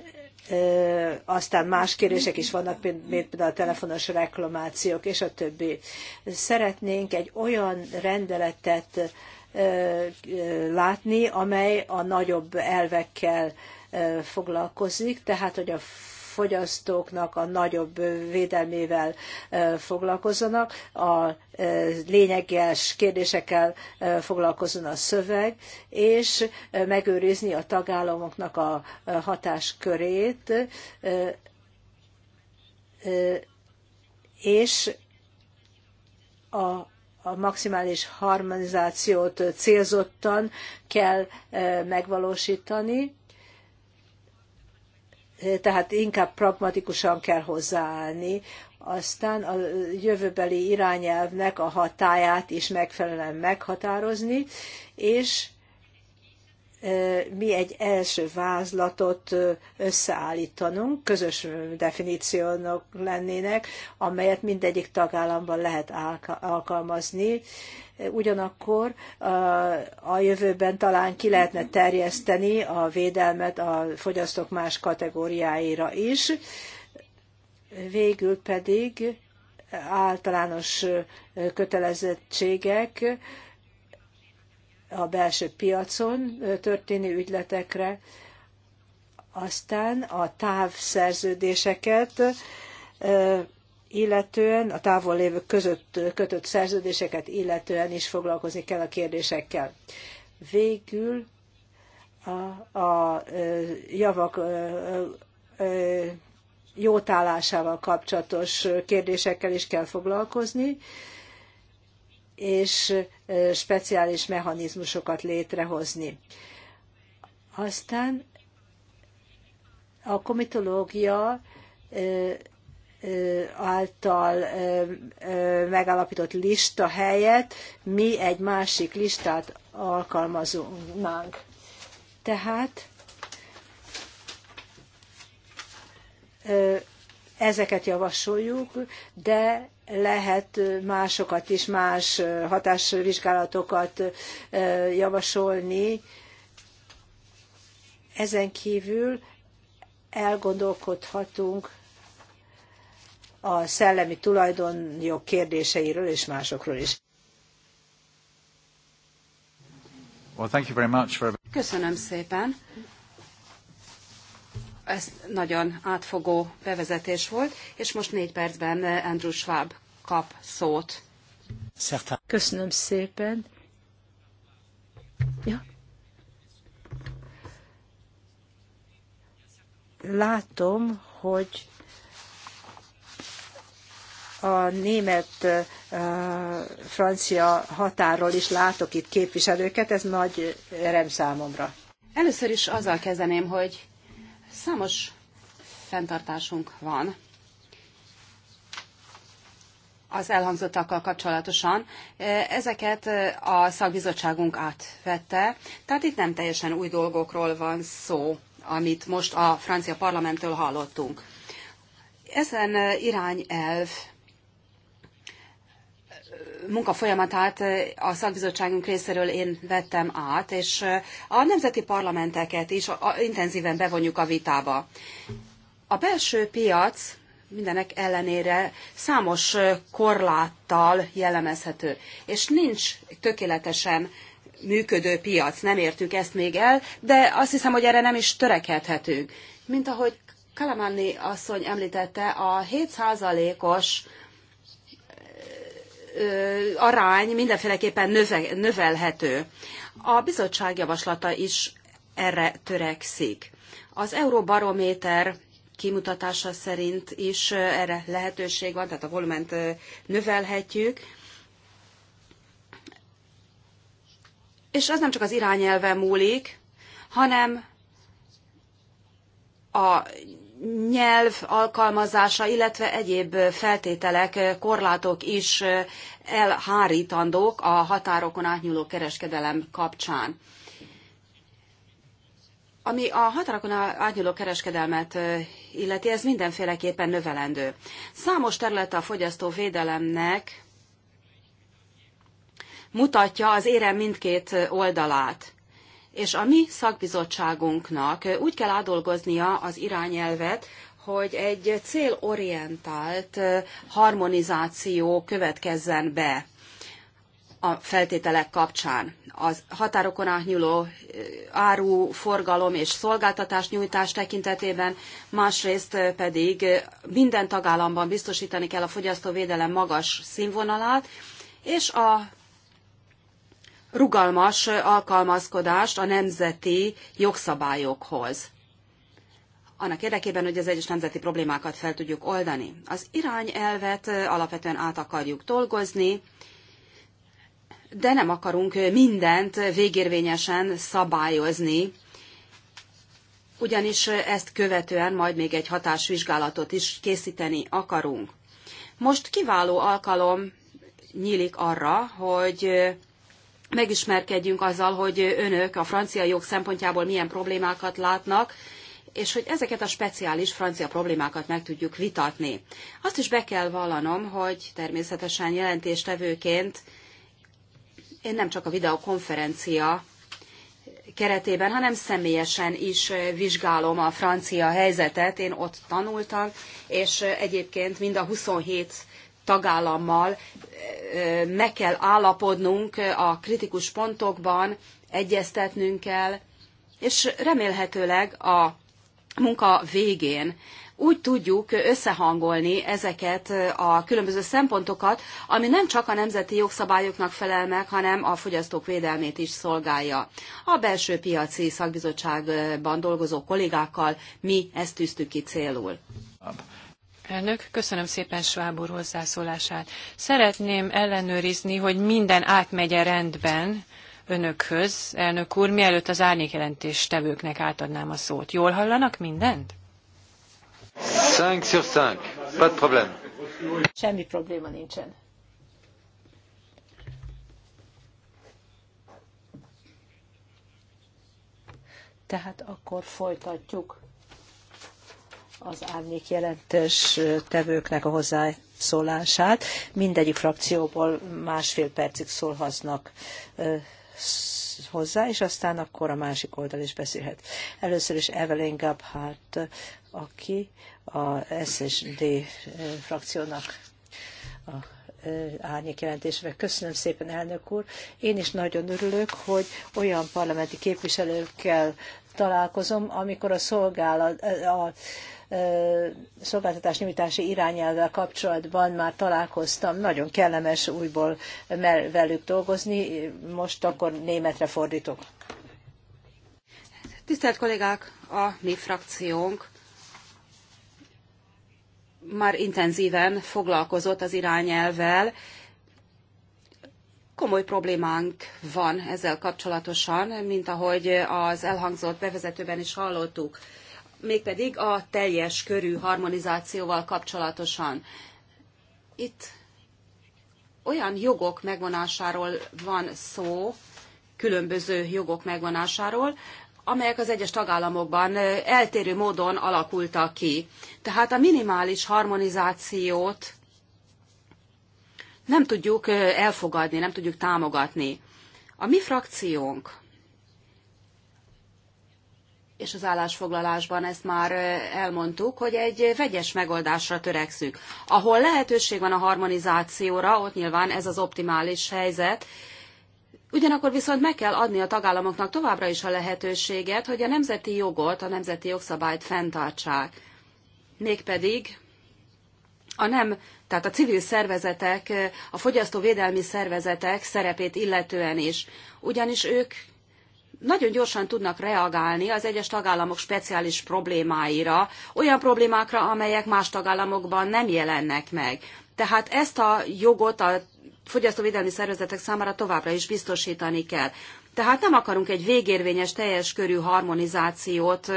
Speaker 2: eh, aztán más kérések is vannak, mint például a telefonos reklamációk és a többi. Szeretnénk egy olyan rendeletet látni, amely a nagyobb elvekkel foglalkozik, tehát hogy a fogyasztóknak a nagyobb védelmével foglalkozzanak, a lényeges kérdésekkel foglalkozzon a szöveg, és megőrizni a tagállamoknak a hatáskörét, és a a maximális harmonizációt célzottan kell megvalósítani, tehát inkább pragmatikusan kell hozzáállni, aztán a jövőbeli irányelvnek a hatáját is megfelelően meghatározni, és mi egy első vázlatot összeállítanunk, közös definíciónak lennének, amelyet mindegyik tagállamban lehet alkalmazni. Ugyanakkor a jövőben talán ki lehetne terjeszteni a védelmet a fogyasztók más kategóriáira is, végül pedig általános kötelezettségek, a belső piacon történő ügyletekre, aztán a távszerződéseket, illetően a távol lévő között kötött szerződéseket illetően is foglalkozni kell a kérdésekkel. Végül a, a javak jótállásával kapcsolatos kérdésekkel is kell foglalkozni, és speciális mechanizmusokat létrehozni. Aztán a komitológia által megállapított lista helyett mi egy másik listát alkalmazunk. Tehát ezeket javasoljuk, de lehet másokat is, más hatásvizsgálatokat javasolni. Ezen kívül elgondolkodhatunk a szellemi tulajdonjog kérdéseiről és másokról
Speaker 1: is.
Speaker 3: Köszönöm szépen ez nagyon átfogó bevezetés volt, és most négy percben Andrew Schwab kap szót.
Speaker 2: Köszönöm szépen. Ja. Látom, hogy a német
Speaker 3: francia határól is látok itt képviselőket, ez nagy erem számomra. Először is azzal kezdeném, hogy Számos fenntartásunk van az elhangzottakkal kapcsolatosan. E, ezeket e, a szakbizottságunk átvette, tehát itt nem teljesen új dolgokról van szó, amit most a francia parlamenttől hallottunk. Ezen e, irányelv munka folyamatát a szakbizottságunk részéről én vettem át, és a nemzeti parlamenteket is intenzíven bevonjuk a vitába. A belső piac mindenek ellenére számos korláttal jellemezhető, és nincs tökéletesen működő piac, nem értük ezt még el, de azt hiszem, hogy erre nem is törekedhetünk. Mint ahogy Kalamanni asszony említette, a 7%-os arány mindenféleképpen növe, növelhető. A bizottság javaslata is erre törekszik. Az Euróbarométer kimutatása szerint is erre lehetőség van, tehát a volument növelhetjük. És az nem csak az irányelve múlik, hanem a nyelv alkalmazása, illetve egyéb feltételek, korlátok is elhárítandók a határokon átnyúló kereskedelem kapcsán. Ami a határokon átnyúló kereskedelmet illeti, ez mindenféleképpen növelendő. Számos terület a fogyasztóvédelemnek mutatja az érem mindkét oldalát és a mi szakbizottságunknak úgy kell átdolgoznia az irányelvet, hogy egy célorientált harmonizáció következzen be a feltételek kapcsán. a határokon átnyúló áru, forgalom és szolgáltatás nyújtás tekintetében, másrészt pedig minden tagállamban biztosítani kell a fogyasztóvédelem magas színvonalát, és a rugalmas alkalmazkodást a nemzeti jogszabályokhoz annak érdekében, hogy az egyes nemzeti problémákat fel tudjuk oldani. Az irányelvet alapvetően át akarjuk dolgozni, de nem akarunk mindent végérvényesen szabályozni, ugyanis ezt követően majd még egy hatásvizsgálatot is készíteni akarunk. Most kiváló alkalom nyílik arra, hogy megismerkedjünk azzal, hogy önök a francia jog szempontjából milyen problémákat látnak, és hogy ezeket a speciális francia problémákat meg tudjuk vitatni. Azt is be kell vallanom, hogy természetesen jelentéstevőként én nem csak a videokonferencia keretében, hanem személyesen is vizsgálom a francia helyzetet. Én ott tanultam, és egyébként mind a 27 tagállammal meg kell állapodnunk a kritikus pontokban, egyeztetnünk kell, és remélhetőleg a munka végén úgy tudjuk összehangolni ezeket a különböző szempontokat, ami nem csak a nemzeti jogszabályoknak felel meg, hanem a fogyasztók védelmét is szolgálja. A belső piaci szakbizottságban dolgozó kollégákkal mi ezt tűztük ki célul.
Speaker 4: Elnök, köszönöm szépen Schwab úr hozzászólását. Szeretném ellenőrizni, hogy minden átmegye rendben önökhöz, elnök úr, mielőtt az árnyékjelentés tevőknek átadnám a szót. Jól hallanak mindent?
Speaker 1: 5 sur 5, pas de problème.
Speaker 4: Semmi probléma
Speaker 2: nincsen. Tehát akkor folytatjuk az árnyék jelentős tevőknek a hozzászólását. Mindegyik frakcióból másfél percig szólhatnak hozzá, és aztán akkor a másik oldal is beszélhet. Először is Evelyn Gabhardt, aki a SSD frakciónak a árnyék jelentésre. Köszönöm szépen, elnök úr. Én is nagyon örülök, hogy olyan parlamenti képviselőkkel találkozom, amikor a szolgálat, a szolgáltatás nyújtási irányelvvel kapcsolatban már találkoztam. Nagyon kellemes újból velük dolgozni. Most akkor németre fordítok.
Speaker 3: Tisztelt kollégák, a mi frakciónk már intenzíven foglalkozott az irányelvel. Komoly problémánk van ezzel kapcsolatosan, mint ahogy az elhangzott bevezetőben is hallottuk mégpedig a teljes körű harmonizációval kapcsolatosan. Itt olyan jogok megvonásáról van szó, különböző jogok megvonásáról, amelyek az egyes tagállamokban eltérő módon alakultak ki. Tehát a minimális harmonizációt nem tudjuk elfogadni, nem tudjuk támogatni. A mi frakciónk és az állásfoglalásban ezt már elmondtuk, hogy egy vegyes megoldásra törekszünk. Ahol lehetőség van a harmonizációra, ott nyilván ez az optimális helyzet, Ugyanakkor viszont meg kell adni a tagállamoknak továbbra is a lehetőséget, hogy a nemzeti jogot, a nemzeti jogszabályt fenntartsák. Mégpedig a nem, tehát a civil szervezetek, a fogyasztóvédelmi szervezetek szerepét illetően is. Ugyanis ők nagyon gyorsan tudnak reagálni az egyes tagállamok speciális problémáira, olyan problémákra, amelyek más tagállamokban nem jelennek meg. Tehát ezt a jogot a fogyasztóvédelmi szervezetek számára továbbra is biztosítani kell. Tehát nem akarunk egy végérvényes, teljes körű harmonizációt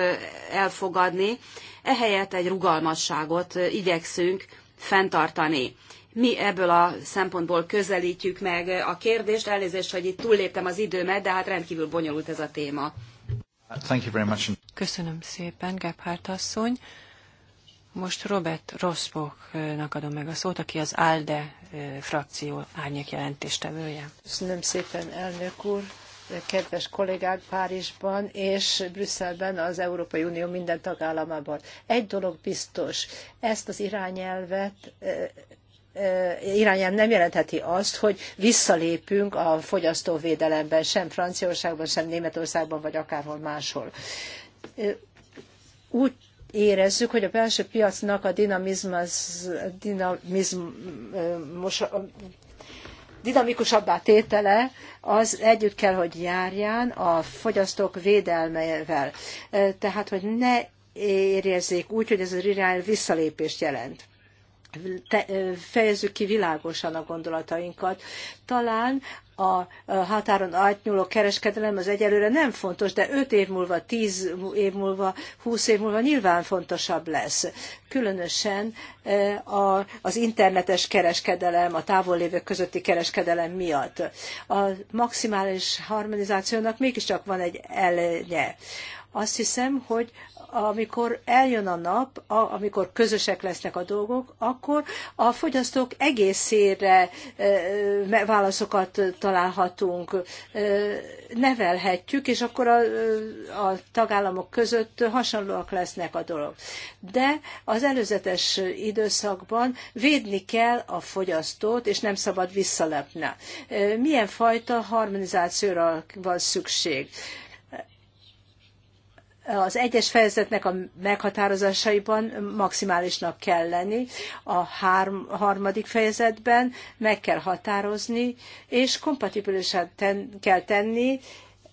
Speaker 3: elfogadni, ehelyett egy rugalmasságot igyekszünk fenntartani mi ebből a szempontból közelítjük meg a kérdést. Elnézést, hogy itt túlléptem az időmet, de hát rendkívül bonyolult ez a téma.
Speaker 4: Thank you very much. Köszönöm szépen, Gebhardt asszony. Most Robert Rosbachnak adom meg a szót, aki az ALDE frakció árnyék jelentéstevője.
Speaker 2: Köszönöm szépen, elnök úr kedves kollégák Párizsban és Brüsszelben, az Európai Unió minden tagállamában. Egy dolog biztos, ezt az irányelvet irányán nem jelentheti azt, hogy visszalépünk a fogyasztóvédelemben, sem Franciaországban, sem Németországban, vagy akárhol máshol. Úgy érezzük, hogy a belső piacnak a dinamizmus, dinamikusabbá tétele az együtt kell, hogy járjan a fogyasztók védelmevel. Tehát, hogy ne érezzék úgy, hogy ez az irány visszalépést jelent te, fejezzük ki világosan a gondolatainkat. Talán a határon átnyúló kereskedelem az egyelőre nem fontos, de 5 év múlva, 10 év múlva, 20 év múlva nyilván fontosabb lesz. Különösen az internetes kereskedelem, a távol lévők közötti kereskedelem miatt. A maximális harmonizációnak mégiscsak van egy előnye. Azt hiszem, hogy amikor eljön a nap, amikor közösek lesznek a dolgok, akkor a fogyasztók egészére e, válaszokat találhatunk, e, nevelhetjük, és akkor a, a tagállamok között hasonlóak lesznek a dolog. De az előzetes időszakban védni kell a fogyasztót, és nem szabad visszalepni. E, milyen fajta harmonizációra van szükség? az egyes fejezetnek a meghatározásaiban maximálisnak kell lenni, a harmadik fejezetben meg kell határozni, és kompatibilisen ten, kell tenni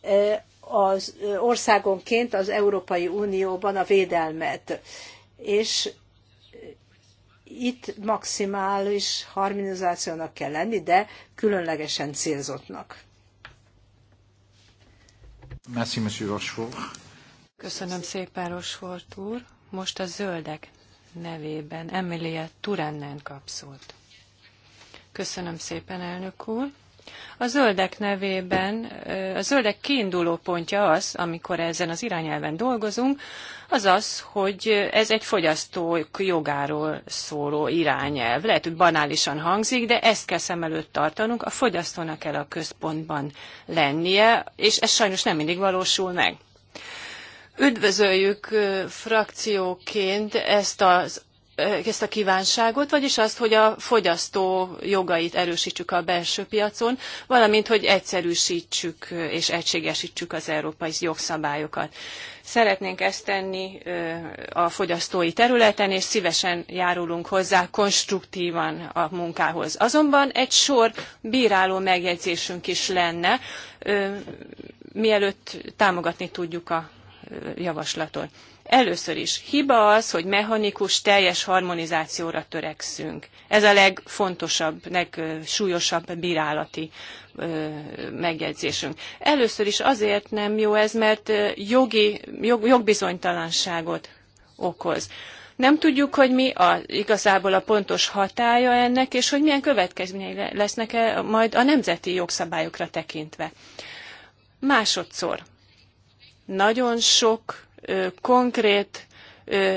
Speaker 2: e, az országonként az Európai Unióban a védelmet. És itt maximális harmonizációnak kell lenni, de különlegesen
Speaker 4: célzottnak.
Speaker 1: Merci, Monsieur Rochefort.
Speaker 4: Köszönöm szépen, Rosfort úr. Most a zöldek nevében Emilia Turennen kap Köszönöm szépen, elnök úr. A zöldek nevében, a zöldek kiinduló pontja az, amikor ezen az irányelven dolgozunk, az az, hogy ez egy fogyasztók jogáról szóló irányelv. Lehet, hogy banálisan hangzik, de ezt kell szem előtt tartanunk, a fogyasztónak kell a központban lennie, és ez sajnos nem mindig valósul meg. Üdvözöljük frakcióként ezt a ezt a kívánságot, vagyis azt, hogy a fogyasztó jogait erősítsük a belső piacon, valamint, hogy egyszerűsítsük és egységesítsük az európai jogszabályokat. Szeretnénk ezt tenni a fogyasztói területen, és szívesen járulunk hozzá konstruktívan a munkához. Azonban egy sor bíráló megjegyzésünk is lenne, mielőtt támogatni tudjuk a javaslaton. Először is hiba az, hogy mechanikus, teljes harmonizációra törekszünk. Ez a legfontosabb, legsúlyosabb bírálati megjegyzésünk. Először is azért nem jó ez, mert jogi, jog, jogbizonytalanságot okoz. Nem tudjuk, hogy mi a, igazából a pontos hatája ennek, és hogy milyen következményei lesznek -e majd a nemzeti jogszabályokra tekintve. Másodszor, nagyon sok ö, konkrét ö,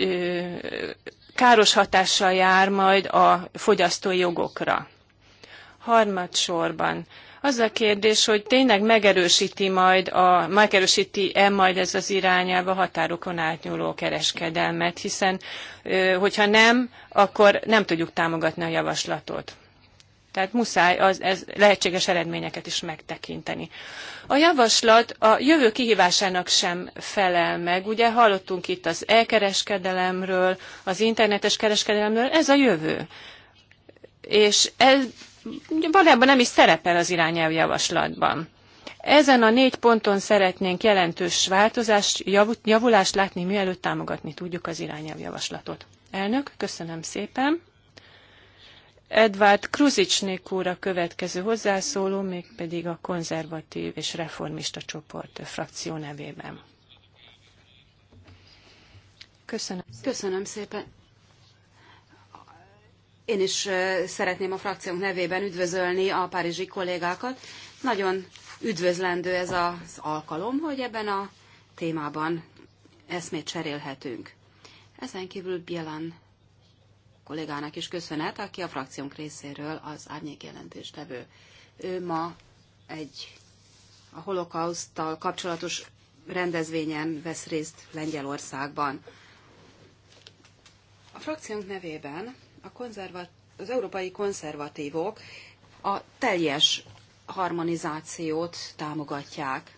Speaker 4: ö, káros hatással jár majd a fogyasztói jogokra. Harmadsorban az a kérdés, hogy tényleg megerősíti majd a, megerősíti-e majd ez az irányelv a határokon átnyúló kereskedelmet, hiszen hogyha nem, akkor nem tudjuk támogatni a javaslatot. Tehát muszáj az, ez lehetséges eredményeket is megtekinteni. A javaslat a jövő kihívásának sem felel meg. Ugye hallottunk itt az elkereskedelemről, az internetes kereskedelemről, ez a jövő. És ez valójában nem is szerepel az irányelv javaslatban. Ezen a négy ponton szeretnénk jelentős változást, javulást látni, mielőtt támogatni tudjuk az irányelv javaslatot. Elnök, köszönöm szépen. Edward Kruzicsnék úr a következő hozzászóló, mégpedig a konzervatív és reformista csoport frakció nevében. Köszönöm.
Speaker 3: Köszönöm szépen. Én is szeretném a frakciónk nevében üdvözölni a párizsi kollégákat. Nagyon üdvözlendő ez az alkalom, hogy ebben a témában eszmét cserélhetünk. Ezen kívül Bielan kollégának is köszönet, aki a frakciónk részéről az árnyék jelentéstevő. Ő ma egy a holokauszttal kapcsolatos rendezvényen vesz részt Lengyelországban. A frakciónk nevében a konzervat, az európai konzervatívok a teljes harmonizációt támogatják.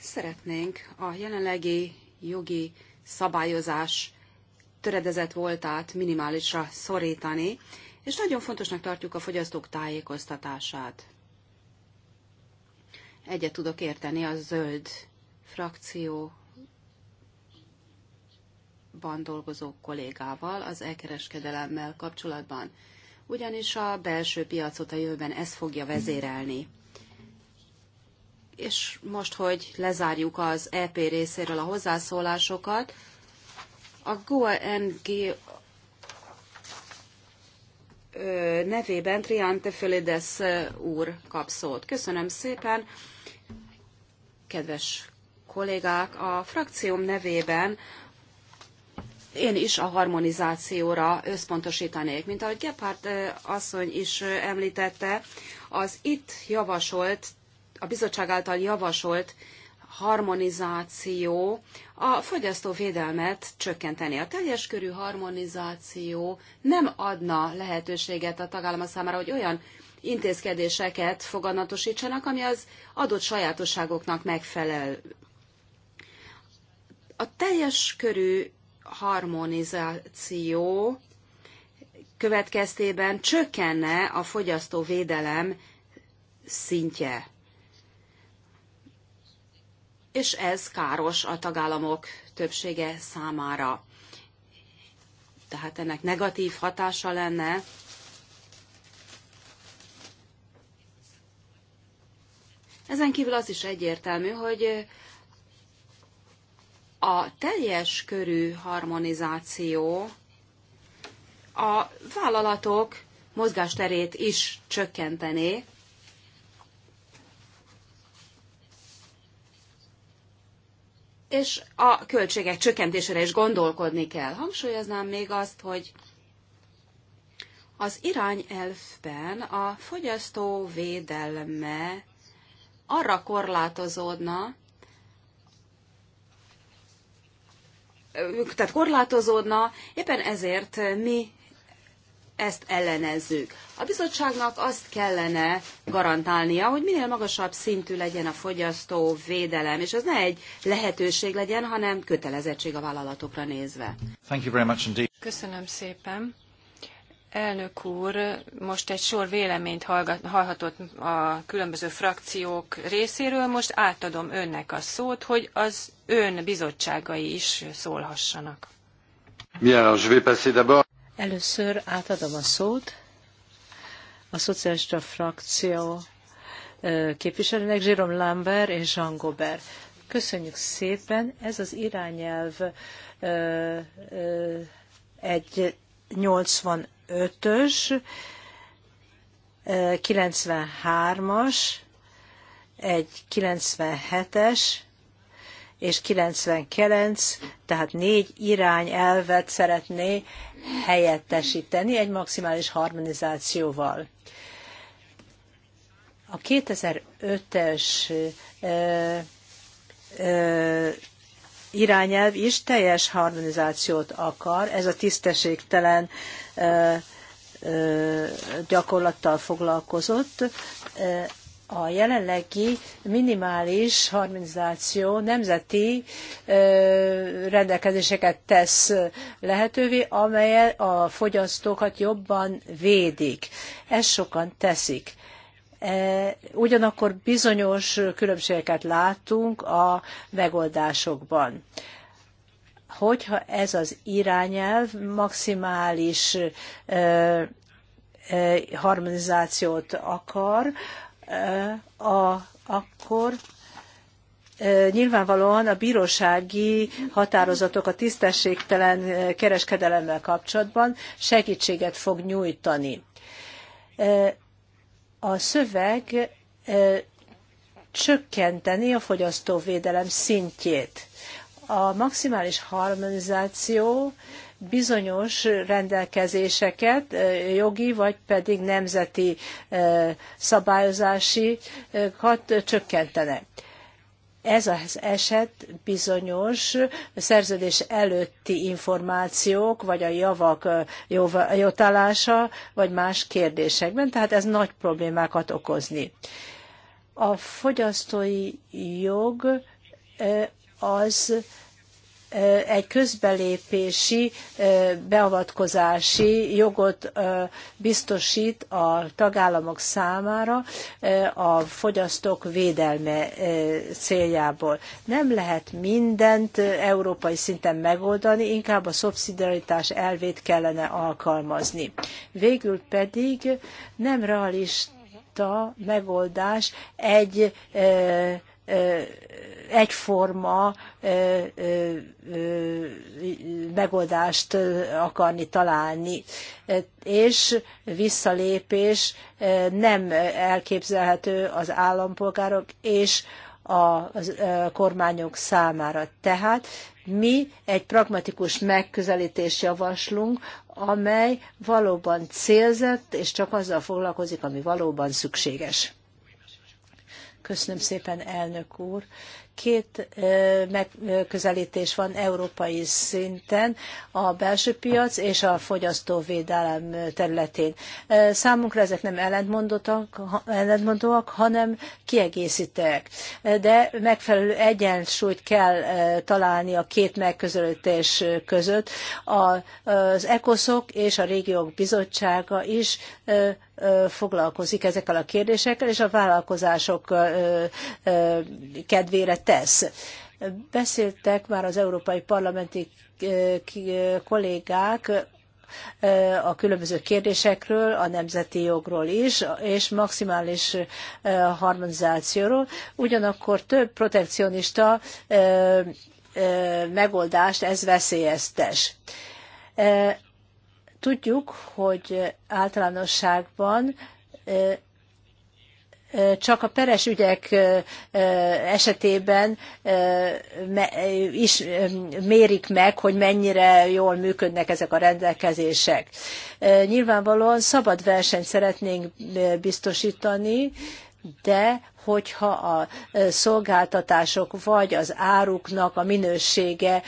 Speaker 3: Szeretnénk a jelenlegi jogi szabályozás töredezett voltát minimálisra szorítani, és nagyon fontosnak tartjuk a fogyasztók tájékoztatását. Egyet tudok érteni a zöld frakcióban dolgozó kollégával az elkereskedelemmel kapcsolatban, ugyanis a belső piacot a jövőben ez fogja vezérelni és most, hogy lezárjuk az EP részéről a hozzászólásokat, a GOMG nevében Triante Fölides úr kap szót. Köszönöm szépen, kedves kollégák, a frakcióm nevében én is a harmonizációra összpontosítanék. Mint ahogy Gephardt asszony is említette, az itt javasolt, a bizottság által javasolt harmonizáció a fogyasztóvédelmet csökkenteni. A teljes körű harmonizáció nem adna lehetőséget a tagállama számára, hogy olyan intézkedéseket foganatosítsanak, ami az adott sajátosságoknak megfelel. A teljes körű harmonizáció következtében csökkenne a fogyasztóvédelem szintje és ez káros a tagállamok többsége számára. Tehát ennek negatív hatása lenne, Ezen kívül az is egyértelmű, hogy a teljes körű harmonizáció a vállalatok mozgásterét is csökkentené, és a költségek csökkentésére is gondolkodni kell. Hangsúlyoznám még azt, hogy az irányelvben a fogyasztó védelme arra korlátozódna, tehát korlátozódna, éppen ezért mi ezt ellenezzük. A bizottságnak azt kellene garantálnia, hogy minél magasabb szintű legyen a fogyasztó védelem, és ez
Speaker 4: ne egy lehetőség legyen, hanem kötelezettség a vállalatokra nézve.
Speaker 1: Thank you very much indeed.
Speaker 4: Köszönöm szépen. Elnök úr, most egy sor véleményt hallgat, hallhatott a különböző frakciók részéről, most átadom önnek a szót, hogy az ön bizottságai is szólhassanak.
Speaker 1: Bien, je vais passer d'abord
Speaker 2: Először átadom a szót a szocialista frakció képviselőnek, Jérôme Lambert és Jean Gobert. Köszönjük szépen, ez az irányelv egy 85-ös, 93-as, egy 97-es, és 99, tehát négy irányelvet szeretné helyettesíteni egy maximális harmonizációval. A 2005-es irányelv is teljes harmonizációt akar, ez a tisztességtelen gyakorlattal foglalkozott, a jelenlegi minimális harmonizáció nemzeti rendelkezéseket tesz lehetővé, amely a fogyasztókat jobban védik. Ezt sokan teszik. E, ugyanakkor bizonyos különbségeket látunk a megoldásokban. Hogyha ez az irányelv maximális harmonizációt akar, a, akkor e, nyilvánvalóan a bírósági határozatok a tisztességtelen e, kereskedelemmel kapcsolatban segítséget fog nyújtani. E, a szöveg csökkenteni a fogyasztóvédelem szintjét. A maximális harmonizáció bizonyos rendelkezéseket, jogi vagy pedig nemzeti szabályozásikat csökkentene. Ez az eset bizonyos szerződés előtti információk, vagy a javak jótállása, vagy más kérdésekben, tehát ez nagy problémákat okozni. A fogyasztói jog az egy közbelépési, beavatkozási jogot biztosít a tagállamok számára a fogyasztók védelme céljából. Nem lehet mindent európai szinten megoldani, inkább a szubszidiaritás elvét kellene alkalmazni. Végül pedig nem realista megoldás egy egyforma megoldást akarni találni. És visszalépés nem elképzelhető az állampolgárok és a kormányok számára. Tehát mi egy pragmatikus megközelítés javaslunk, amely valóban célzott, és csak azzal foglalkozik, ami valóban szükséges. Köszönöm szépen, elnök úr két megközelítés van európai szinten, a belső piac és a fogyasztóvédelem területén. Számunkra ezek nem ellentmondóak, hanem kiegészítőek. De megfelelő egyensúlyt kell találni a két megközelítés között. Az ecosok és a régiók bizottsága is foglalkozik ezekkel a kérdésekkel, és a vállalkozások kedvére tesz. Beszéltek már az európai parlamenti kollégák a különböző kérdésekről, a nemzeti jogról is, és maximális harmonizációról. Ugyanakkor több protekcionista megoldást ez veszélyeztes Tudjuk, hogy általánosságban csak a peres ügyek esetében is mérik meg, hogy mennyire jól működnek ezek a rendelkezések. Nyilvánvalóan szabad versenyt szeretnénk biztosítani, de hogyha a szolgáltatások vagy az áruknak a minősége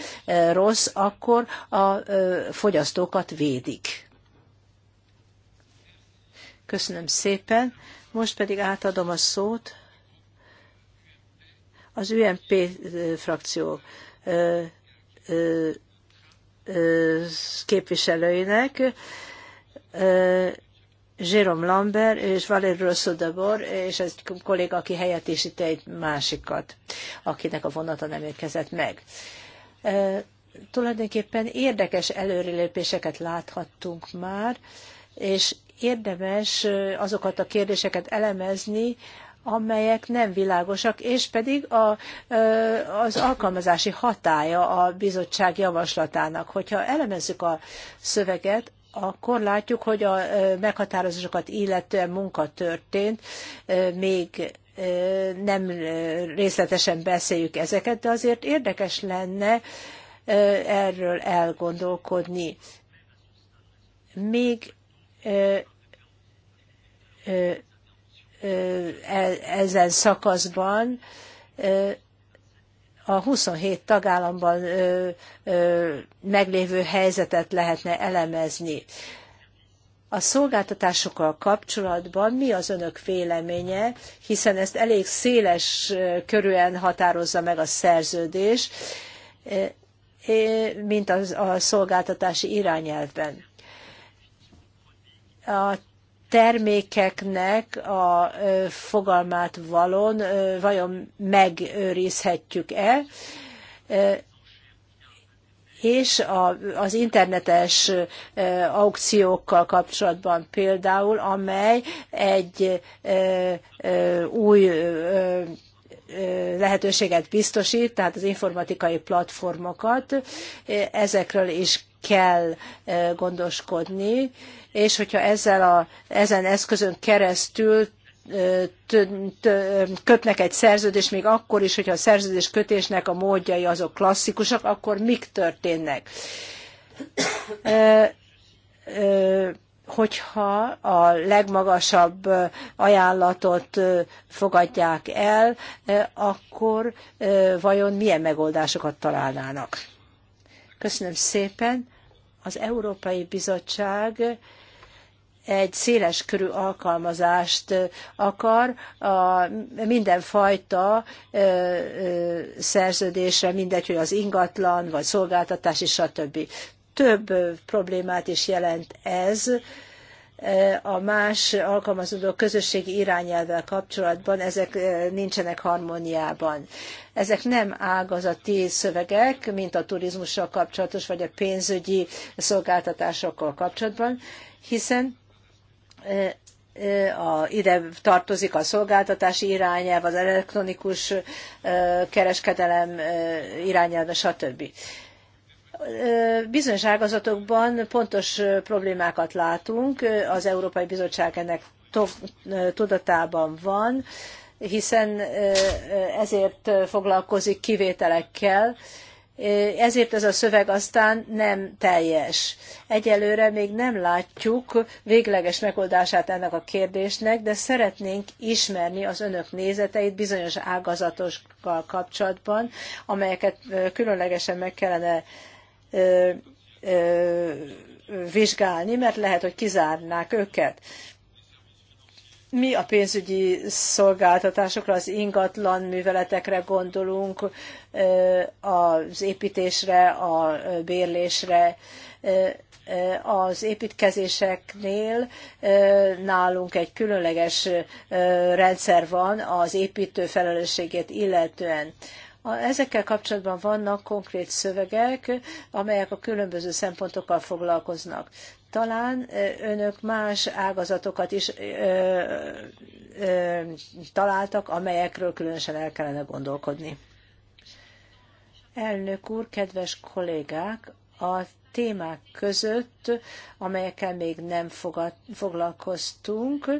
Speaker 2: rossz, akkor a fogyasztókat védik. Köszönöm szépen. Most pedig átadom a szót az UMP frakció képviselőinek. Jérôme Lambert és Valérie Rossodabor, és ez egy kolléga, aki helyettesít egy másikat, akinek a vonata nem érkezett meg. E, tulajdonképpen érdekes előrelépéseket láthattunk már, és érdemes azokat a kérdéseket elemezni, amelyek nem világosak, és pedig a, az alkalmazási hatája a bizottság javaslatának. Hogyha elemezzük a szöveget, akkor látjuk, hogy a meghatározásokat illetően munka történt, még nem részletesen beszéljük ezeket, de azért érdekes lenne erről elgondolkodni. Még e, ezen szakaszban a 27 tagállamban meglévő helyzetet lehetne elemezni. A szolgáltatásokkal kapcsolatban mi az önök véleménye, hiszen ezt elég széles körűen határozza meg a szerződés, mint a szolgáltatási irányelvben. A termékeknek a fogalmát valon vajon megőrizhetjük-e, és a, az internetes aukciókkal kapcsolatban például, amely egy új lehetőséget biztosít, tehát az informatikai platformokat, ezekről is kell eh, gondoskodni, és hogyha ezzel a, ezen eszközön keresztül eh, kötnek egy szerződést, még akkor is, hogyha a szerződés kötésnek a módjai azok klasszikusak, akkor mik történnek? Eh, hogyha a legmagasabb ajánlatot fogadják el, akkor vajon milyen megoldásokat találnának? Köszönöm szépen. Az Európai Bizottság egy széles körű alkalmazást akar a mindenfajta szerződésre, mindegy, hogy az ingatlan, vagy szolgáltatás, és stb. Több problémát is jelent ez, E, a más alkalmazódó közösségi irányelvvel kapcsolatban ezek e, nincsenek harmóniában. Ezek nem ágazati szövegek, mint a turizmussal kapcsolatos, vagy a pénzügyi szolgáltatásokkal kapcsolatban, hiszen e, a, ide tartozik a szolgáltatási irányelv, az elektronikus kereskedelem irányelve, stb bizonyos ágazatokban pontos problémákat látunk, az Európai Bizottság ennek tudatában van, hiszen ezért foglalkozik kivételekkel, ezért ez a szöveg aztán nem teljes. Egyelőre még nem látjuk végleges megoldását ennek a kérdésnek, de szeretnénk ismerni az önök nézeteit bizonyos ágazatokkal kapcsolatban, amelyeket különlegesen meg kellene vizsgálni, mert lehet, hogy kizárnák őket. Mi a pénzügyi szolgáltatásokra, az ingatlan műveletekre gondolunk, az építésre, a bérlésre, az építkezéseknél nálunk egy különleges rendszer van az építő felelősségét illetően. Ezekkel kapcsolatban vannak konkrét szövegek, amelyek a különböző szempontokkal foglalkoznak. Talán önök más ágazatokat is ö, ö, találtak, amelyekről különösen el kellene gondolkodni. Elnök úr, kedves kollégák, a témák között, amelyekkel még nem fogad, foglalkoztunk,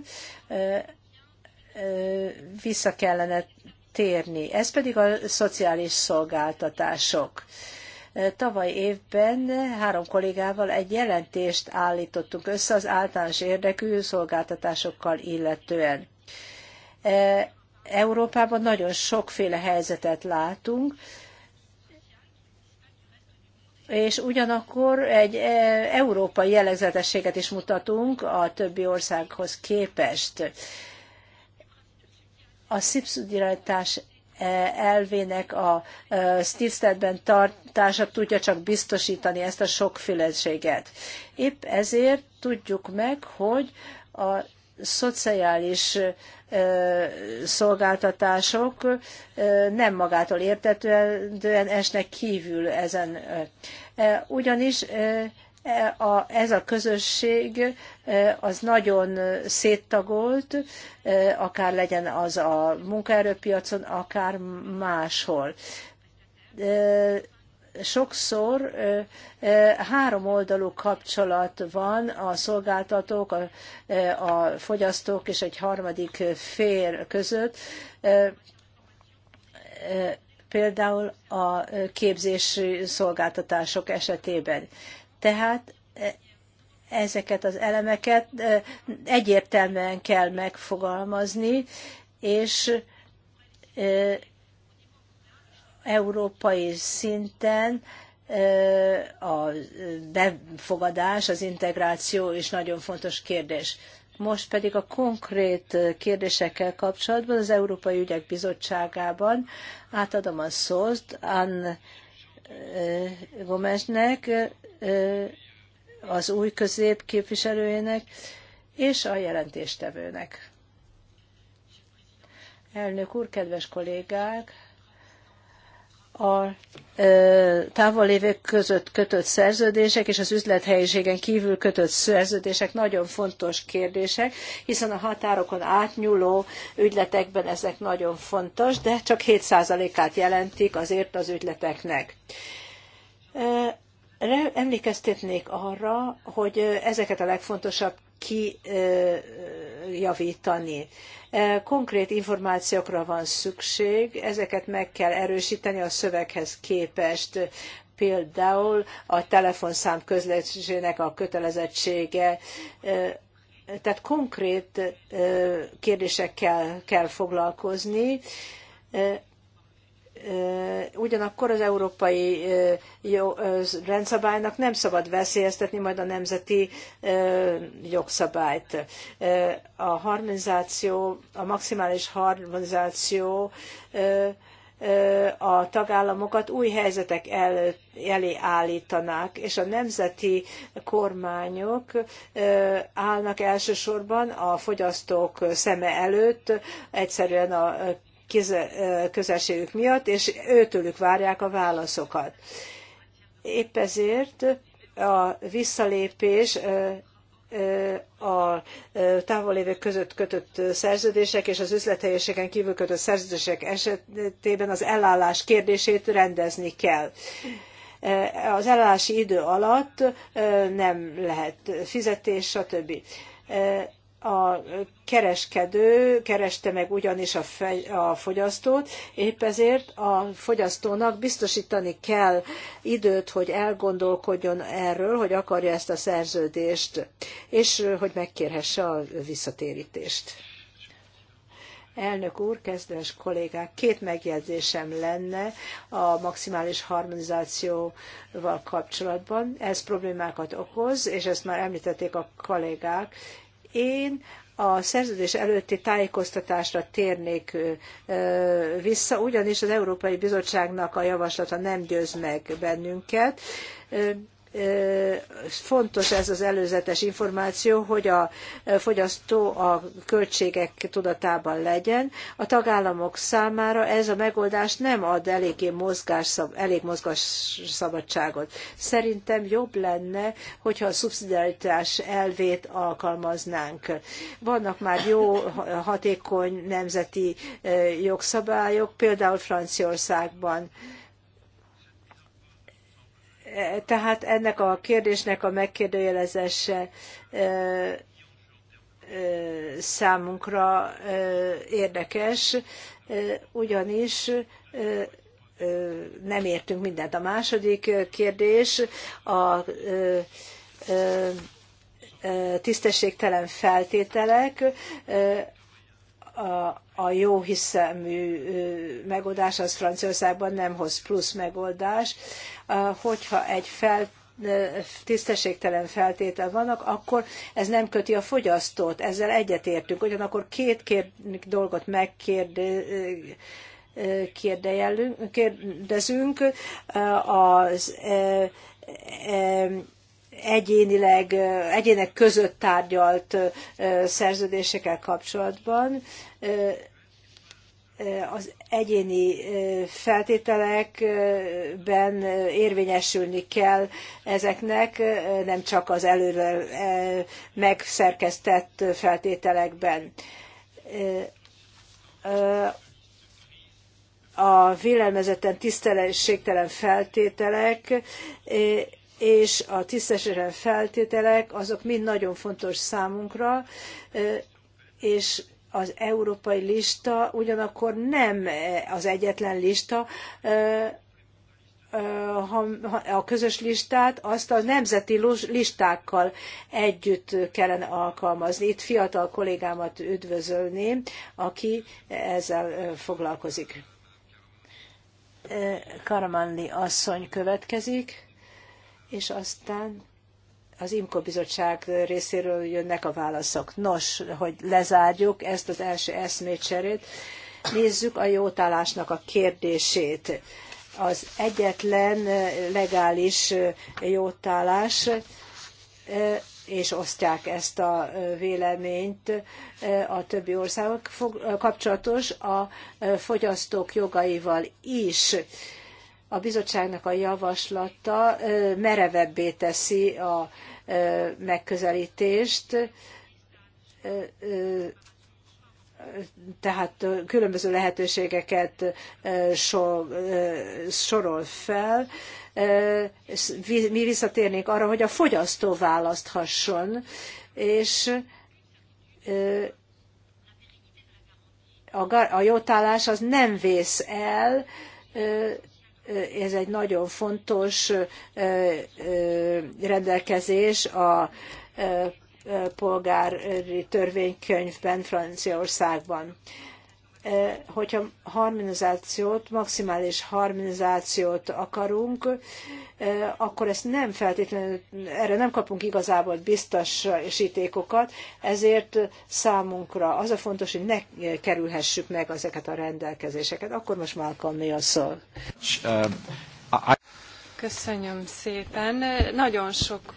Speaker 2: vissza kellene térni. Ez pedig a szociális szolgáltatások. Tavaly évben három kollégával egy jelentést állítottunk össze az általános érdekű szolgáltatásokkal illetően. Európában nagyon sokféle helyzetet látunk, és ugyanakkor egy európai jellegzetességet is mutatunk a többi országhoz képest a szubszidiaritás e, elvének a e, tiszteletben tartása tudja csak biztosítani ezt a sokféleséget. Épp ezért tudjuk meg, hogy a szociális e, szolgáltatások nem magától értetően esnek kívül ezen. Ugyanis a, ez a közösség e, az nagyon széttagolt, e, akár legyen az a munkaerőpiacon, akár máshol. E, sokszor három oldalú kapcsolat van a szolgáltatók, a, a fogyasztók és egy harmadik fél között. Például a képzési szolgáltatások esetében tehát e, ezeket az elemeket e, egyértelműen kell megfogalmazni, és e, európai szinten a befogadás, az integráció is nagyon fontos kérdés. Most pedig a konkrét kérdésekkel kapcsolatban az Európai Ügyek Bizottságában átadom a szót Ann Gomesnek, az új közép képviselőjének és a jelentéstevőnek. Elnök úr, kedves kollégák! A távolévek között kötött szerződések és az üzlethelyiségen kívül kötött szerződések nagyon fontos kérdések, hiszen a határokon átnyúló ügyletekben ezek nagyon fontos, de csak 7%-át jelentik azért az ügyleteknek. Emlékeztetnék arra, hogy ezeket a legfontosabb kijavítani. Konkrét információkra van szükség, ezeket meg kell erősíteni a szöveghez képest. Például a telefonszám közlésének a kötelezettsége, tehát konkrét kérdésekkel kell foglalkozni, ugyanakkor az európai rendszabálynak nem szabad veszélyeztetni majd a nemzeti jogszabályt. A harmonizáció, a maximális harmonizáció a tagállamokat új helyzetek el, elé állítanák, és a nemzeti kormányok állnak elsősorban a fogyasztók szeme előtt, egyszerűen a közelségük miatt, és őtőlük várják a válaszokat. Épp ezért a visszalépés a távolévők között kötött szerződések és az üzlethelyéseken kívül kötött szerződések esetében az elállás kérdését rendezni kell. Az elállási idő alatt nem lehet fizetés, stb a kereskedő kereste meg ugyanis a, a fogyasztót, épp ezért a fogyasztónak biztosítani kell időt, hogy elgondolkodjon erről, hogy akarja ezt a szerződést, és hogy megkérhesse a visszatérítést. Elnök úr, kezdős kollégák, két megjegyzésem lenne a maximális harmonizációval kapcsolatban. Ez problémákat okoz, és ezt már említették a kollégák, én a szerződés előtti tájékoztatásra térnék vissza, ugyanis az Európai Bizottságnak a javaslata nem győz meg bennünket fontos ez az előzetes információ, hogy a fogyasztó a költségek tudatában legyen. A tagállamok számára ez a megoldás nem ad eléggé mozgás, elég mozgásszabadságot. Szerintem jobb lenne, hogyha a szubszidiaritás elvét alkalmaznánk. Vannak már jó, hatékony nemzeti jogszabályok, például Franciaországban tehát ennek a kérdésnek a megkérdőjelezése számunkra érdekes, ugyanis nem értünk mindent. A második kérdés a tisztességtelen feltételek, a jó hiszemű megoldás az Franciaországban nem hoz plusz megoldás. Hogyha egy fel tisztességtelen feltétel vannak, akkor ez nem köti a fogyasztót. Ezzel egyetértünk. Ugyanakkor két kér, dolgot Az e, e, egyénileg, egyének között tárgyalt szerződésekkel kapcsolatban az egyéni feltételekben érvényesülni kell ezeknek, nem csak az előre megszerkesztett feltételekben. A vélelmezetten tisztességtelen feltételek és a tisztességtelen feltételek azok mind nagyon fontos számunkra, és az európai lista ugyanakkor nem eh, az egyetlen lista, eh, eh, a közös listát, azt a nemzeti listákkal együtt kellene alkalmazni. Itt fiatal kollégámat üdvözölném, aki ezzel foglalkozik. Karamanli asszony következik, és aztán az IMKO bizottság részéről jönnek a válaszok. Nos, hogy lezárjuk ezt az első eszmécserét, nézzük a jótállásnak a kérdését. Az egyetlen legális jótállás, és osztják ezt a véleményt a többi országok kapcsolatos a fogyasztók jogaival is a bizottságnak a javaslata merevebbé teszi a megközelítést, tehát különböző lehetőségeket sorol fel. Mi visszatérnénk arra, hogy a fogyasztó választhasson, és a jótállás az nem vész el, ez egy nagyon fontos rendelkezés a polgári törvénykönyvben Franciaországban. Eh, hogyha harmonizációt, maximális harmonizációt akarunk, eh, akkor ezt nem feltétlenül, erre nem kapunk igazából biztos sítékokat, ezért számunkra az a fontos, hogy ne kerülhessük meg ezeket a rendelkezéseket. Akkor most Malcolm mi a szó?
Speaker 1: Eh,
Speaker 4: Köszönöm szépen. Nagyon sok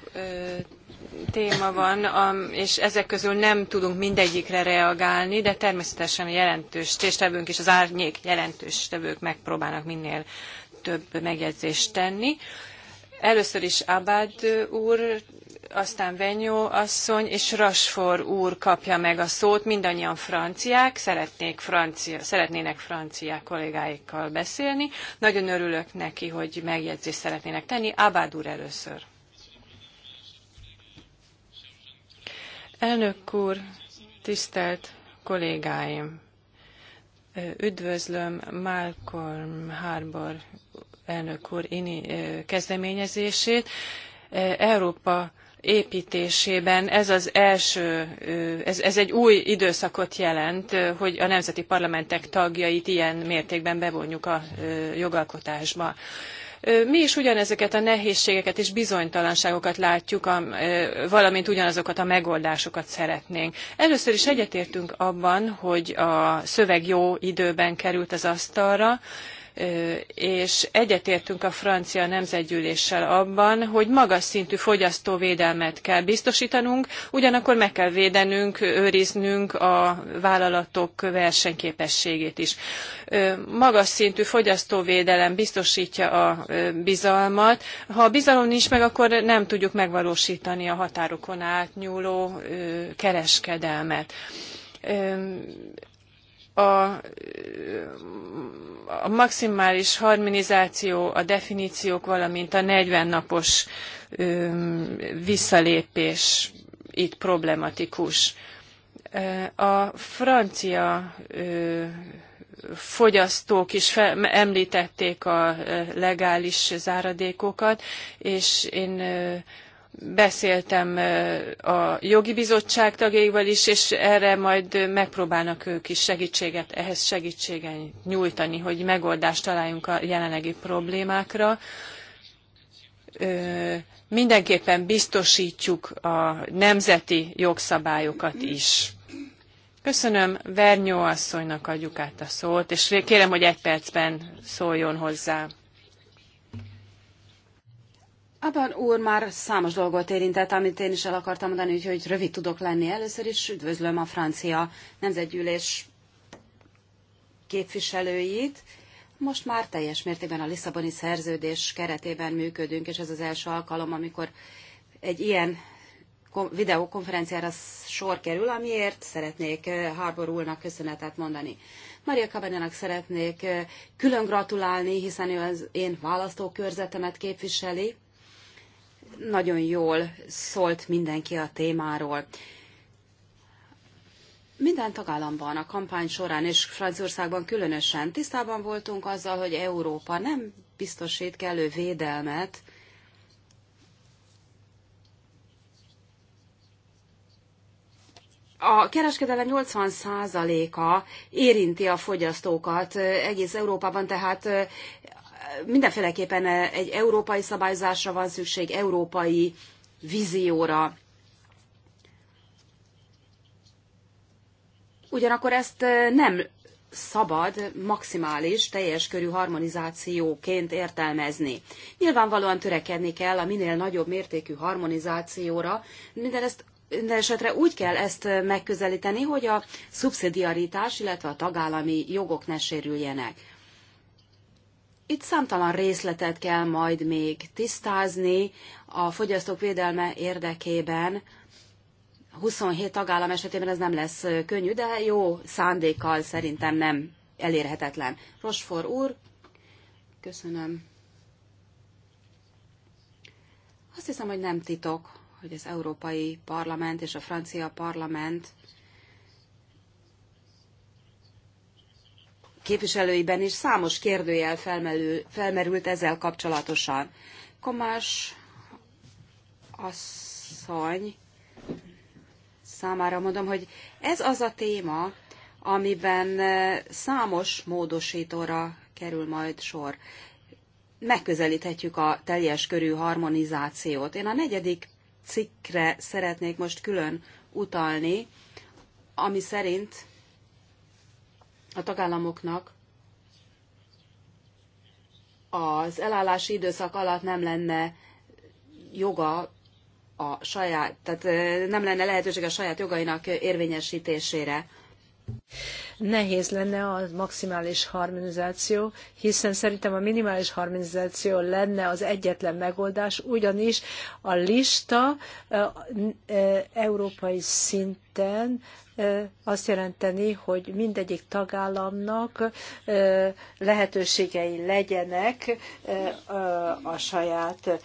Speaker 4: téma van, és ezek közül nem tudunk mindegyikre reagálni, de természetesen a jelentős téstevőnk és az árnyék jelentős tevők megpróbálnak minél több megjegyzést tenni. Először is Abad úr, aztán Venyó asszony és Rasfor úr kapja meg a szót, mindannyian franciák, szeretnék francia, szeretnének francia kollégáikkal beszélni. Nagyon örülök neki, hogy megjegyzést szeretnének tenni. Abad úr először. Elnök úr, tisztelt kollégáim! Üdvözlöm Malcolm Harbour elnök úr kezdeményezését. Európa építésében ez az első, ez, ez egy új időszakot jelent, hogy a nemzeti parlamentek tagjait ilyen mértékben bevonjuk a jogalkotásba. Mi is ugyanezeket a nehézségeket és bizonytalanságokat látjuk, valamint ugyanazokat a megoldásokat szeretnénk. Először is egyetértünk abban, hogy a szöveg jó időben került az asztalra, és egyetértünk a francia nemzetgyűléssel abban, hogy magas szintű fogyasztóvédelmet kell biztosítanunk, ugyanakkor meg kell védenünk, őriznünk a vállalatok versenyképességét is. Magas szintű fogyasztóvédelem biztosítja a bizalmat. Ha a bizalom nincs meg, akkor nem tudjuk megvalósítani a határokon átnyúló kereskedelmet a, a maximális harmonizáció, a definíciók, valamint a 40 napos ö, visszalépés itt problematikus. A francia ö, fogyasztók is fel, említették a legális záradékokat, és én ö, beszéltem a jogi bizottság tagjaival is, és erre majd megpróbálnak ők is segítséget, ehhez segítséget nyújtani, hogy megoldást találjunk a jelenlegi problémákra. Mindenképpen biztosítjuk a nemzeti jogszabályokat is. Köszönöm, Vernyó asszonynak adjuk át a szót, és kérem, hogy egy percben szóljon hozzá.
Speaker 3: Abban úr már számos dolgot érintett, amit én is el akartam mondani, úgyhogy rövid tudok lenni. Először is üdvözlöm a francia nemzetgyűlés képviselőit. Most már teljes mértékben a Lisszaboni szerződés keretében működünk, és ez az első alkalom, amikor egy ilyen videokonferenciára sor kerül, amiért szeretnék eh, harbor úrnak köszönetet mondani. Maria Kabanyának szeretnék eh, külön gratulálni, hiszen ő az én választókörzetemet képviseli, nagyon jól szólt mindenki a témáról. Minden tagállamban a kampány során és Franciaországban különösen tisztában voltunk azzal, hogy Európa nem biztosít kellő védelmet A kereskedelem 80%-a érinti a fogyasztókat egész Európában, tehát mindenféleképpen egy európai szabályzásra van szükség, európai vízióra. Ugyanakkor ezt nem szabad maximális, teljes körű harmonizációként értelmezni. Nyilvánvalóan törekedni kell a minél nagyobb mértékű harmonizációra, minden ezt de esetre úgy kell ezt megközelíteni, hogy a szubszidiaritás, illetve a tagállami jogok ne sérüljenek. Itt számtalan részletet kell majd még tisztázni a fogyasztók védelme érdekében. 27 tagállam esetében ez nem lesz könnyű, de jó szándékkal szerintem nem elérhetetlen. Rosfor úr, köszönöm. Azt hiszem, hogy nem titok, hogy az Európai Parlament és a Francia Parlament képviselőiben is számos kérdőjel felmerül, felmerült ezzel kapcsolatosan. Komás asszony számára mondom, hogy ez az a téma, amiben e, számos módosítóra kerül majd sor. Megközelíthetjük a teljes körű harmonizációt. Én a negyedik cikkre szeretnék most külön utalni, ami szerint a tagállamoknak az elállási időszak alatt nem lenne joga a saját, tehát eh, nem lenne lehetőség a saját jogainak érvényesítésére.
Speaker 2: Nehéz lenne a maximális harmonizáció, hiszen szerintem a minimális harmonizáció lenne az egyetlen megoldás, ugyanis a lista európai szinten azt jelenteni, hogy mindegyik tagállamnak lehetőségei legyenek a saját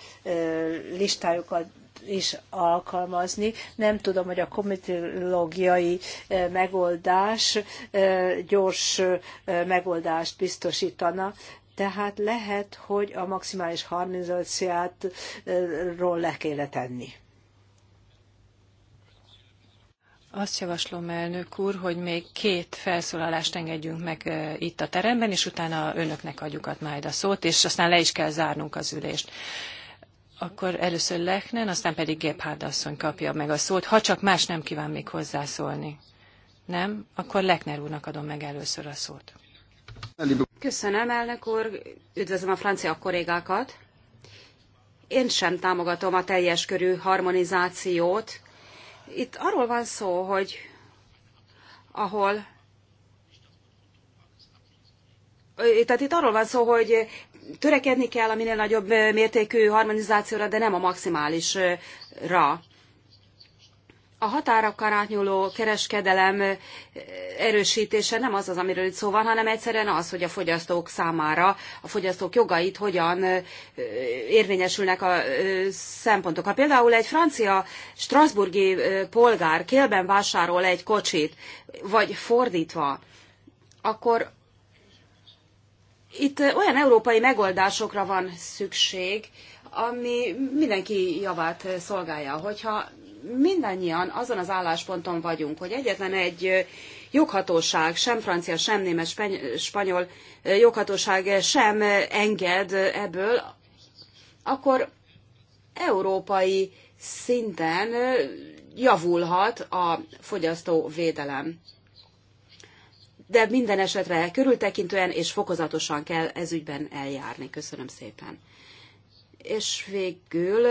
Speaker 2: listájukat is alkalmazni. Nem tudom, hogy a komitológiai eh, megoldás eh, gyors eh, megoldást biztosítana, tehát lehet, hogy a maximális harmonizációról le kéne tenni.
Speaker 4: Azt javaslom, elnök úr, hogy még két felszólalást engedjünk meg itt a teremben, és utána önöknek adjuk majd a szót, és aztán le is kell zárnunk az ülést. Akkor először Lechnen, aztán pedig Gebhard asszony kapja meg a szót, ha csak más nem kíván még hozzászólni. Nem? Akkor Lechner úrnak adom meg először a szót. Köszönöm, elnök úr. Üdvözlöm a francia
Speaker 3: kollégákat. Én sem támogatom a teljes körű harmonizációt. Itt arról van szó, hogy ahol tehát itt arról van szó, hogy törekedni kell a minél nagyobb mértékű harmonizációra, de nem a maximálisra. A határokon átnyúló kereskedelem erősítése nem az az, amiről itt szó van, hanem egyszerűen az, hogy a fogyasztók számára, a fogyasztók jogait hogyan érvényesülnek a szempontok. Ha például egy francia strasburgi polgár kélben vásárol egy kocsit, vagy fordítva, akkor itt olyan európai megoldásokra van szükség, ami mindenki javát szolgálja. Hogyha mindannyian azon az állásponton vagyunk, hogy egyetlen egy joghatóság, sem francia, sem német, spanyol joghatóság sem enged ebből, akkor európai szinten javulhat a fogyasztóvédelem de minden esetre körültekintően és fokozatosan kell ez ügyben eljárni. Köszönöm szépen. És végül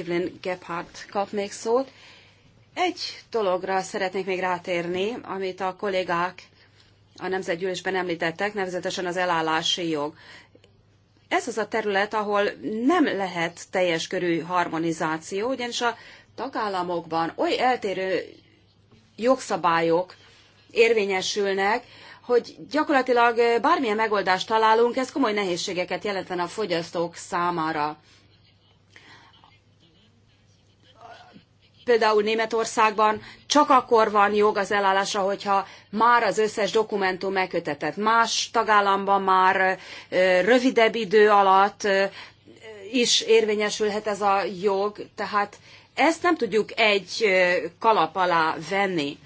Speaker 3: Evelyn Gebhardt kap még szót. Egy dologra szeretnék még rátérni, amit a kollégák a nemzetgyűlésben említettek, nevezetesen az elállási jog. Ez az a terület, ahol nem lehet teljes körű harmonizáció, ugyanis a tagállamokban oly eltérő jogszabályok érvényesülnek, hogy gyakorlatilag bármilyen megoldást találunk, ez komoly nehézségeket jelentene a fogyasztók számára. Például Németországban csak akkor van jog az elállásra, hogyha már az összes dokumentum megkötetett. Más tagállamban már rövidebb idő alatt is érvényesülhet ez a jog, tehát ezt nem tudjuk egy kalap alá venni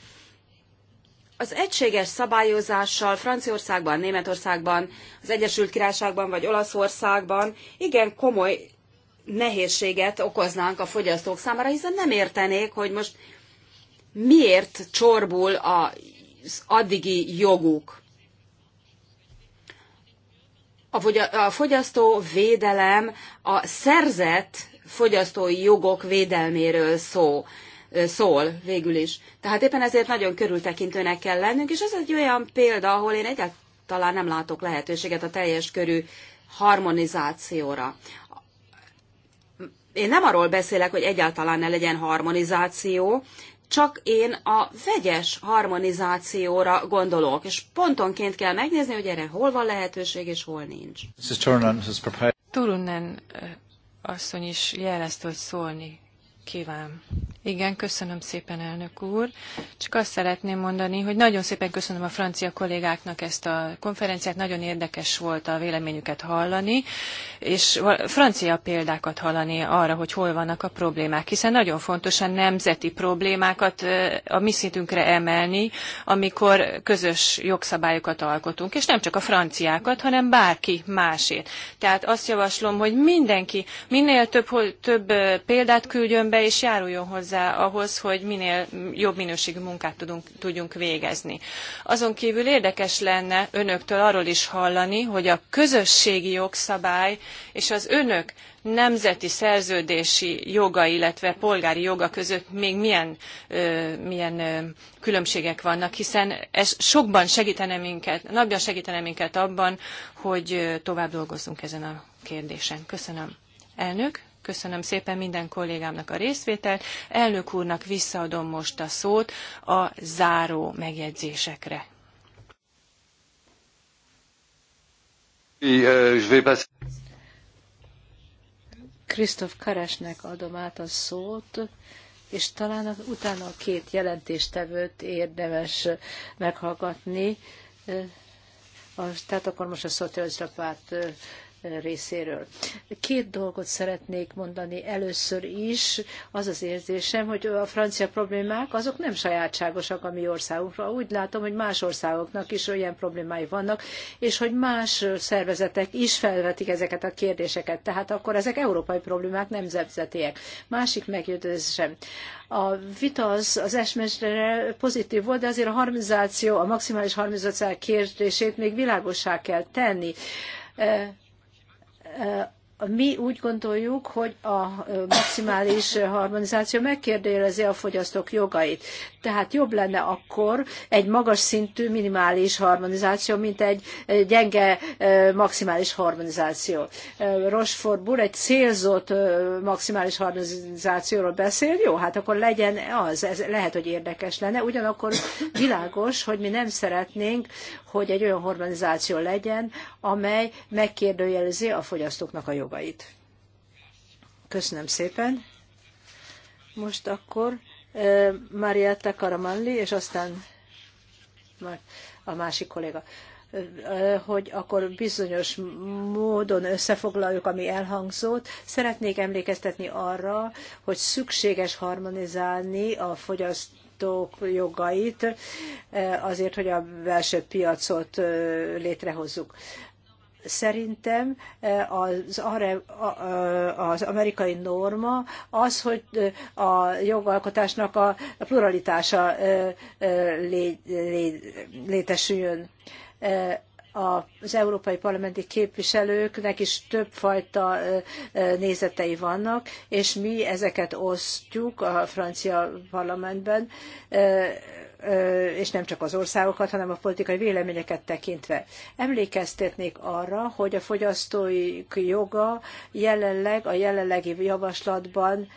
Speaker 3: az egységes szabályozással Franciaországban, Németországban, az Egyesült Királyságban vagy Olaszországban igen komoly nehézséget okoznánk a fogyasztók számára, hiszen nem értenék, hogy most miért csorbul az addigi joguk. A fogyasztó védelem a szerzett fogyasztói jogok védelméről szól szól végül is. Tehát éppen ezért nagyon körültekintőnek kell lennünk, és ez egy olyan példa, ahol én egyáltalán nem látok lehetőséget a teljes körű harmonizációra. Én nem arról beszélek, hogy egyáltalán ne legyen harmonizáció, csak én a vegyes harmonizációra gondolok, és
Speaker 4: pontonként kell megnézni, hogy erre hol van lehetőség, és hol nincs. Turunen asszony is jelezte, hogy szólni kíván. Igen, köszönöm szépen, elnök úr. Csak azt szeretném mondani, hogy nagyon szépen köszönöm a francia kollégáknak ezt a konferenciát, nagyon érdekes volt a véleményüket hallani, és francia példákat hallani arra, hogy hol vannak a problémák, hiszen nagyon fontos a nemzeti problémákat a mi szintünkre emelni, amikor közös jogszabályokat alkotunk, és nem csak a franciákat, hanem bárki másét. Tehát azt javaslom, hogy mindenki minél több, több példát küldjön be, és járuljon hozzá hozzá ahhoz, hogy minél jobb minőségű munkát tudunk, tudjunk végezni. Azon kívül érdekes lenne önöktől arról is hallani, hogy a közösségi jogszabály és az önök nemzeti szerződési joga, illetve polgári joga között még milyen, ö, milyen ö, különbségek vannak, hiszen ez sokban segítene minket, napja segítene minket abban, hogy tovább dolgozzunk ezen a kérdésen. Köszönöm. Elnök, köszönöm szépen minden kollégámnak a részvételt. Elnök úrnak visszaadom most a szót a záró megjegyzésekre.
Speaker 1: E,
Speaker 2: Krisztof Karesnek adom át a szót, és talán utána a két jelentéstevőt érdemes meghallgatni. E, tehát akkor most a szocialista párt e, részéről. Két dolgot szeretnék mondani először is. Az az érzésem, hogy a francia problémák azok nem sajátságosak a mi országunkra. Úgy látom, hogy más országoknak is olyan problémái vannak, és hogy más szervezetek is felvetik ezeket a kérdéseket. Tehát akkor ezek európai problémák, nem nemzetiek. Másik megjegyzésem. A vita az, az esmesre pozitív volt, de azért a harmonizáció, a maximális harmonizáció kérdését még világossá kell tenni mi úgy gondoljuk, hogy a maximális harmonizáció megkérdőjelezi a fogyasztók jogait. Tehát jobb lenne akkor egy magas szintű minimális harmonizáció, mint egy gyenge maximális harmonizáció. Rochefort Bur egy célzott maximális harmonizációról beszél, jó, hát akkor legyen az, ez lehet, hogy érdekes lenne. Ugyanakkor világos, hogy mi nem szeretnénk, hogy egy olyan organizáció legyen, amely megkérdőjelezi a fogyasztóknak a jogait. Köszönöm szépen. Most akkor Marietta Karamanli, és aztán a másik kolléga hogy akkor bizonyos módon összefoglaljuk, ami elhangzott. Szeretnék emlékeztetni arra, hogy szükséges harmonizálni a fogyaszt gyártók jogait eh, azért, hogy a belső piacot eh, létrehozzuk. Szerintem eh, az, az amerikai norma az, hogy a jogalkotásnak a pluralitása lé, lé, létesüljön az európai parlamenti képviselőknek is többfajta nézetei vannak, és mi ezeket osztjuk a francia parlamentben, és nem csak az országokat, hanem a politikai véleményeket tekintve. Emlékeztetnék arra, hogy a fogyasztói joga jelenleg a jelenlegi javaslatban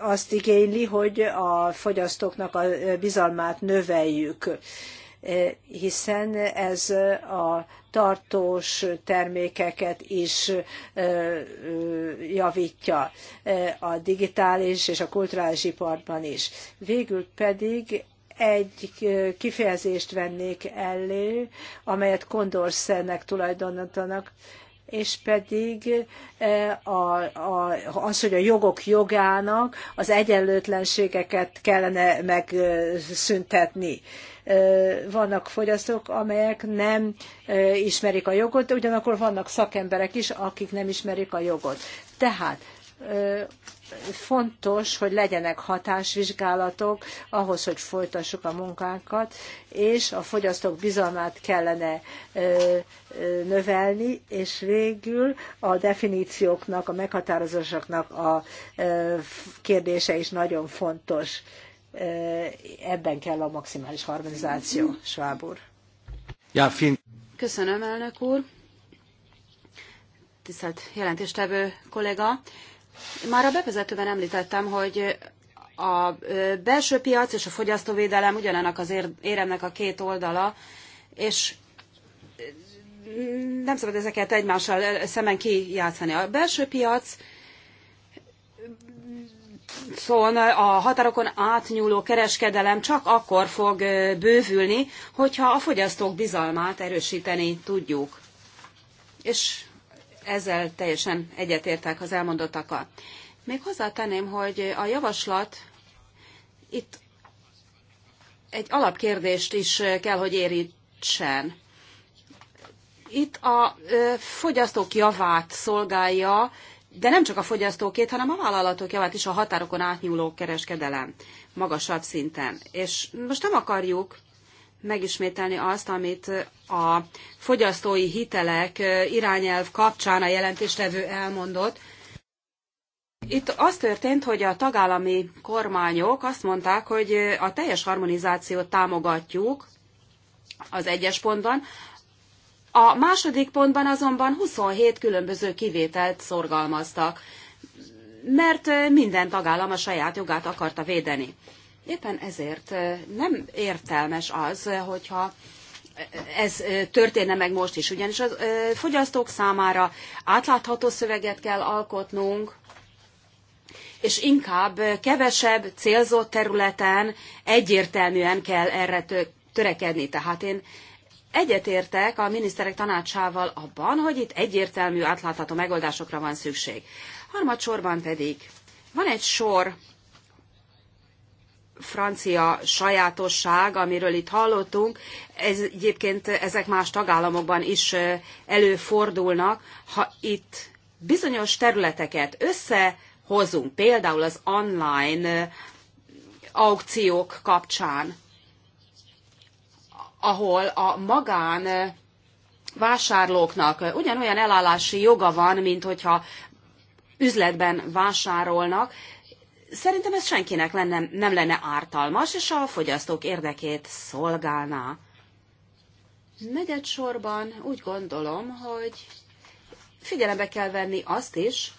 Speaker 2: azt igényli, hogy a fogyasztóknak a bizalmát növeljük, hiszen ez a tartós termékeket is javítja a digitális és a kulturális iparban is. Végül pedig egy kifejezést vennék elő, amelyet Condorcennek tulajdonítanak, és pedig e, a, a, az, hogy a jogok jogának az egyenlőtlenségeket kellene megszüntetni. E, vannak fogyasztók, amelyek nem e, ismerik a jogot, ugyanakkor vannak szakemberek is, akik nem ismerik a jogot. Tehát fontos, hogy legyenek hatásvizsgálatok ahhoz, hogy folytassuk a munkánkat, és a fogyasztók bizalmát kellene növelni, és végül a definícióknak, a meghatározásoknak a kérdése is nagyon fontos. Ebben kell a maximális harmonizáció, Schwab úr. Ja, fin- Köszönöm,
Speaker 3: elnök úr. Tisztelt jelentéstevő kollega. Már a bevezetőben említettem, hogy a belső piac és a fogyasztóvédelem ugyanannak az éremnek a két oldala, és nem szabad ezeket egymással szemben kijátszani. A belső piac Szóval a határokon átnyúló kereskedelem csak akkor fog bővülni, hogyha a fogyasztók bizalmát erősíteni tudjuk. És ezzel teljesen egyetértek az elmondottakat. Még hozzátenném, hogy a javaslat itt egy alapkérdést is kell, hogy érítsen. Itt a fogyasztók javát szolgálja, de nem csak a fogyasztókét, hanem a vállalatok javát is a határokon átnyúló kereskedelem magasabb szinten. És most nem akarjuk megismételni azt, amit a fogyasztói hitelek irányelv kapcsán a jelentéstevő elmondott. Itt az történt, hogy a tagállami kormányok azt mondták, hogy a teljes harmonizációt támogatjuk az egyes pontban, a második pontban azonban 27 különböző kivételt szorgalmaztak, mert minden tagállam a saját jogát akarta védeni. Éppen ezért nem értelmes az, hogyha ez történne meg most is, ugyanis a fogyasztók számára átlátható szöveget kell alkotnunk, és inkább kevesebb, célzott területen egyértelműen kell erre törekedni. Tehát én egyetértek a miniszterek tanácsával abban, hogy itt egyértelmű, átlátható megoldásokra van szükség. Harmadsorban pedig van egy sor francia sajátosság, amiről itt hallottunk, ez egyébként ezek más tagállamokban is előfordulnak. Ha itt bizonyos területeket összehozunk, például az online aukciók kapcsán, ahol a magán vásárlóknak ugyanolyan elállási joga van, mint hogyha üzletben vásárolnak, Szerintem ez senkinek lenne, nem lenne ártalmas, és a fogyasztók érdekét szolgálná. Negyed sorban úgy gondolom, hogy figyelembe kell venni azt is,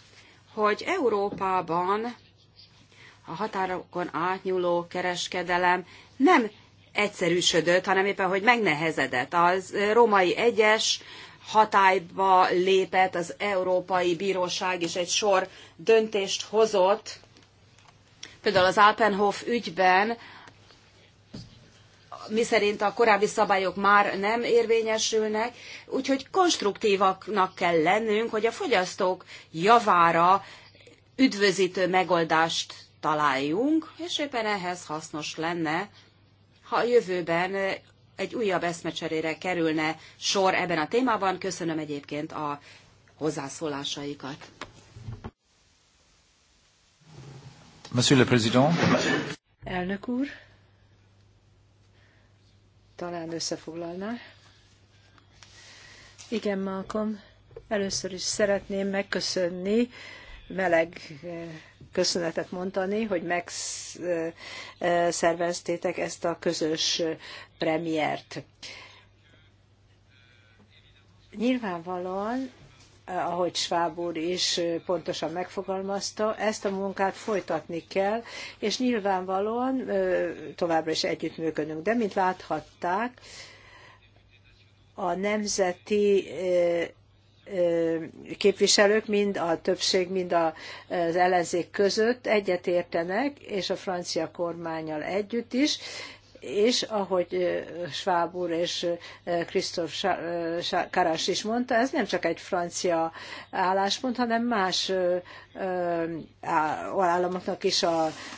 Speaker 3: hogy Európában a határokon átnyúló kereskedelem nem egyszerűsödött, hanem éppen, hogy megnehezedett. Az római egyes hatályba lépett, az Európai Bíróság is egy sor döntést hozott, például az Alpenhof ügyben, miszerint a korábbi szabályok már nem érvényesülnek, úgyhogy konstruktívaknak kell lennünk, hogy a fogyasztók javára üdvözítő megoldást találjunk, és éppen ehhez hasznos lenne, ha a jövőben egy újabb eszmecserére kerülne sor ebben a témában. Köszönöm egyébként a hozzászólásaikat.
Speaker 1: Monsieur le Président.
Speaker 3: Elnök úr,
Speaker 2: talán összefoglalná. Igen, Malcolm, először is szeretném megköszönni, meleg eh, köszönetet mondani, hogy megszerveztétek ezt a közös premiért. Nyilvánvalóan Eh, ahogy Schwab úr is eh, pontosan megfogalmazta, ezt a munkát folytatni kell, és nyilvánvalóan eh, továbbra is együttműködünk. De, mint láthatták, a nemzeti képviselők mind a többség, mind az ellenzék között egyetértenek, és a francia kormányal együtt is, és ahogy Schwab úr és Christoph Karas is mondta, ez nem csak egy francia álláspont, hanem más államoknak is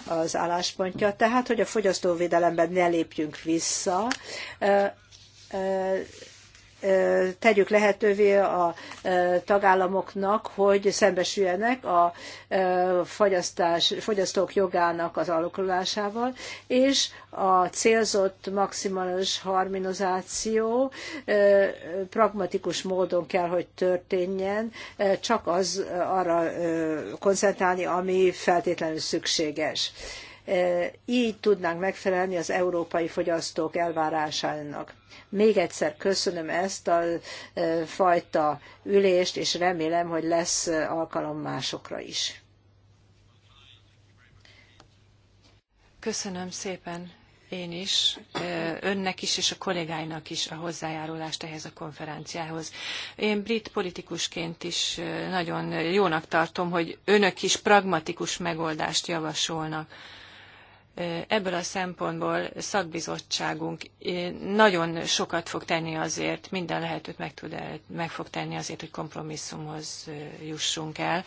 Speaker 2: az álláspontja. Tehát, hogy a fogyasztóvédelemben ne lépjünk vissza, tegyük lehetővé a tagállamoknak, hogy szembesüljenek a fogyasztás, fogyasztók jogának az alakulásával, és a célzott maximális harmonizáció pragmatikus módon kell, hogy történjen, csak az arra koncentrálni, ami feltétlenül szükséges. Így tudnánk megfelelni az európai fogyasztók elvárásának. Még egyszer köszönöm ezt a fajta ülést, és remélem, hogy lesz alkalom másokra is.
Speaker 4: Köszönöm szépen én is, önnek is és a kollégáinak is a hozzájárulást ehhez a konferenciához. Én brit politikusként is nagyon jónak tartom, hogy önök is pragmatikus megoldást javasolnak ebből a szempontból szakbizottságunk eh, nagyon sokat fog tenni azért, minden lehetőt meg, tud, meg fog tenni azért, hogy kompromisszumhoz eh, jussunk el.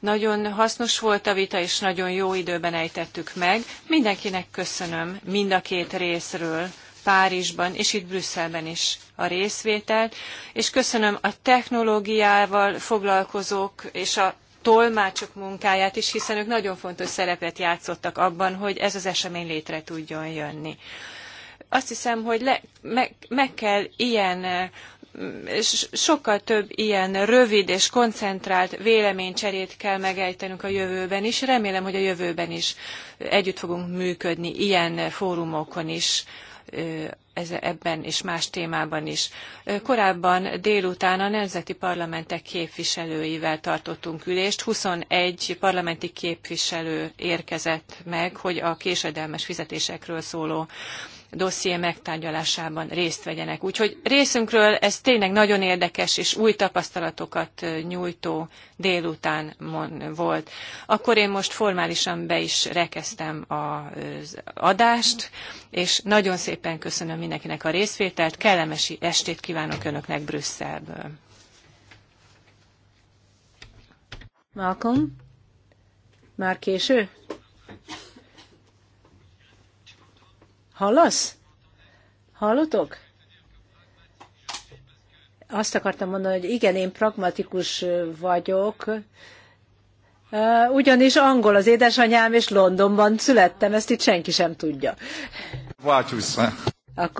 Speaker 4: Nagyon hasznos volt a vita, és nagyon jó időben ejtettük meg. Mindenkinek köszönöm mind a két részről. Párizsban és itt Brüsszelben is a részvételt, és köszönöm a technológiával foglalkozók és a tolmácsok munkáját is, hiszen ők nagyon fontos szerepet játszottak abban, hogy ez az esemény létre tudjon jönni. Azt hiszem, hogy le, meg, meg kell ilyen sokkal több ilyen rövid és koncentrált véleménycserét kell megejtenünk a jövőben is. Remélem, hogy a jövőben is együtt fogunk működni ilyen fórumokon is ez, ebben és más témában is. Korábban délután a nemzeti parlamentek képviselőivel tartottunk ülést. 21 parlamenti képviselő érkezett meg, hogy a késedelmes fizetésekről szóló dosszié megtárgyalásában részt vegyenek. Úgyhogy részünkről ez tényleg nagyon érdekes és új tapasztalatokat nyújtó délután volt. Akkor én most formálisan be is rekeztem az adást, és nagyon szépen köszönöm mindenkinek a részvételt, kellemes estét kívánok Önöknek Brüsszelből.
Speaker 2: Malcolm? Már késő? Hallasz? Hallotok? Azt akartam mondani, hogy igen, én pragmatikus vagyok, ugyanis angol az édesanyám, és Londonban születtem, ezt itt senki sem tudja.
Speaker 1: Váltjuk